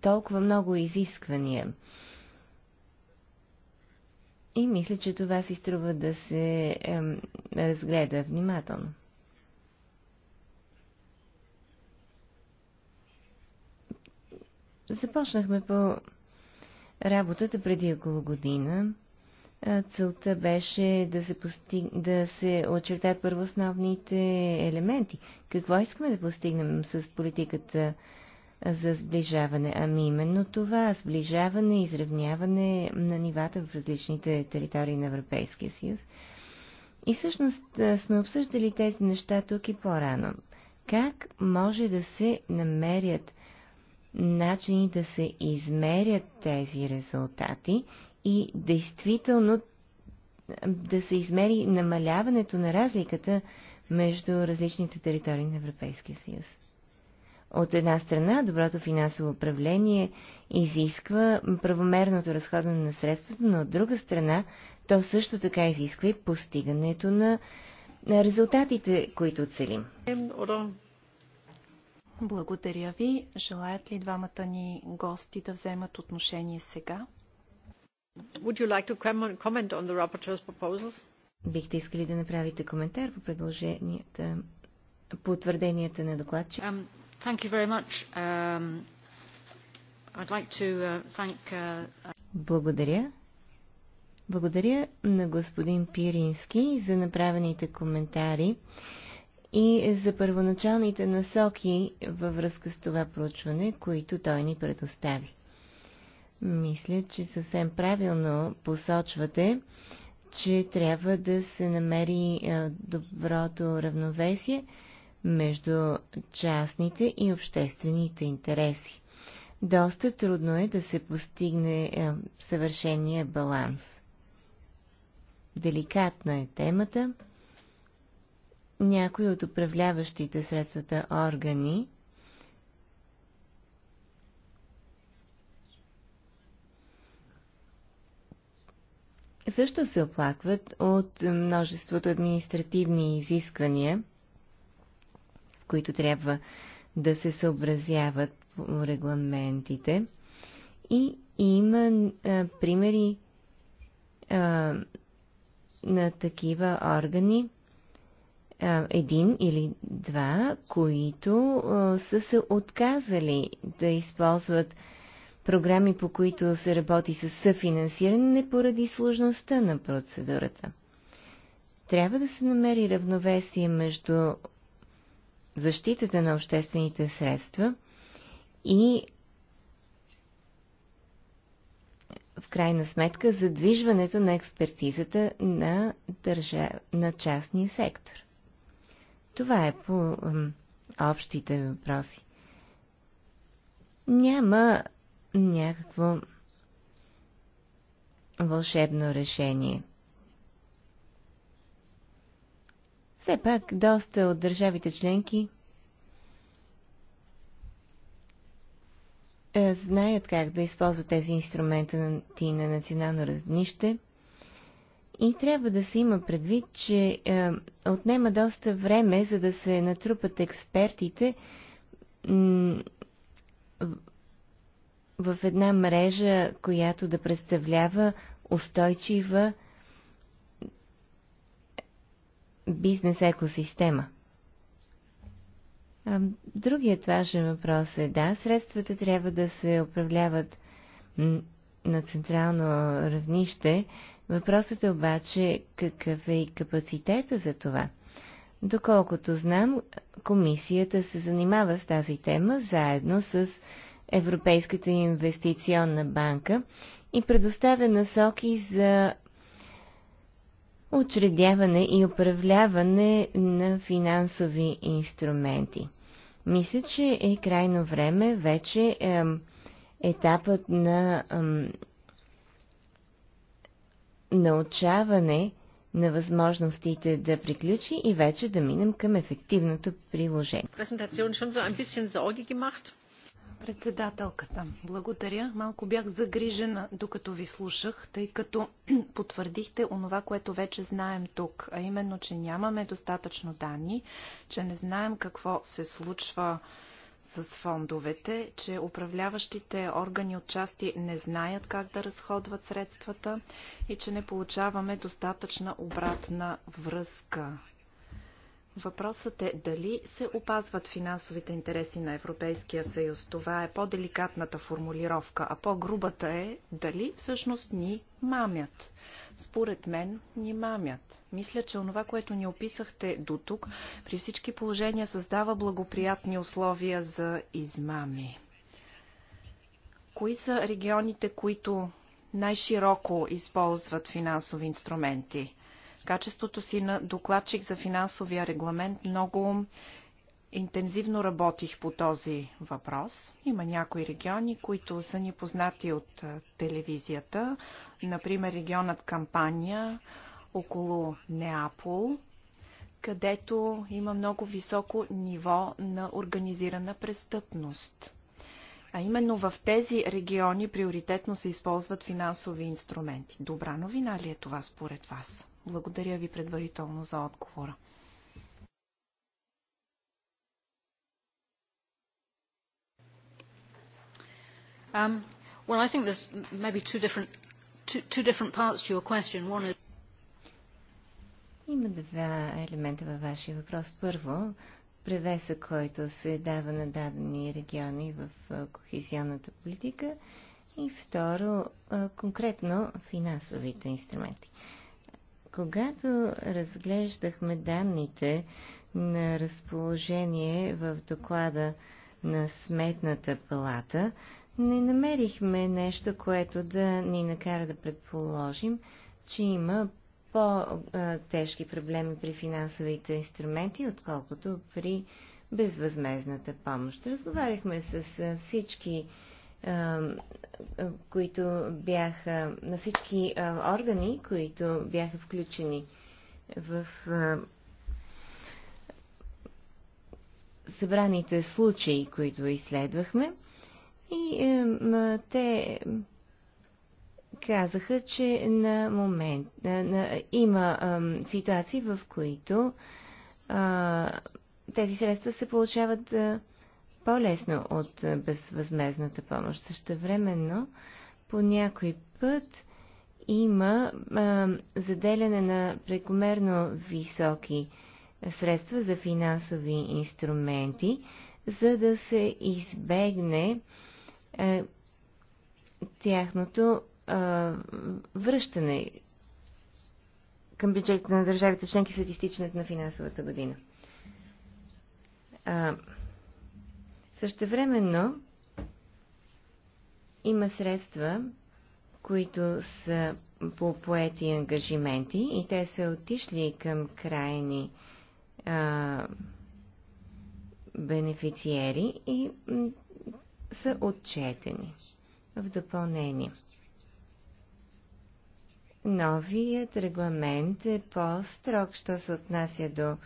толкова много изисквания. И мисля, че това си струва да се е, разгледа внимателно. Започнахме по работата преди около година. Целта беше да се, постиг... да се очертат първоосновните елементи. Какво искаме да постигнем с политиката за сближаване. Ами именно това сближаване и изравняване на нивата в различните територии на Европейския съюз. И всъщност сме обсъждали тези неща тук и по-рано. Как може да се намерят начини да се измерят тези резултати и действително да се измери намаляването на разликата между различните територии на Европейския съюз? От една страна, доброто финансово управление изисква правомерното разходване на средствата, но от друга страна, то също така изисква и постигането на, на резултатите, които целим. Благодаря ви. Желаят ли двамата ни гости да вземат отношение сега? Would you like to comment on the rapporteur's proposals? Бихте искали да направите коментар по предложенията, по твърденията на докладчика? Um, Um, uh, uh, Благодаря. Благодаря на господин Пирински за направените коментари и за първоначалните насоки във връзка с това проучване, които той ни предостави. Мисля, че съвсем правилно посочвате, че трябва да се намери доброто равновесие между частните и обществените интереси. Доста трудно е да се постигне е, съвършения баланс. Деликатна е темата. Някои от управляващите средствата органи също се оплакват от множеството административни изисквания, които трябва да се съобразяват по регламентите. И има а, примери а, на такива органи, а, един или два, които а, са се отказали да използват програми, по които се работи с съфинансиране поради сложността на процедурата. Трябва да се намери равновесие между защитата на обществените средства и в крайна сметка задвижването на експертизата на, държа... на частния сектор. Това е по общите въпроси. Няма някакво вълшебно решение. Все пак доста от държавите членки е, знаят как да използват тези инструменти на национално разнище. и трябва да се има предвид, че е, отнема доста време, за да се натрупат експертите в една мрежа, която да представлява устойчива бизнес екосистема. Другият важен въпрос е, да, средствата трябва да се управляват на централно равнище. Въпросът е обаче какъв е и капацитета за това. Доколкото знам, комисията се занимава с тази тема заедно с Европейската инвестиционна банка и предоставя насоки за учредяване и управляване на финансови инструменти. Мисля, че е крайно време вече е, етапът на е, научаване на възможностите да приключи и вече да минем към ефективното приложение. Председателката, благодаря. Малко бях загрижена, докато ви слушах, тъй като потвърдихте онова, което вече знаем тук, а именно, че нямаме достатъчно данни, че не знаем какво се случва с фондовете, че управляващите органи от части не знаят как да разходват средствата и че не получаваме достатъчна обратна връзка. Въпросът е дали се опазват финансовите интереси на Европейския съюз. Това е по-деликатната формулировка, а по-грубата е дали всъщност ни мамят. Според мен ни мамят. Мисля, че онова, което ни описахте до тук, при всички положения създава благоприятни условия за измами. Кои са регионите, които най-широко използват финансови инструменти? качеството си на докладчик за финансовия регламент много интензивно работих по този въпрос. Има някои региони, които са ни познати от телевизията. Например, регионът Кампания около Неапол, където има много високо ниво на организирана престъпност. А именно в тези региони приоритетно се използват финансови инструменти. Добра новина ли е това според вас? Благодаря ви предварително за отговора. Um, well, I think there's maybe two different, two, two different parts to your question. One is... Има два елемента във вашия въпрос. Първо, превеса, който се дава на дадени региони в кохезионната политика и второ, конкретно финансовите инструменти. Когато разглеждахме данните на разположение в доклада на Сметната палата, не намерихме нещо, което да ни накара да предположим, че има по-тежки проблеми при финансовите инструменти, отколкото при безвъзмезната помощ. Разговаряхме с всички, които бяха, на всички органи, които бяха включени в събраните случаи, които изследвахме. И те казаха, че на момент на, на, има ам, ситуации, в които а, тези средства се получават а, по-лесно от а, безвъзмезната помощ. Същевременно, по някой път има а, заделяне на прекомерно високи средства за финансови инструменти, за да се избегне а, е, тяхното а, връщане към бюджетите на държавите членки след изтичането на финансовата година. А, същевременно има средства, които са по поети ангажименти и те са отишли към крайни а, бенефициери и са отчетени в допълнение новият регламент е по-строг, що се отнася до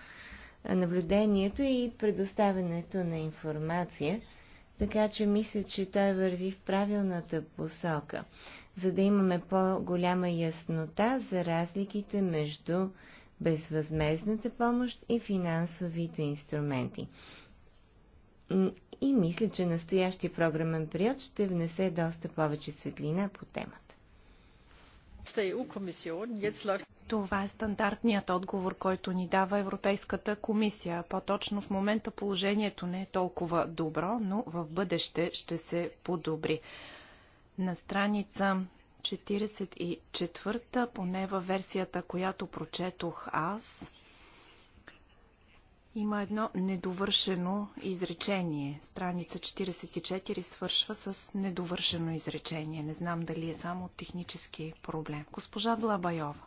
наблюдението и предоставянето на информация, така че мисля, че той върви в правилната посока, за да имаме по-голяма яснота за разликите между безвъзмезната помощ и финансовите инструменти. И мисля, че настоящия програмен период ще внесе доста повече светлина по темата. Това е стандартният отговор, който ни дава Европейската комисия. По-точно в момента положението не е толкова добро, но в бъдеще ще се подобри. На страница 44, поне във версията, която прочетох аз, има едно недовършено изречение. Страница 44 свършва с недовършено изречение. Не знам дали е само технически проблем. Госпожа Длабайова.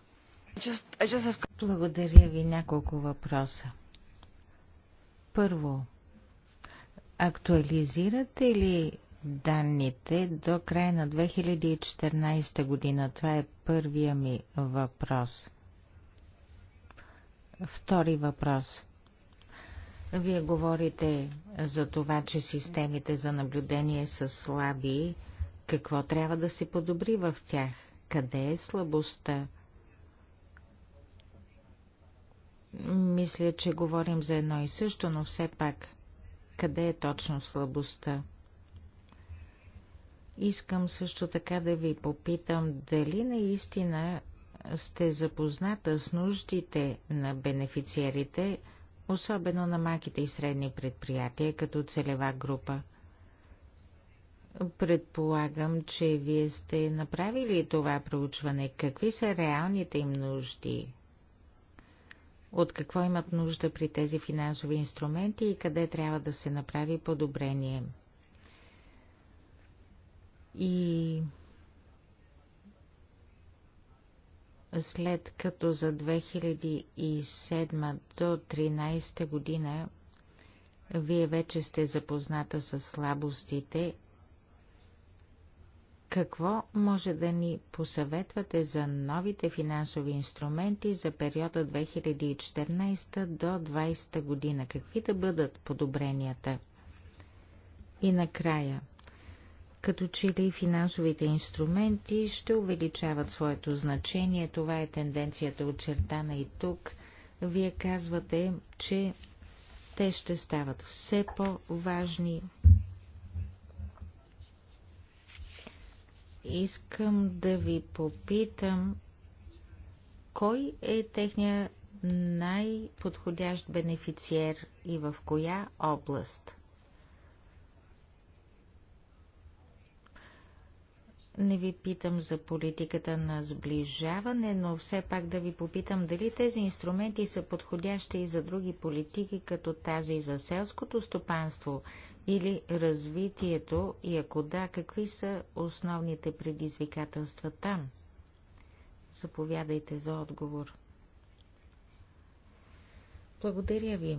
Благодаря ви няколко въпроса. Първо, актуализирате ли данните до края на 2014 година? Това е първия ми въпрос. Втори въпрос – вие говорите за това, че системите за наблюдение са слаби. Какво трябва да се подобри в тях? Къде е слабостта? Мисля, че говорим за едно и също, но все пак, къде е точно слабостта? Искам също така да ви попитам, дали наистина сте запозната с нуждите на бенефициерите, особено на малките и средни предприятия като целева група. Предполагам, че вие сте направили това проучване. Какви са реалните им нужди? От какво имат нужда при тези финансови инструменти и къде трябва да се направи подобрение? И след като за 2007 до 2013 година вие вече сте запозната с слабостите, какво може да ни посъветвате за новите финансови инструменти за периода 2014 до 2020 година? Какви да бъдат подобренията? И накрая – като че ли финансовите инструменти ще увеличават своето значение. Това е тенденцията очертана и тук. Вие казвате, че те ще стават все по-важни. Искам да ви попитам, кой е техният най-подходящ бенефициер и в коя област? не ви питам за политиката на сближаване, но все пак да ви попитам дали тези инструменти са подходящи и за други политики, като тази за селското стопанство или развитието и ако да, какви са основните предизвикателства там? Заповядайте за отговор. Благодаря ви.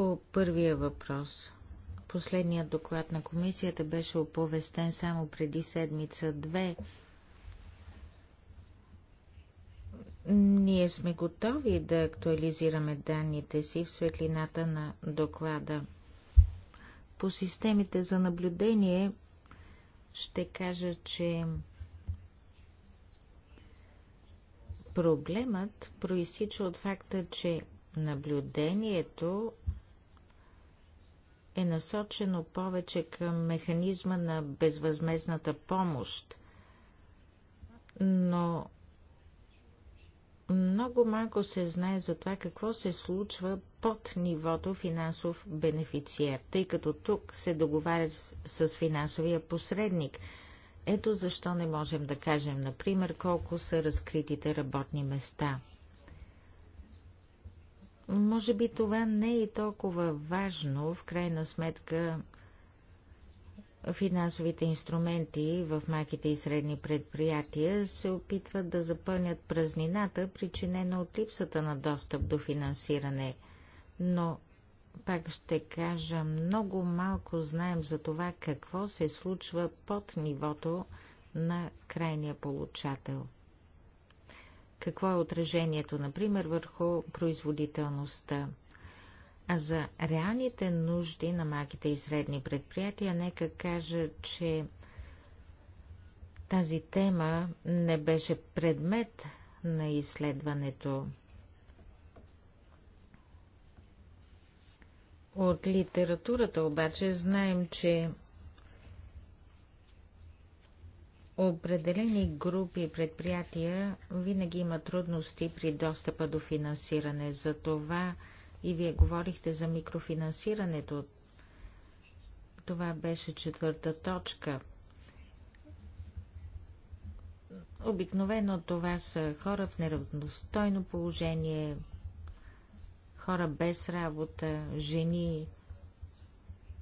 По първия въпрос. Последният доклад на комисията беше оповестен само преди седмица-две. Ние сме готови да актуализираме данните си в светлината на доклада. По системите за наблюдение ще кажа, че проблемът проистича от факта, че наблюдението е насочено повече към механизма на безвъзмезната помощ, но много малко се знае за това какво се случва под нивото финансов бенефициер, тъй като тук се договаря с, с финансовия посредник. Ето защо не можем да кажем, например, колко са разкритите работни места – може би това не е толкова важно. В крайна сметка финансовите инструменти в малките и средни предприятия се опитват да запълнят празнината, причинена от липсата на достъп до финансиране. Но, пак ще кажа, много малко знаем за това какво се случва под нивото на крайния получател какво е отражението, например, върху производителността. А за реалните нужди на малките и средни предприятия, нека кажа, че тази тема не беше предмет на изследването. От литературата обаче знаем, че Определени групи предприятия винаги има трудности при достъпа до финансиране. За това и вие говорихте за микрофинансирането. Това беше четвърта точка. Обикновено това са хора в неравностойно положение, хора без работа, жени,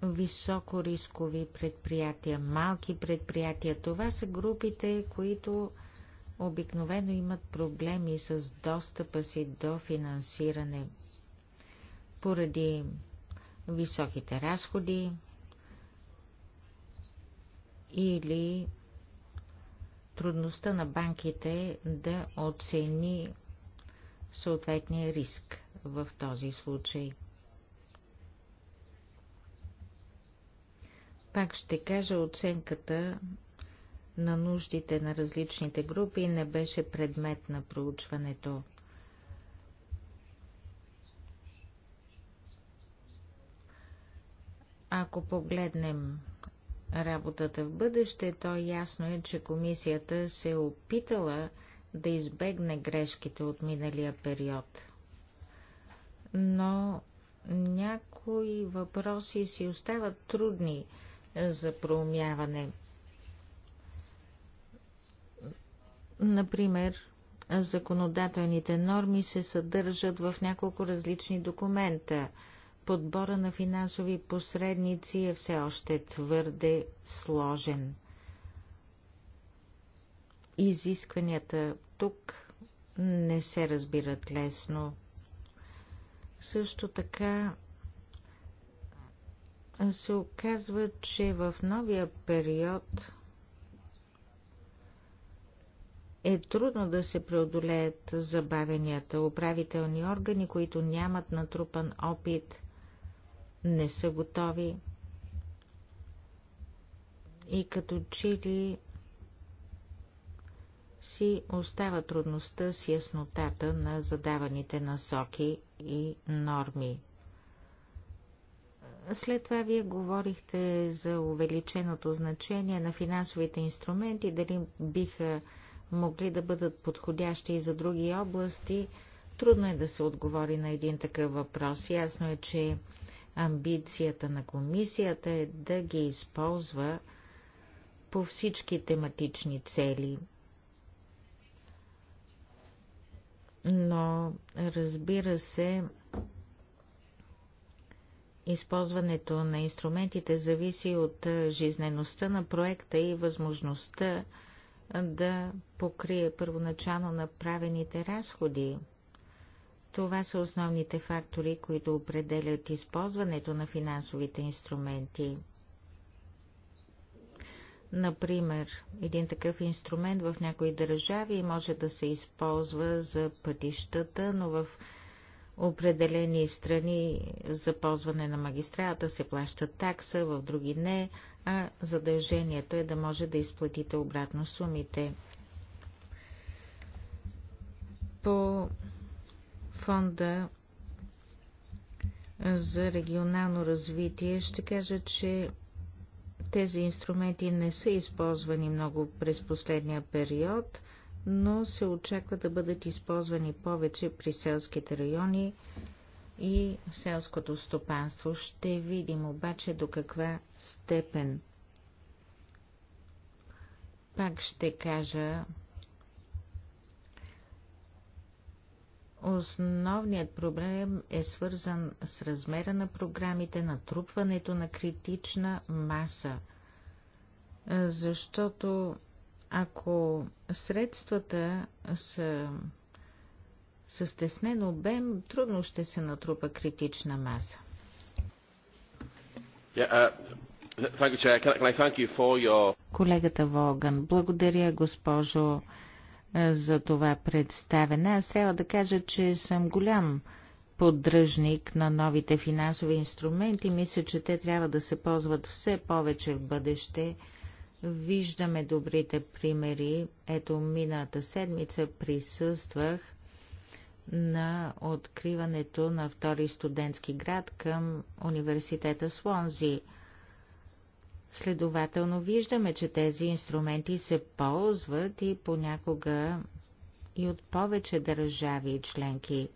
високорискови предприятия, малки предприятия. Това са групите, които обикновено имат проблеми с достъпа си до финансиране поради високите разходи или трудността на банките да оцени съответния риск в този случай – Пак ще кажа, оценката на нуждите на различните групи не беше предмет на проучването. Ако погледнем работата в бъдеще, то ясно е, че комисията се е опитала да избегне грешките от миналия период. Но някои въпроси си остават трудни за проумяване. Например, законодателните норми се съдържат в няколко различни документа. Подбора на финансови посредници е все още твърде сложен. Изискванията тук не се разбират лесно. Също така се оказва, че в новия период е трудно да се преодолеят забавенията. Управителни органи, които нямат натрупан опит, не са готови. И като че ли си остава трудността с яснотата на задаваните насоки и норми. След това вие говорихте за увеличеното значение на финансовите инструменти, дали биха могли да бъдат подходящи и за други области. Трудно е да се отговори на един такъв въпрос. Ясно е, че амбицията на комисията е да ги използва по всички тематични цели. Но, разбира се, Използването на инструментите зависи от жизнеността на проекта и възможността да покрие първоначално направените разходи. Това са основните фактори, които определят използването на финансовите инструменти. Например, един такъв инструмент в някои държави може да се използва за пътищата, но в определени страни за ползване на магистралата се плаща такса, в други не, а задължението е да може да изплатите обратно сумите. По фонда за регионално развитие ще кажа, че тези инструменти не са използвани много през последния период – но се очаква да бъдат използвани повече при селските райони и селското стопанство. Ще видим обаче до каква степен. Пак ще кажа, Основният проблем е свързан с размера на програмите, натрупването на критична маса, защото ако средствата са с обем, трудно ще се натрупа критична маса. Yeah, uh, you, Can I, your... Колегата Волган, благодаря госпожо е, за това представене. Аз трябва да кажа, че съм голям поддръжник на новите финансови инструменти. Мисля, че те трябва да се ползват все повече в бъдеще Виждаме добрите примери. Ето, мината седмица присъствах на откриването на втори студентски град към университета Слонзи. Следователно виждаме, че тези инструменти се ползват и понякога и от повече държави и членки.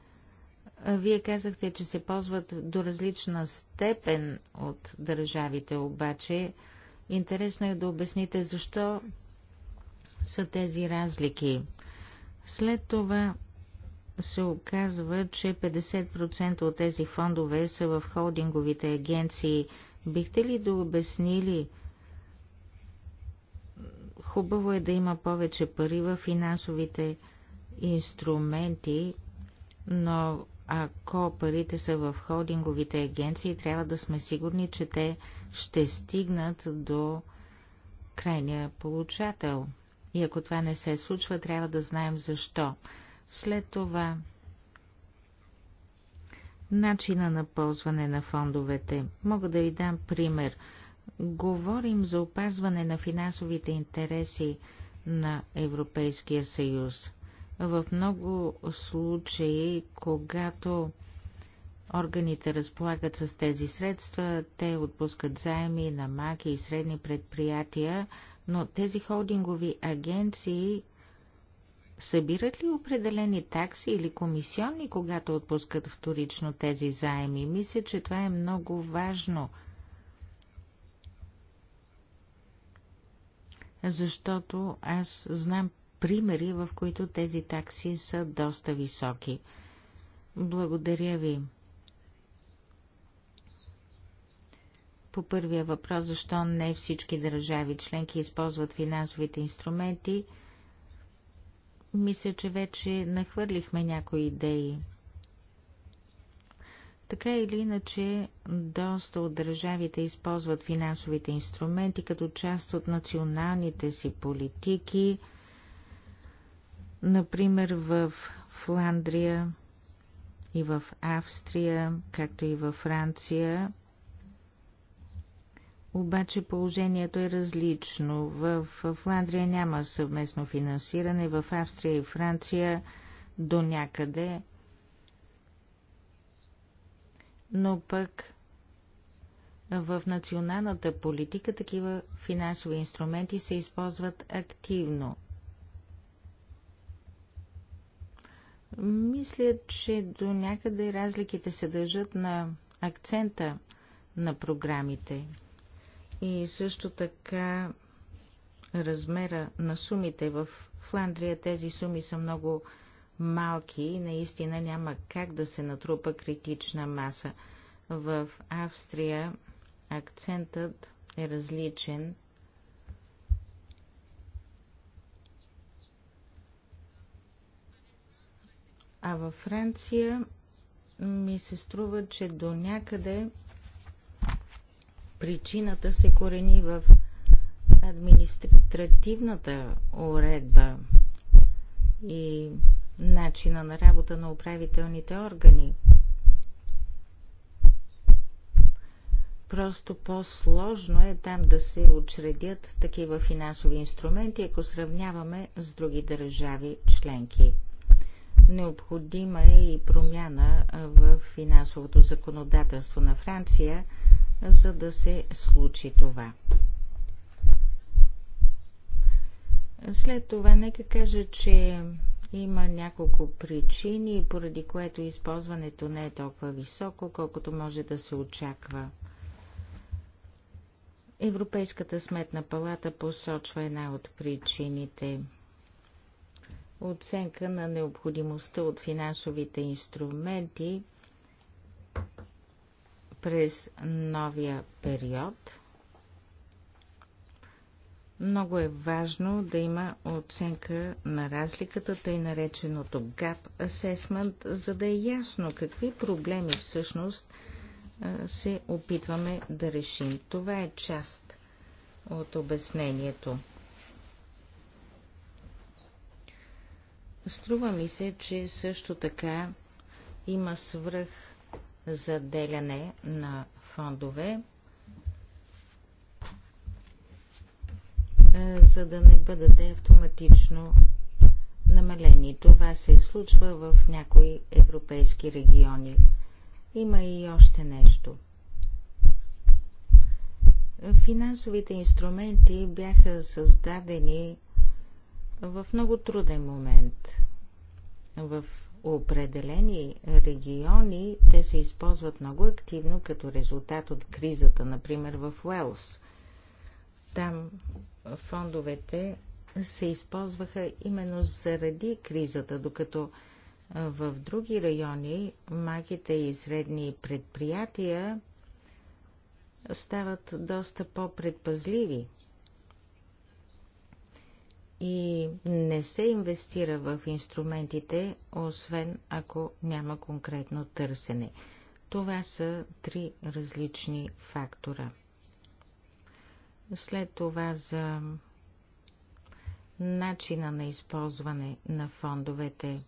Вие казахте, че се ползват до различна степен от държавите, обаче Интересно е да обясните защо са тези разлики. След това се оказва, че 50% от тези фондове са в холдинговите агенции. Бихте ли да обяснили? Хубаво е да има повече пари в финансовите инструменти, но ако парите са в холдинговите агенции, трябва да сме сигурни, че те ще стигнат до крайния получател. И ако това не се случва, трябва да знаем защо. След това начина на ползване на фондовете. Мога да ви дам пример. Говорим за опазване на финансовите интереси на Европейския съюз. В много случаи, когато органите разполагат с тези средства, те отпускат заеми на маки и средни предприятия, но тези холдингови агенции събират ли определени такси или комисионни, когато отпускат вторично тези заеми? Мисля, че това е много важно. Защото аз знам примери, в които тези такси са доста високи. Благодаря ви. По първия въпрос, защо не всички държави членки използват финансовите инструменти, мисля, че вече нахвърлихме някои идеи. Така или иначе, доста от държавите използват финансовите инструменти като част от националните си политики – Например, в Фландрия и в Австрия, както и във Франция. Обаче положението е различно. В Фландрия няма съвместно финансиране, в Австрия и Франция до някъде. Но пък в националната политика такива финансови инструменти се използват активно. Мисля, че до някъде разликите се държат на акцента на програмите и също така размера на сумите. В Фландрия тези суми са много малки и наистина няма как да се натрупа критична маса. В Австрия акцентът е различен – А във Франция ми се струва, че до някъде причината се корени в административната уредба и начина на работа на управителните органи. Просто по-сложно е там да се учредят такива финансови инструменти, ако сравняваме с други държави членки. Необходима е и промяна в финансовото законодателство на Франция, за да се случи това. След това нека кажа, че има няколко причини, поради което използването не е толкова високо, колкото може да се очаква. Европейската сметна палата посочва една от причините – оценка на необходимостта от финансовите инструменти през новия период. Много е важно да има оценка на разликата, тъй нареченото gap assessment, за да е ясно какви проблеми всъщност се опитваме да решим. Това е част от обяснението. Струва ми се, че също така има свръх заделяне на фондове, е, за да не бъдете автоматично намалени. Това се случва в някои европейски региони. Има и още нещо. Финансовите инструменти бяха създадени в много труден момент. В определени региони те се използват много активно като резултат от кризата, например в Уелс. Там фондовете се използваха именно заради кризата, докато в други райони маките и средни предприятия стават доста по-предпазливи и не се инвестира в инструментите, освен ако няма конкретно търсене. Това са три различни фактора. След това за начина на използване на фондовете.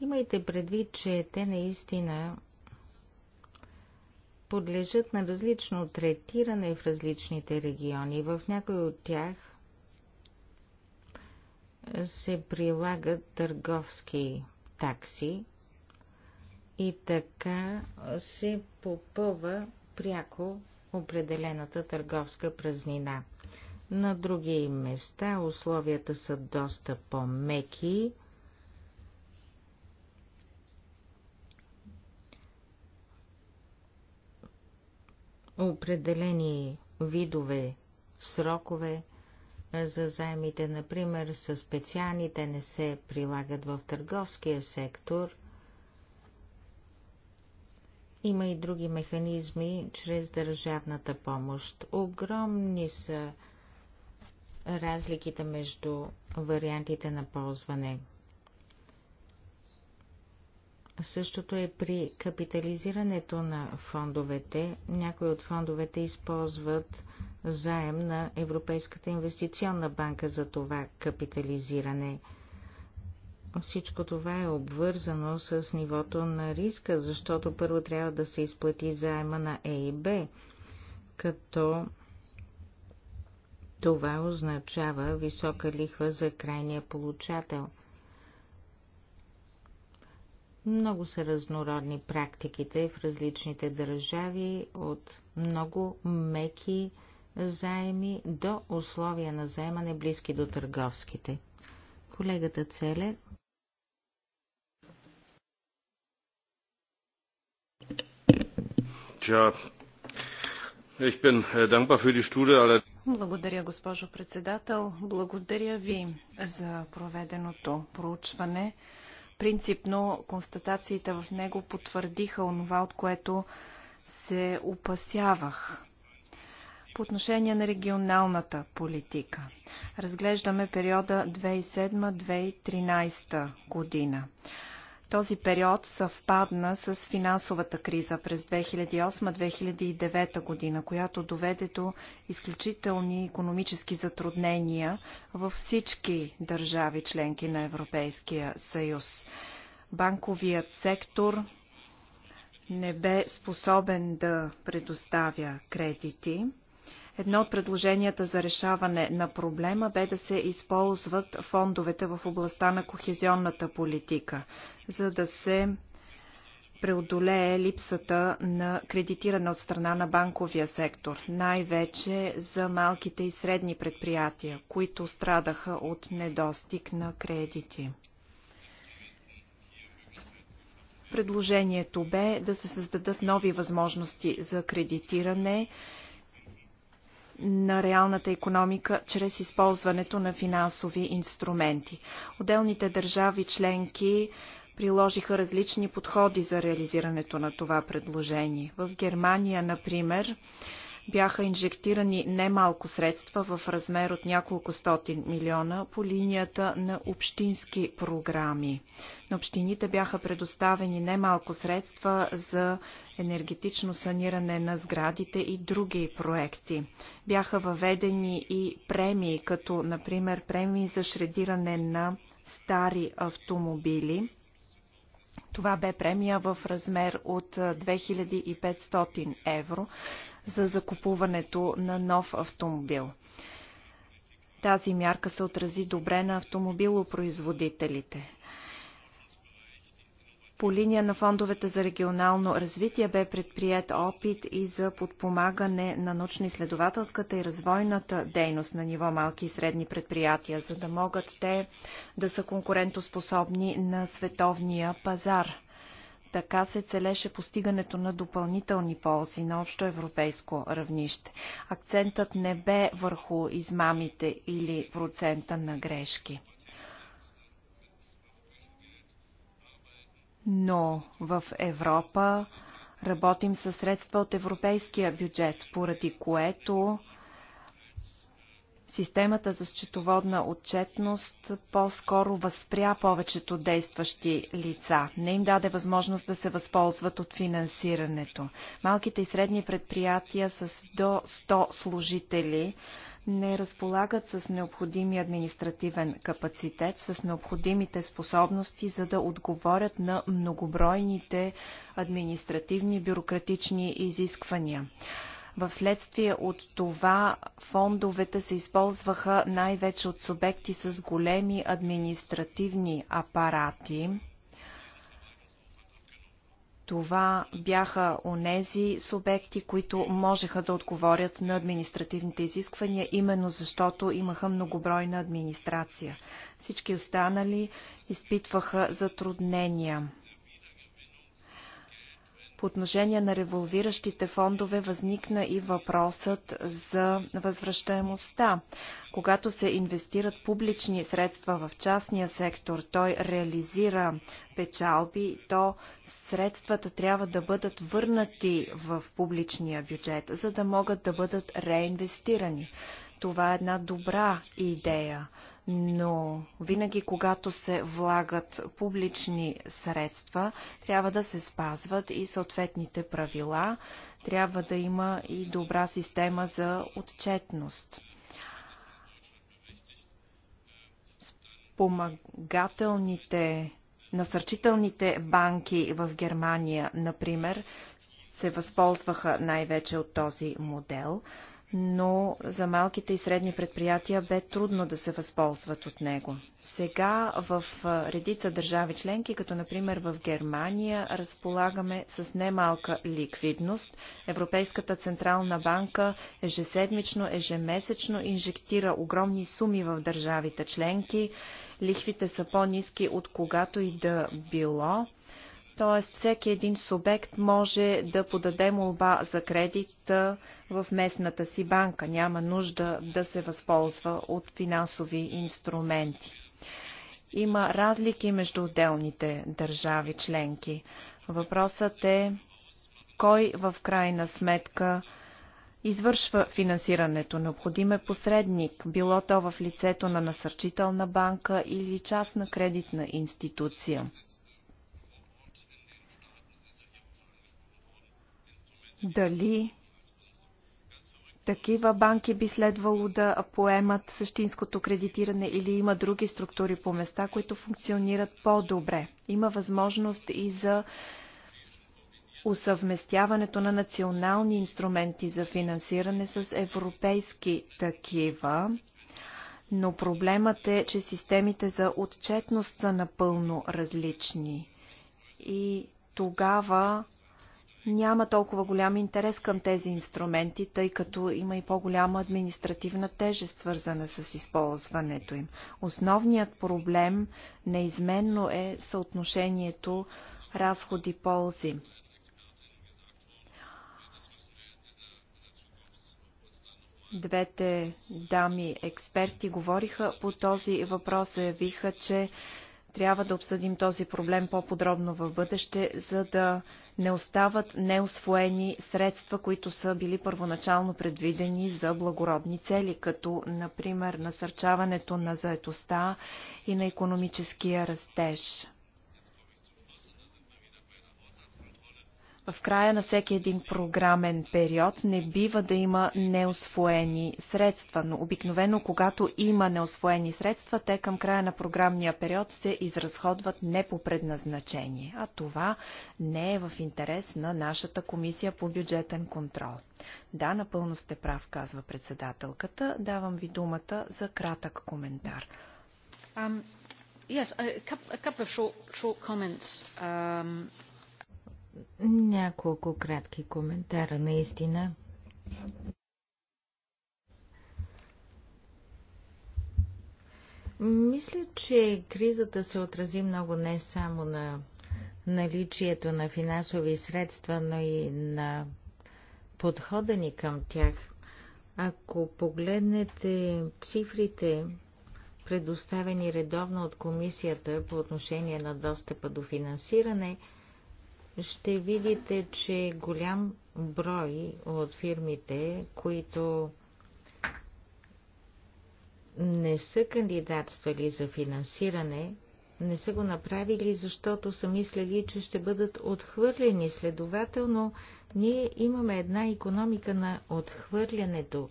Имайте предвид, че те наистина подлежат на различно третиране в различните региони. В някои от тях се прилагат търговски такси и така се попълва пряко определената търговска празнина. На други места условията са доста по-меки. Определени видове срокове – за заемите, например, са специални, те не се прилагат в търговския сектор. Има и други механизми чрез държавната помощ. Огромни са разликите между вариантите на ползване. Същото е при капитализирането на фондовете. Някои от фондовете използват заем на Европейската инвестиционна банка за това капитализиране. Всичко това е обвързано с нивото на риска, защото първо трябва да се изплати заема на ЕИБ, като това означава висока лихва за крайния получател. Много са разнородни практиките в различните държави, от много меки заеми до условия на заемане близки до търговските. Колегата Целер. Е, Благодаря, госпожо председател. Благодаря ви за проведеното проучване. Принципно констатациите в него потвърдиха онова, от което се опасявах по отношение на регионалната политика. Разглеждаме периода 2007-2013 година. Този период съвпадна с финансовата криза през 2008-2009 година, която доведе до изключителни економически затруднения във всички държави членки на Европейския съюз. Банковият сектор не бе способен да предоставя кредити. Едно от предложенията за решаване на проблема бе да се използват фондовете в областта на кохезионната политика, за да се преодолее липсата на кредитиране от страна на банковия сектор, най-вече за малките и средни предприятия, които страдаха от недостиг на кредити. Предложението бе да се създадат нови възможности за кредитиране на реалната економика чрез използването на финансови инструменти. Отделните държави членки приложиха различни подходи за реализирането на това предложение. В Германия, например, бяха инжектирани немалко средства в размер от няколко стотин милиона по линията на общински програми. На общините бяха предоставени немалко средства за енергетично саниране на сградите и други проекти. Бяха въведени и премии, като например премии за шредиране на стари автомобили това бе премия в размер от 2500 евро за закупуването на нов автомобил. Тази мярка се отрази добре на автомобилопроизводителите. По линия на фондовете за регионално развитие бе предприят опит и за подпомагане на научно-изследователската и развойната дейност на ниво малки и средни предприятия, за да могат те да са конкурентоспособни на световния пазар. Така се целеше постигането на допълнителни ползи на общо европейско равнище. Акцентът не бе върху измамите или процента на грешки. но в Европа работим със средства от европейския бюджет, поради което системата за счетоводна отчетност по-скоро възпря повечето действащи лица. Не им даде възможност да се възползват от финансирането. Малките и средни предприятия с до 100 служители не разполагат с необходимия административен капацитет, с необходимите способности, за да отговорят на многобройните административни бюрократични изисквания. В следствие от това фондовете се използваха най-вече от субекти с големи административни апарати, това бяха онези субекти, които можеха да отговорят на административните изисквания, именно защото имаха многобройна администрация. Всички останали изпитваха затруднения. По отношение на револвиращите фондове възникна и въпросът за възвръщаемостта. Когато се инвестират публични средства в частния сектор, той реализира печалби, то средствата трябва да бъдат върнати в публичния бюджет, за да могат да бъдат реинвестирани. Това е една добра идея, но винаги когато се влагат публични средства, трябва да се спазват и съответните правила, трябва да има и добра система за отчетност. Спомагателните, насърчителните банки в Германия, например, се възползваха най-вече от този модел но за малките и средни предприятия бе трудно да се възползват от него. Сега в редица държави членки, като например в Германия, разполагаме с немалка ликвидност. Европейската централна банка ежеседмично, ежемесечно инжектира огромни суми в държавите членки. Лихвите са по-низки от когато и да било т.е. всеки един субект може да подаде молба за кредит в местната си банка. Няма нужда да се възползва от финансови инструменти. Има разлики между отделните държави членки. Въпросът е кой в крайна сметка извършва финансирането. Необходим е посредник, било то в лицето на насърчителна банка или частна кредитна институция. дали такива банки би следвало да поемат същинското кредитиране или има други структури по места, които функционират по-добре. Има възможност и за усъвместяването на национални инструменти за финансиране с европейски такива. Но проблемът е, че системите за отчетност са напълно различни. И тогава няма толкова голям интерес към тези инструменти, тъй като има и по-голяма административна тежест, свързана с използването им. Основният проблем неизменно е съотношението разходи-ползи. Двете дами експерти говориха по този въпрос, заявиха, че трябва да обсъдим този проблем по-подробно в бъдеще, за да не остават неосвоени средства, които са били първоначално предвидени за благородни цели, като например насърчаването на заетостта и на економическия растеж. В края на всеки един програмен период не бива да има неосвоени средства, но обикновено когато има неосвоени средства, те към края на програмния период се изразходват не по предназначение, а това не е в интерес на нашата комисия по бюджетен контрол. Да, напълно сте прав, казва председателката. Давам ви думата за кратък коментар. Um, yes, a couple, of short, short comments. Um... Няколко кратки коментара наистина. Мисля, че кризата се отрази много не само на наличието на финансови средства, но и на подхода ни към тях. Ако погледнете цифрите, предоставени редовно от комисията по отношение на достъпа до финансиране – ще видите, че голям брой от фирмите, които не са кандидатствали за финансиране, не са го направили, защото са мислили, че ще бъдат отхвърлени. Следователно, ние имаме една економика на отхвърлянето.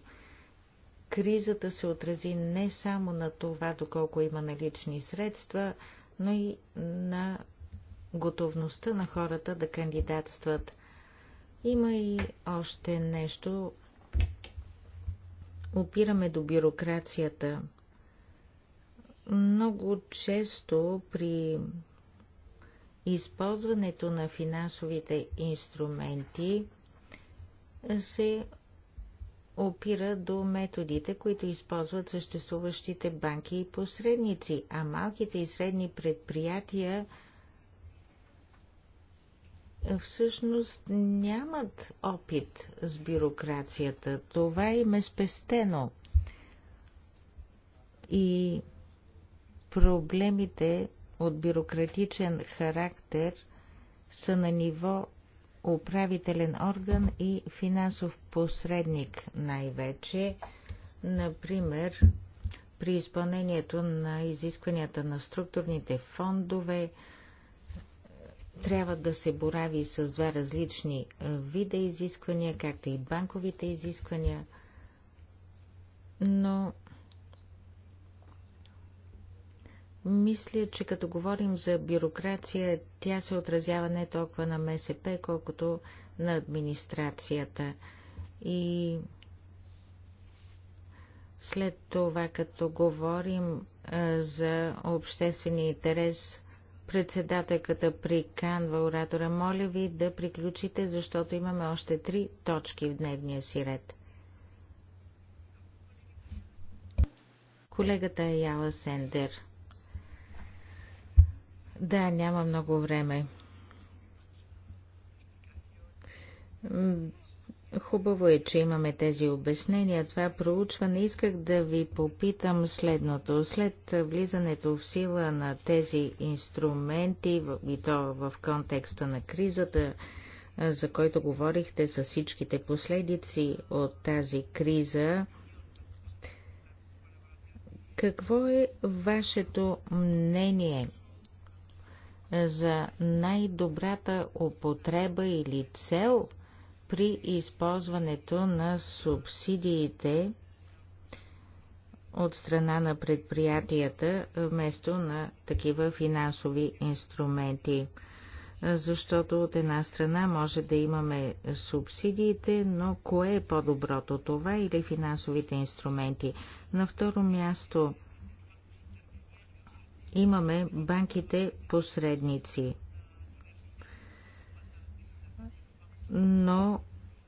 Кризата се отрази не само на това, доколко има налични средства, но и на готовността на хората да кандидатстват. Има и още нещо. Опираме до бюрокрацията. Много често при използването на финансовите инструменти се опира до методите, които използват съществуващите банки и посредници, а малките и средни предприятия – всъщност нямат опит с бюрокрацията. Това им е спестено. И проблемите от бюрократичен характер са на ниво управителен орган и финансов посредник най-вече. Например, при изпълнението на изискванията на структурните фондове, трябва да се борави с два различни вида изисквания, както и банковите изисквания, но мисля, че като говорим за бюрокрация, тя се отразява не толкова на МСП, колкото на администрацията. И след това, като говорим за обществения интерес, Председателката приканва оратора, моля ви да приключите, защото имаме още три точки в дневния си ред. Колегата е Яла Сендер. Да, няма много време. Хубаво е, че имаме тези обяснения. Това проучване исках да ви попитам следното. След влизането в сила на тези инструменти, и то в контекста на кризата, за който говорихте с всичките последици от тази криза, какво е вашето мнение за най-добрата употреба или цел – при използването на субсидиите от страна на предприятията вместо на такива финансови инструменти. Защото от една страна може да имаме субсидиите, но кое е по-доброто това или финансовите инструменти? На второ място имаме банките посредници. но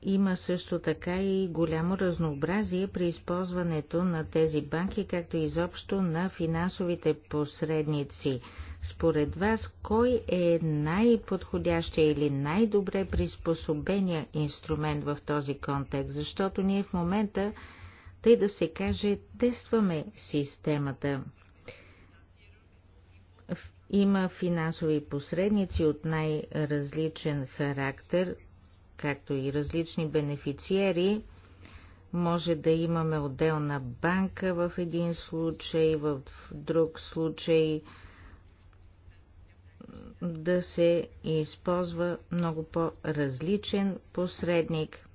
има също така и голямо разнообразие при използването на тези банки, както изобщо на финансовите посредници. Според вас, кой е най-подходящия или най-добре приспособения инструмент в този контекст? Защото ние в момента, тъй да се каже, тестваме системата. Има финансови посредници от най-различен характер, както и различни бенефициери. Може да имаме отделна банка в един случай, в друг случай да се използва много по-различен посредник.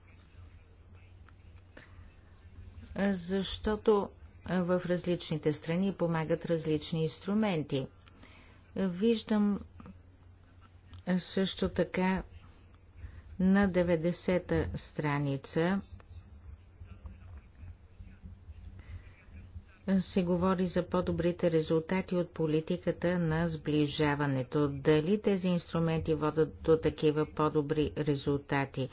Защото в различните страни помагат различни инструменти. Виждам също така на 90-та страница се говори за по-добрите резултати от политиката на сближаването. Дали тези инструменти водят до такива по-добри резултати?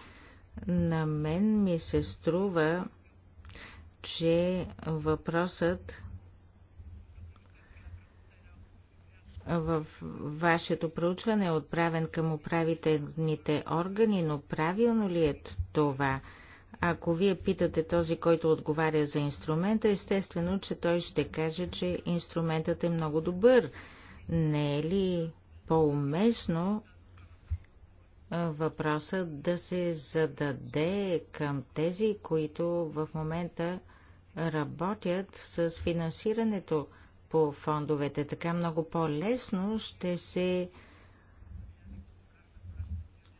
На мен ми се струва, че въпросът в вашето проучване е отправен към управителните органи, но правилно ли е това? Ако вие питате този, който отговаря за инструмента, естествено, че той ще каже, че инструментът е много добър. Не е ли по-уместно въпросът да се зададе към тези, които в момента работят с финансирането по фондовете. Така много по-лесно ще се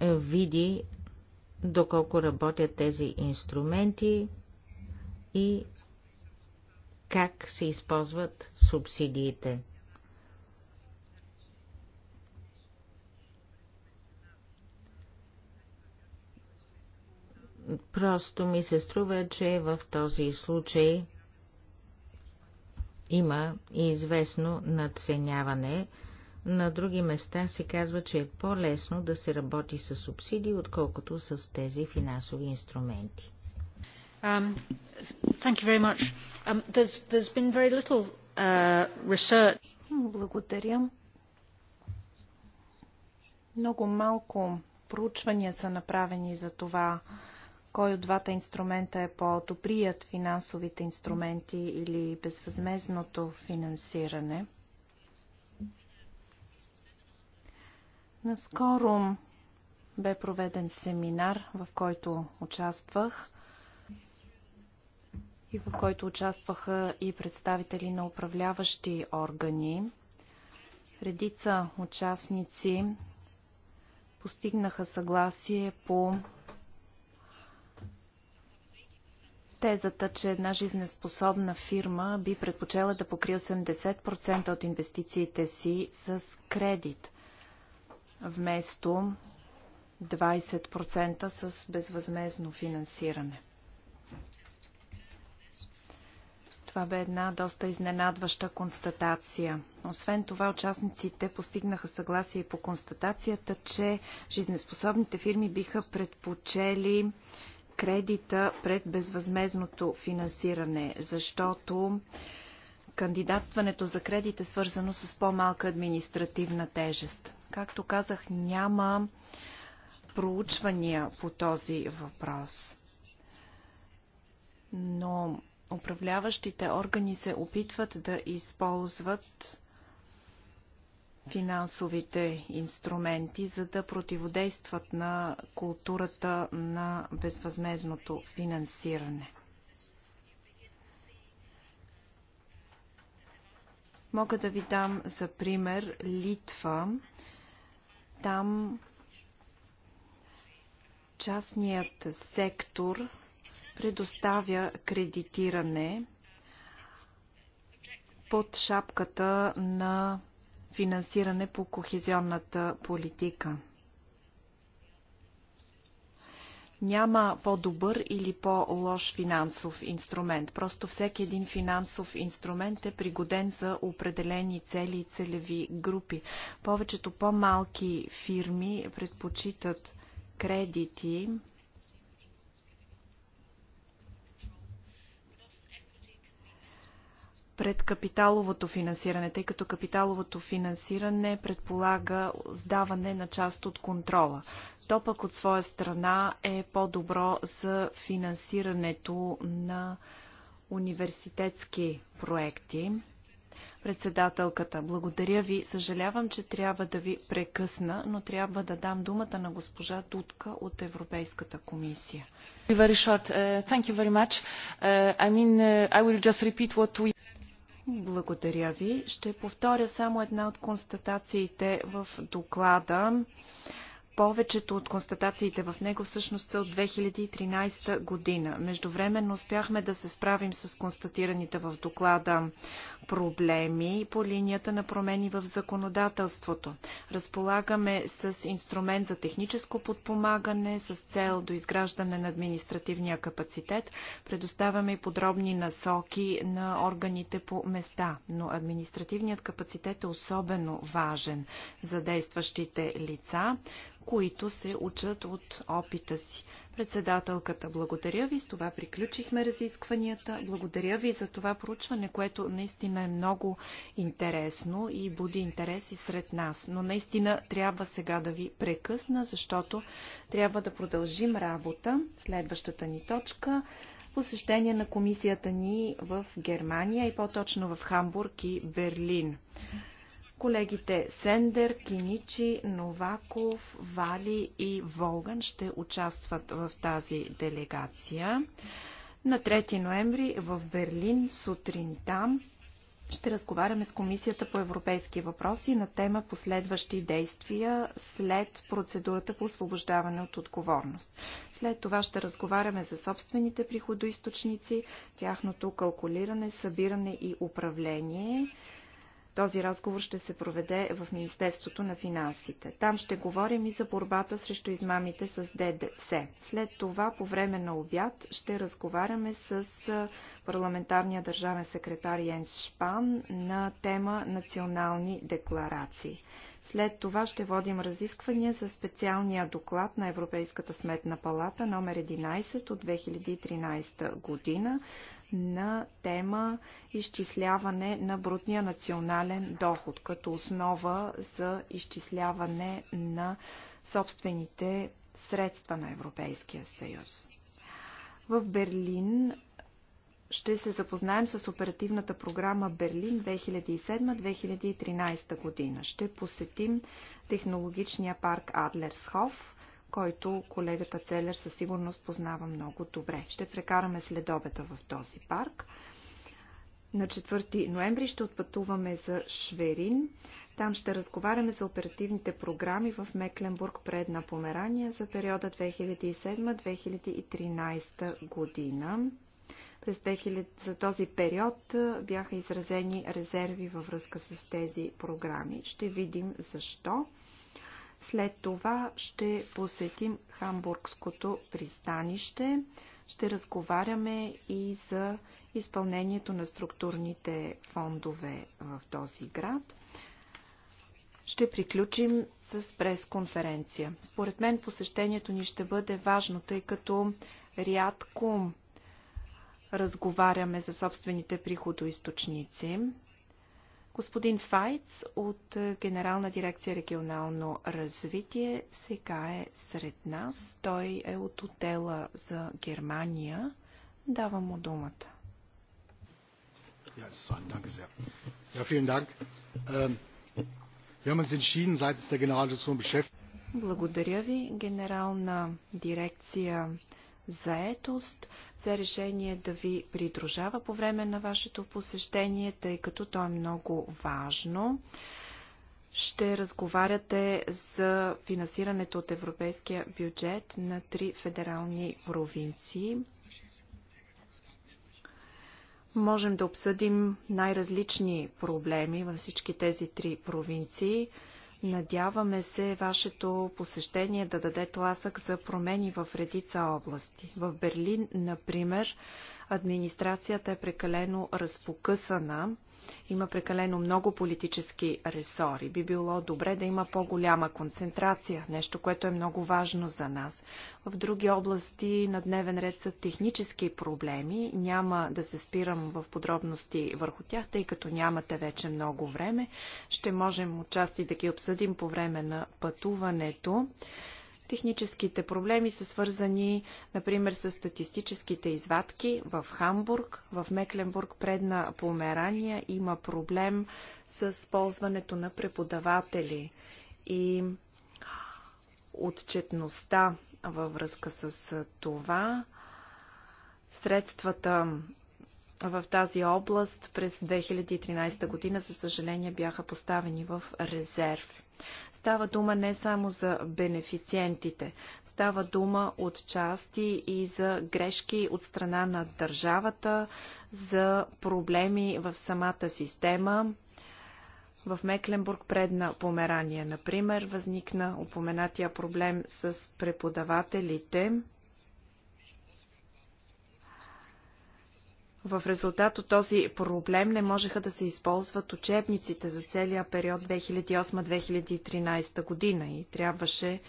види доколко работят тези инструменти и как се използват субсидиите. Просто ми се струва, че в този случай има и известно надценяване. На други места се казва, че е по-лесно да се работи с субсидии, отколкото с тези финансови инструменти. Um, thank you very much. Um, there's, there's been very little uh, research. Благодаря. Много малко проучвания са направени за това кой от двата инструмента е по-добрият финансовите инструменти или безвъзмезното финансиране. Наскоро бе проведен семинар, в който участвах и в който участваха и представители на управляващи органи. Редица участници постигнаха съгласие по Тезата, че една жизнеспособна фирма би предпочела да покри 80% от инвестициите си с кредит, вместо 20% с безвъзмезно финансиране. Това бе една доста изненадваща констатация. Освен това, участниците постигнаха съгласие по констатацията, че жизнеспособните фирми биха предпочели кредита пред безвъзмезното финансиране, защото кандидатстването за кредит е свързано с по-малка административна тежест. Както казах, няма проучвания по този въпрос. Но управляващите органи се опитват да използват финансовите инструменти, за да противодействат на културата на безвъзмезното финансиране. Мога да ви дам за пример Литва. Там частният сектор предоставя кредитиране под шапката на финансиране по кохезионната политика. Няма по-добър или по-лош финансов инструмент. Просто всеки един финансов инструмент е пригоден за определени цели и целеви групи. Повечето по-малки фирми предпочитат кредити, пред капиталовото финансиране, тъй като капиталовото финансиране предполага сдаване на част от контрола. То пък от своя страна е по-добро за финансирането на университетски проекти. Председателката, благодаря ви. Съжалявам, че трябва да ви прекъсна, но трябва да дам думата на госпожа Дудка от Европейската комисия. Very short. Uh, thank you very much. Uh, I mean, uh, I will just repeat what we... Благодаря ви. Ще повторя само една от констатациите в доклада повечето от констатациите в него всъщност са от 2013 година. Междувременно успяхме да се справим с констатираните в доклада проблеми по линията на промени в законодателството. Разполагаме с инструмент за техническо подпомагане с цел до изграждане на административния капацитет. Предоставяме и подробни насоки на органите по места, но административният капацитет е особено важен за действащите лица които се учат от опита си. Председателката, благодаря ви. С това приключихме разискванията. Благодаря ви за това проучване, което наистина е много интересно и буди интерес и сред нас. Но наистина трябва сега да ви прекъсна, защото трябва да продължим работа. Следващата ни точка посещение на комисията ни в Германия и по-точно в Хамбург и Берлин. Колегите Сендер, Киничи, Новаков, Вали и Волган ще участват в тази делегация. На 3 ноември в Берлин сутринта ще разговаряме с Комисията по европейски въпроси на тема последващи действия след процедурата по освобождаване от отговорност. След това ще разговаряме за собствените приходоисточници, тяхното калкулиране, събиране и управление. Този разговор ще се проведе в Министерството на финансите. Там ще говорим и за борбата срещу измамите с ДДС. След това, по време на обяд, ще разговаряме с парламентарния държавен секретар Йен Шпан на тема национални декларации. След това ще водим разисквания за специалния доклад на Европейската сметна палата номер 11 от 2013 година на тема изчисляване на брутния национален доход като основа за изчисляване на собствените средства на Европейския съюз. В Берлин ще се запознаем с оперативната програма Берлин 2007-2013 година. Ще посетим технологичния парк Адлерсхоф, който колегата Целер със сигурност познава много добре. Ще прекараме следобета в този парк. На 4 ноември ще отпътуваме за Шверин. Там ще разговаряме за оперативните програми в Мекленбург предна Померания за периода 2007-2013 година. През 2000, за този период бяха изразени резерви във връзка с тези програми. Ще видим защо. След това ще посетим Хамбургското пристанище. Ще разговаряме и за изпълнението на структурните фондове в този град. Ще приключим с пресконференция. Според мен посещението ни ще бъде важно, тъй като рядко разговаряме за собствените приходоисточници. Господин Файц от е, Генерална дирекция регионално развитие сега е сред нас. Той е от отдела за Германия. Давам му думата. Ähm, Благодаря ви, Генерална дирекция заетост, за решение да ви придружава по време на вашето посещение, тъй като то е много важно. Ще разговаряте за финансирането от европейския бюджет на три федерални провинции. Можем да обсъдим най-различни проблеми във всички тези три провинции – Надяваме се вашето посещение да даде тласък за промени в редица области. В Берлин, например, Администрацията е прекалено разпокъсана, има прекалено много политически ресори. Би било добре да има по-голяма концентрация, нещо, което е много важно за нас. В други области на дневен ред са технически проблеми. Няма да се спирам в подробности върху тях, тъй като нямате вече много време. Ще можем отчасти да ги обсъдим по време на пътуването. Техническите проблеми са свързани, например, с статистическите извадки в Хамбург, в Мекленбург, предна Померания има проблем с ползването на преподаватели и отчетността във връзка с това. Средствата в тази област през 2013 година, за съжаление, бяха поставени в резерв. Става дума не само за бенефициентите, става дума от части и за грешки от страна на държавата, за проблеми в самата система. В Мекленбург предна Померания, например, възникна упоменатия проблем с преподавателите – В резултат от този проблем не можеха да се използват учебниците за целия период 2008-2013 година и трябваше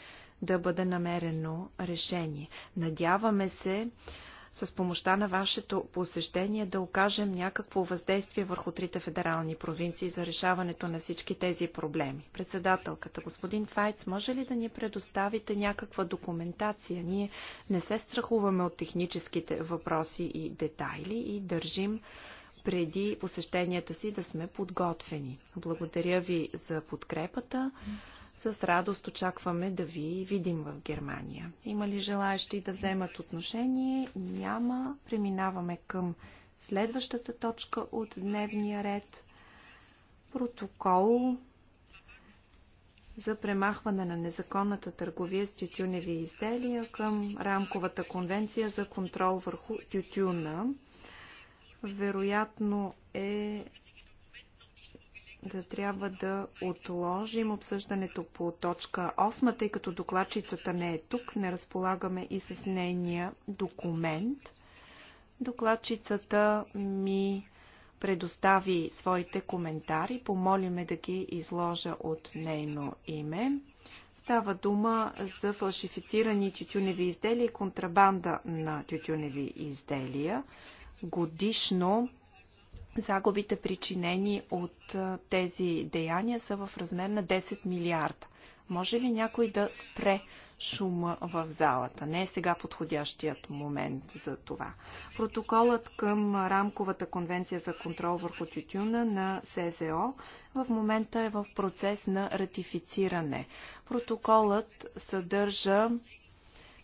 да бъде намерено решение. Надяваме се с помощта на вашето посещение да окажем някакво въздействие върху трите федерални провинции за решаването на всички тези проблеми. Председателката, господин Файц, може ли да ни предоставите някаква документация? Ние не се страхуваме от техническите въпроси и детайли и държим преди посещенията си да сме подготвени. Благодаря ви за подкрепата. С радост очакваме да ви видим в Германия. Има ли желаящи да вземат отношение? Няма. Преминаваме към следващата точка от дневния ред. Протокол за премахване на незаконната търговия с тютюневи изделия към рамковата конвенция за контрол върху тютюна. Вероятно е да трябва да отложим обсъждането по точка 8, тъй като докладчицата не е тук, не разполагаме и с нейния документ. Докладчицата ми предостави своите коментари, Помолиме да ги изложа от нейно име. Става дума за фалшифицирани тютюневи изделия и контрабанда на тютюневи изделия. Годишно Загубите причинени от тези деяния са в размер на 10 милиарда. Може ли някой да спре шума в залата? Не е сега подходящият момент за това. Протоколът към рамковата конвенция за контрол върху тютюна на СЗО в момента е в процес на ратифициране. Протоколът съдържа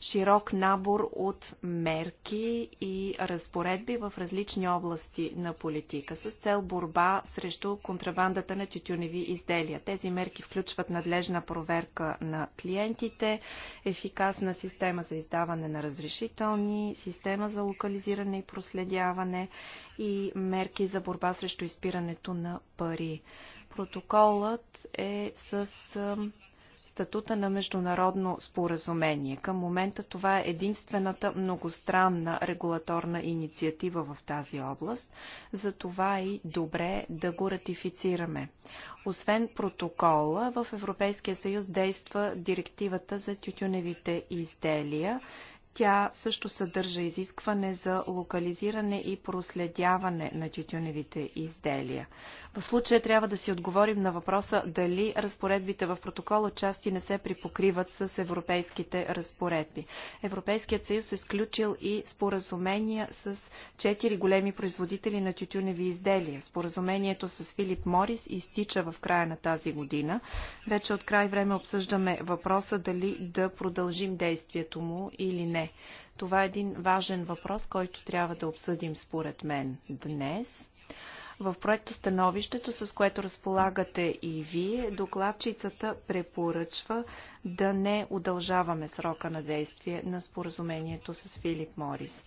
широк набор от мерки и разпоредби в различни области на политика с цел борба срещу контрабандата на тютюневи изделия. Тези мерки включват надлежна проверка на клиентите, ефикасна система за издаване на разрешителни, система за локализиране и проследяване и мерки за борба срещу изпирането на пари. Протоколът е с статута на международно споразумение. Към момента това е единствената многостранна регулаторна инициатива в тази област, За това и добре да го ратифицираме. Освен протокола, в Европейския съюз действа директивата за тютюневите изделия тя също съдържа изискване за локализиране и проследяване на тютюневите изделия. В случая трябва да си отговорим на въпроса дали разпоредбите в протокола части не се припокриват с европейските разпоредби. Европейският съюз е сключил и споразумения с четири големи производители на тютюневи изделия. Споразумението с Филип Морис изтича в края на тази година. Вече от край време обсъждаме въпроса дали да продължим действието му или не. Това е един важен въпрос, който трябва да обсъдим според мен днес. В проекта становището, с което разполагате и вие, докладчицата препоръчва да не удължаваме срока на действие на споразумението с Филип Морис.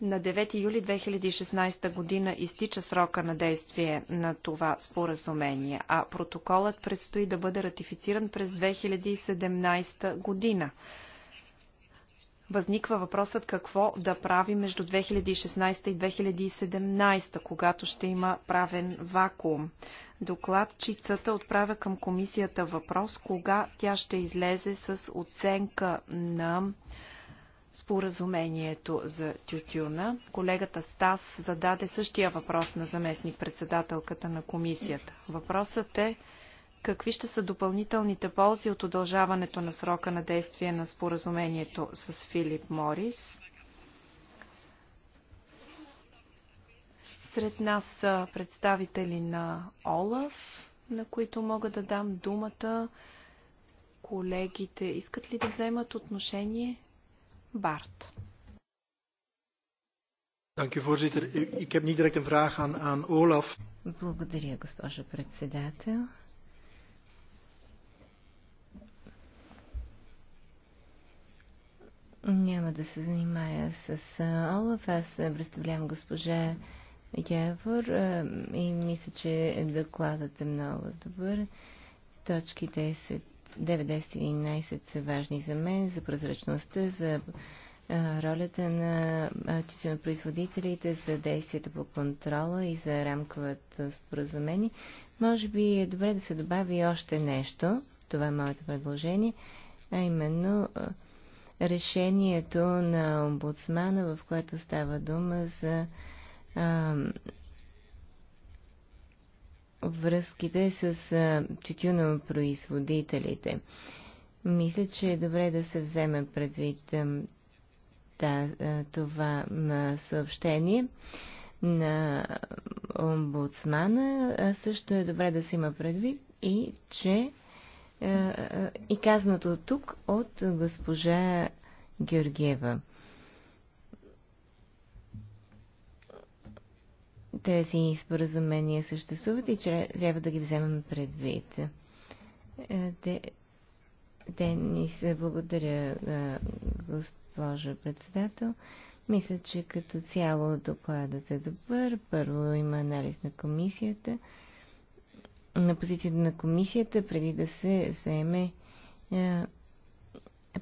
На 9 юли 2016 година изтича срока на действие на това споразумение, а протоколът предстои да бъде ратифициран през 2017 година възниква въпросът какво да прави между 2016 и 2017, когато ще има правен вакуум. Докладчицата отправя към комисията въпрос, кога тя ще излезе с оценка на споразумението за тютюна. Колегата Стас зададе същия въпрос на заместник председателката на комисията. Въпросът е Какви ще са допълнителните ползи от удължаването на срока на действие на споразумението с Филип Морис? Сред нас са представители на ОЛАФ, на които мога да дам думата. Колегите искат ли да вземат отношение? Барт. Благодаря, госпожо председател. Няма да се занимая с Олаф. Аз представлявам госпожа Явор и мисля, че докладът е много добър. Точки 10, 11 са важни за мен, за прозрачността, за ролята на производителите, за действията по контрола и за рамковата споразумение. Може би е добре да се добави още нещо. Това е моето предложение, а именно решението на омбудсмана, в което става дума за а, връзките с а, тютюнопроизводителите. Мисля, че е добре да се вземе предвид а, да, а, това съобщение на омбудсмана. А също е добре да се има предвид и, че е, е, и казаното тук от госпожа Георгиева. Тези споразумения съществуват и трябва да ги вземем предвид. Денис, благодаря, е, госпожа председател. Мисля, че като цяло докладът е добър. Първо има анализ на комисията на позицията на комисията, преди да се заеме е,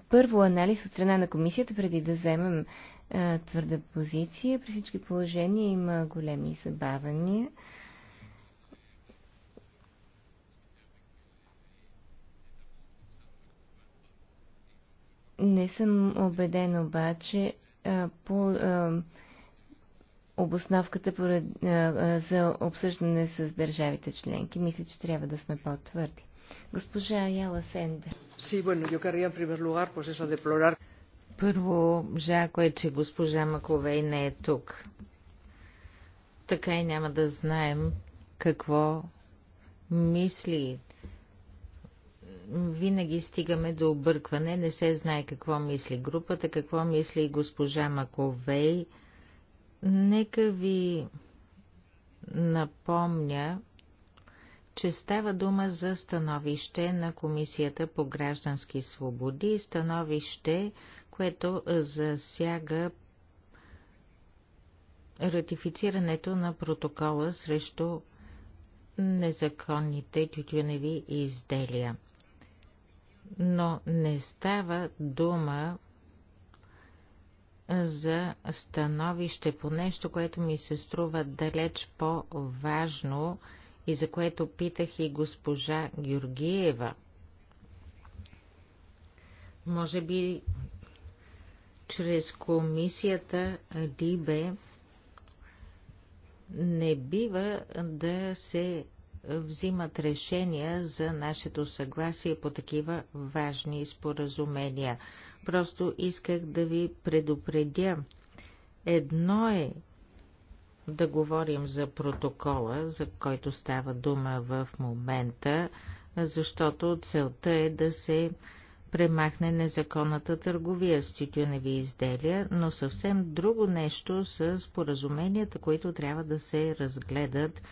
първо анализ от страна на комисията, преди да вземем е, твърда позиция. При всички положения има големи забавания. Не съм убеден обаче е, по е, обосновката за обсъждане с държавите членки. Мисля, че трябва да сме по-твърди. Госпожа Яла Сенде. Sí, bueno, yo querría en primer lugar, pues eso, deplorar... Първо, жако е, че госпожа Маковей не е тук. Така и няма да знаем какво мисли. Винаги стигаме до объркване, не се знае какво мисли групата, какво мисли госпожа Маковей. Нека ви напомня, че става дума за становище на Комисията по граждански свободи, становище, което засяга ратифицирането на протокола срещу незаконните тютюневи изделия. Но не става дума за становище по нещо, което ми се струва далеч по-важно и за което питах и госпожа Георгиева. Може би чрез комисията Либе не бива да се взимат решения за нашето съгласие по такива важни споразумения. Просто исках да ви предупредя. Едно е да говорим за протокола, за който става дума в момента, защото целта е да се премахне незаконната търговия с тютюневи изделия, но съвсем друго нещо с споразуменията, които трябва да се разгледат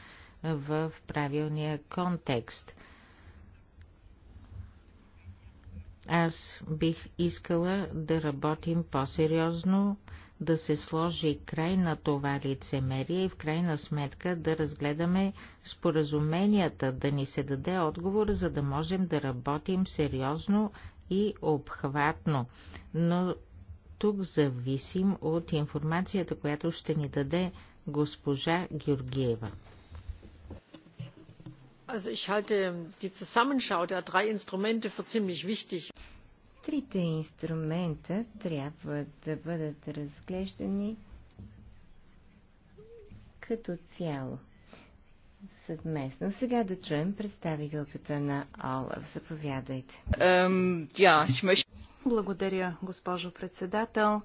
в правилния контекст. Аз бих искала да работим по-сериозно, да се сложи край на това лицемерие и в крайна сметка да разгледаме споразуменията, да ни се даде отговор, за да можем да работим сериозно и обхватно. Но тук зависим от информацията, която ще ни даде госпожа Георгиева ich halte die Zusammenschau der drei Instrumente für ziemlich wichtig. Трите инструмента трябва да бъдат разглеждани като цяло. Съвместно. Сега да чуем представителката на Олаф. Заповядайте. Благодаря, госпожо председател.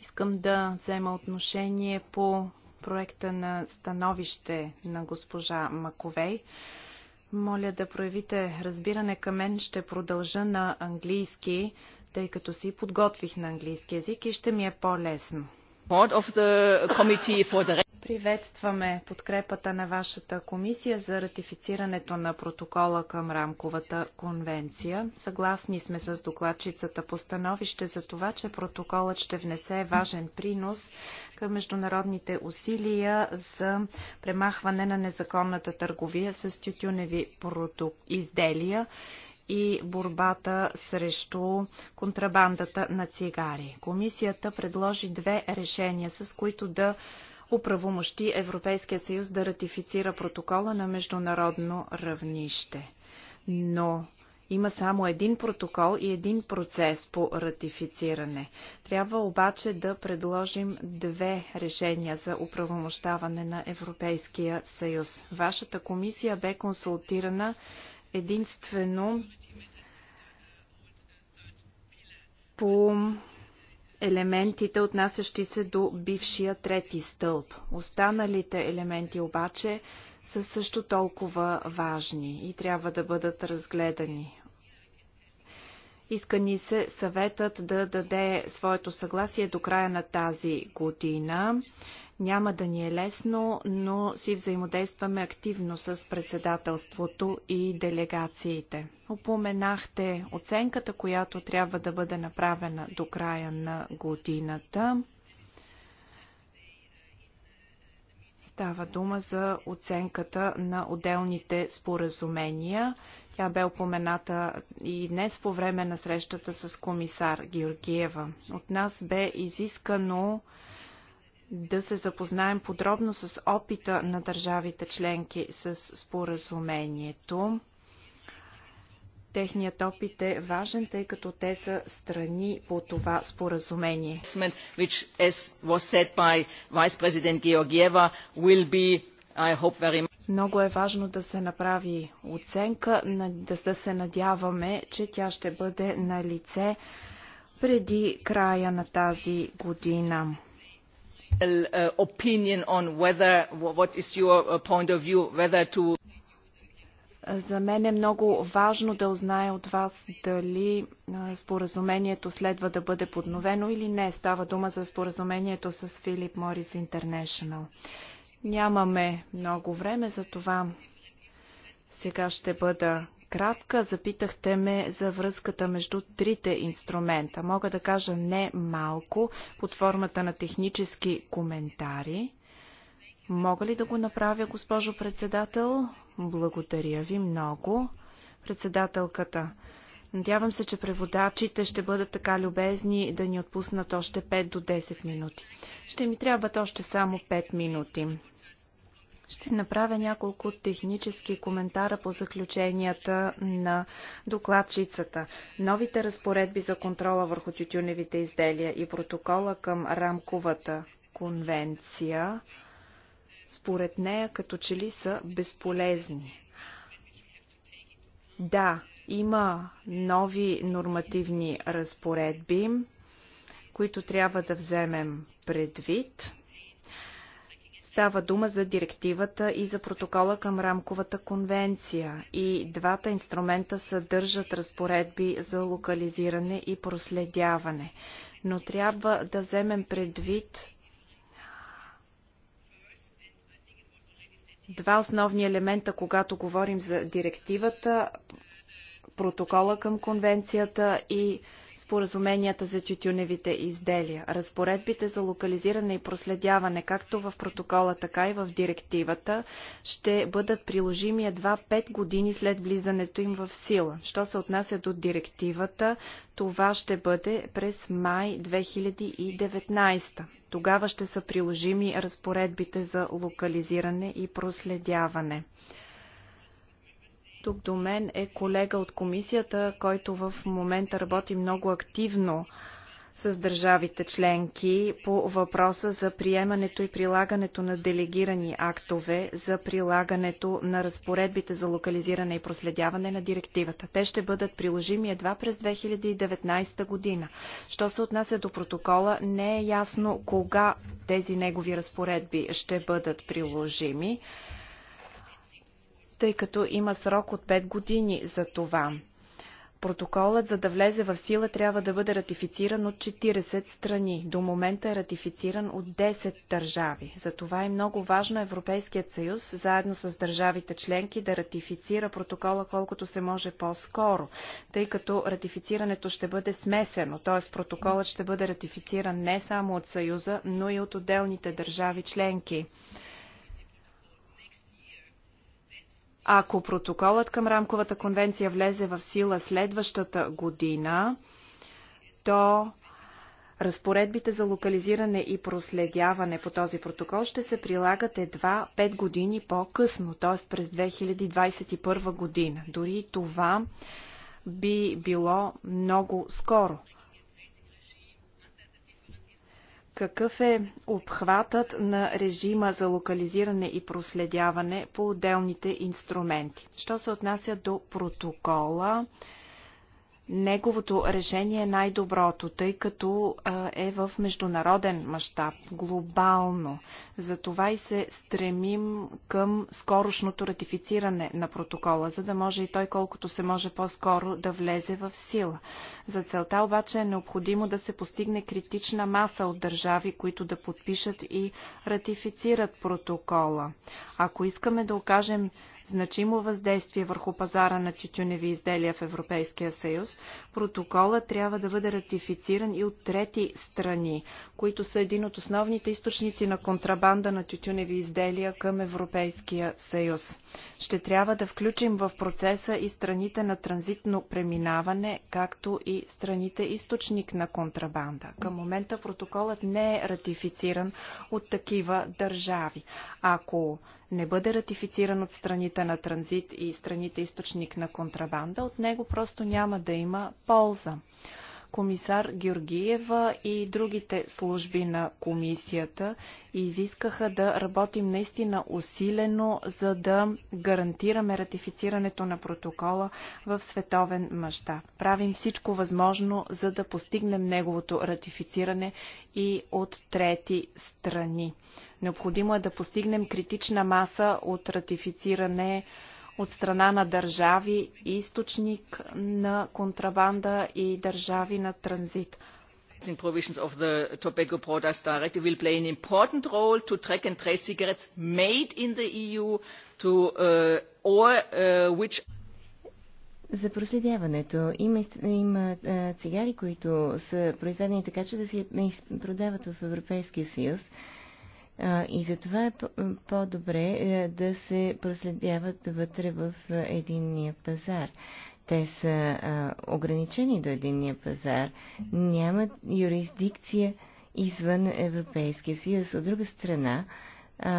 Искам да взема отношение по проекта на становище на госпожа Маковей. Моля да проявите разбиране към мен. Ще продължа на английски, тъй като си подготвих на английски язик и ще ми е по-лесно. Приветстваме подкрепата на вашата комисия за ратифицирането на протокола към рамковата конвенция. Съгласни сме с докладчицата по становище за това, че протоколът ще внесе важен принос към международните усилия за премахване на незаконната търговия с тютюневи изделия и борбата срещу контрабандата на цигари. Комисията предложи две решения, с които да оправомощи Европейския съюз да ратифицира протокола на международно равнище. Но има само един протокол и един процес по ратифициране. Трябва обаче да предложим две решения за оправомощаване на Европейския съюз. Вашата комисия бе консултирана единствено по елементите, отнасящи се до бившия трети стълб. Останалите елементи обаче са също толкова важни и трябва да бъдат разгледани. Иска ни се съветът да даде своето съгласие до края на тази година. Няма да ни е лесно, но си взаимодействаме активно с председателството и делегациите. Опоменахте оценката, която трябва да бъде направена до края на годината. Става дума за оценката на отделните споразумения. Тя бе упомената и днес по време на срещата с комисар Георгиева. От нас бе изискано да се запознаем подробно с опита на държавите членки с споразумението. Техният опит е важен, тъй като те са страни по това споразумение. Много е важно да се направи оценка, да се надяваме, че тя ще бъде на лице преди края на тази година. Uh, uh, opinion on whether what is your uh, point of view whether to за мен е много важно да узная от вас дали споразумението следва да бъде подновено или не. Става дума за споразумението с Филип Морис Интернешнъл. Нямаме много време, за това сега ще бъда кратка. Запитахте ме за връзката между трите инструмента. Мога да кажа не малко под формата на технически коментари. Мога ли да го направя, госпожо председател? Благодаря ви много. Председателката. Надявам се, че преводачите ще бъдат така любезни да ни отпуснат още 5 до 10 минути. Ще ми трябват още само 5 минути. Ще направя няколко технически коментара по заключенията на докладчицата. Новите разпоредби за контрола върху тютюневите изделия и протокола към рамковата конвенция, според нея като че ли са безполезни. Да, има нови нормативни разпоредби, които трябва да вземем предвид. Става дума за директивата и за протокола към рамковата конвенция. И двата инструмента съдържат разпоредби за локализиране и проследяване. Но трябва да вземем предвид два основни елемента, когато говорим за директивата, протокола към конвенцията и споразуменията за тютюневите изделия. Разпоредбите за локализиране и проследяване, както в протокола, така и в директивата, ще бъдат приложими едва 5 години след влизането им в сила. Що се отнася до директивата, това ще бъде през май 2019. Тогава ще са приложими разпоредбите за локализиране и проследяване. Тук до мен е колега от комисията, който в момента работи много активно с държавите членки по въпроса за приемането и прилагането на делегирани актове за прилагането на разпоредбите за локализиране и проследяване на директивата. Те ще бъдат приложими едва през 2019 година. Що се отнася до протокола, не е ясно кога тези негови разпоредби ще бъдат приложими тъй като има срок от 5 години за това. Протоколът, за да влезе в сила, трябва да бъде ратифициран от 40 страни. До момента е ратифициран от 10 държави. Затова е много важно Европейският съюз, заедно с държавите членки, да ратифицира протокола колкото се може по-скоро, тъй като ратифицирането ще бъде смесено, т.е. протоколът ще бъде ратифициран не само от Съюза, но и от отделните държави членки. Ако протоколът към рамковата конвенция влезе в сила следващата година, то Разпоредбите за локализиране и проследяване по този протокол ще се прилагат едва 5 години по-късно, т.е. през 2021 година. Дори това би било много скоро. Какъв е обхватът на режима за локализиране и проследяване по отделните инструменти? Що се отнася до протокола, неговото решение е най-доброто, тъй като е в международен мащаб, глобално. Затова и се стремим към скорошното ратифициране на протокола, за да може и той колкото се може по-скоро да влезе в сила. За целта обаче е необходимо да се постигне критична маса от държави, които да подпишат и ратифицират протокола. Ако искаме да окажем значимо въздействие върху пазара на тютюневи изделия в Европейския съюз, протоколът трябва да бъде ратифициран и от трети страни, които са един от основните източници на контрабанда на тютюневи изделия към Европейския съюз. Ще трябва да включим в процеса и страните на транзитно преминаване, както и страните източник на контрабанда. Към момента протоколът не е ратифициран от такива държави. Ако не бъде ратифициран от страните страните на транзит и страните източник на контрабанда, от него просто няма да има полза. Комисар Георгиева и другите служби на комисията изискаха да работим наистина усилено, за да гарантираме ратифицирането на протокола в световен мащаб. Правим всичко възможно, за да постигнем неговото ратифициране и от трети страни. Необходимо е да постигнем критична маса от ратифициране от страна на държави, източник на контрабанда и държави на транзит. Provisions of the Tobacco Products Directive will play an important role to track and trace cigarettes made in the EU to, uh, or, uh, which за проследяването. Има, има е, цигари, които са произведени така, че да се продават в Европейския съюз и затова е по-добре е, да се проследяват вътре в единния пазар. Те са ограничени до единния пазар, нямат юрисдикция извън Европейския съюз. От друга страна, е,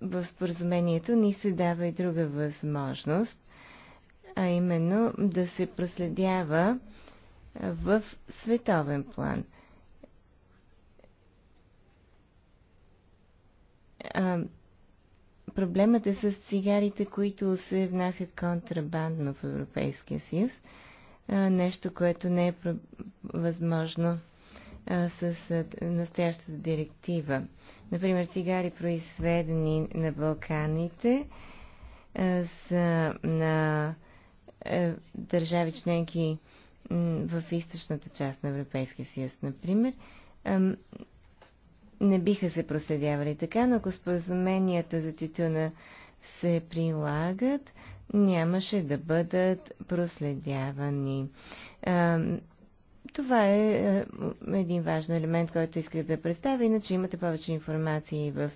в споразумението ни се дава и друга възможност, а именно да се проследява в световен план. А, проблемът е с цигарите, които се внасят контрабандно в Европейския съюз. А, нещо, което не е възможно а, с настоящата директива. Например, цигари, произведени на Балканите, а, са на а, е, държави членки в източната част на Европейския съюз, например, не биха се проследявали така, но ако споразуменията за тютюна се прилагат, нямаше да бъдат проследявани. Това е един важен елемент, който исках да представя, иначе имате повече информации в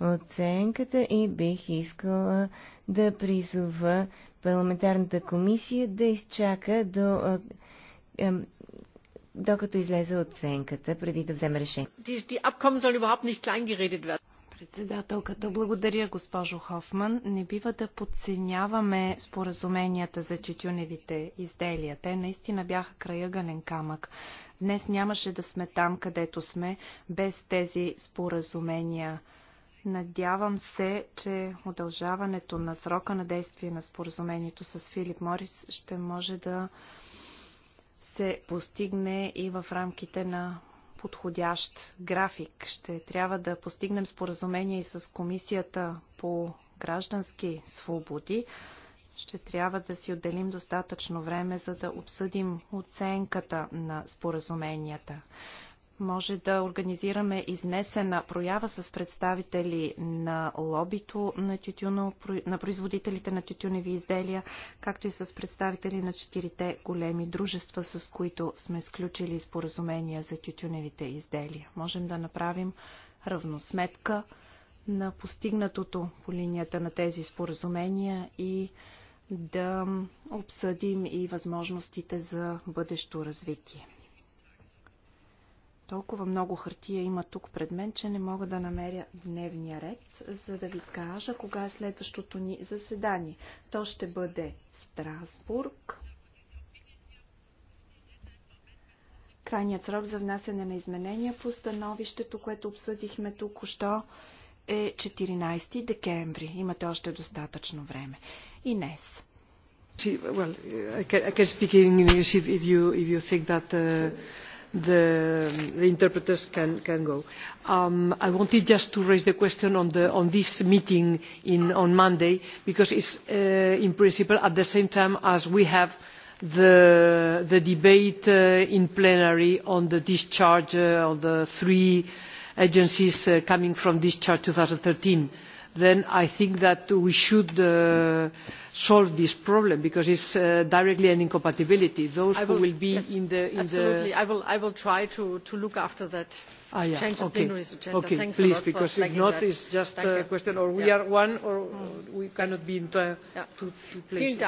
оценката и бих искала да призова парламентарната комисия да изчака до докато излезе оценката, преди да вземе решение. Председателката, благодаря госпожо Хофман. Не бива да подценяваме споразуменията за тютюневите изделия. Те наистина бяха краягален камък. Днес нямаше да сме там, където сме, без тези споразумения. Надявам се, че удължаването на срока на действие на споразумението с Филип Морис ще може да се постигне и в рамките на подходящ график. Ще трябва да постигнем споразумение и с Комисията по граждански свободи. Ще трябва да си отделим достатъчно време, за да обсъдим оценката на споразуменията. Може да организираме изнесена проява с представители на лобито на, тютюно, на производителите на тютюневи изделия, както и с представители на четирите големи дружества, с които сме сключили споразумения за тютюневите изделия. Можем да направим равносметка на постигнатото по линията на тези споразумения и да обсъдим и възможностите за бъдещо развитие. Толкова много хартия има тук пред мен, че не мога да намеря дневния ред, за да ви кажа кога е следващото ни заседание. То ще бъде Страсбург. Крайният срок за внасяне на изменения по становището, което обсъдихме тук, що е 14 декември. Имате още достатъчно време. Инес. Well, I can, I can speak in English if, if you, if you think that uh, the interpreters can go. I wanted just to raise the question on this meeting on Monday because it is in principle at the same time as we have the debate in plenary on the discharge of the three agencies coming from discharge thirteen then I think that we should solve this problem because it is directly an incompatibility. Those who will be in the... absolutely. I will, try to, look after that. Change of plenary's agenda. Okay, please, because if not, it is just a question, of we are one, or we cannot be in two, places.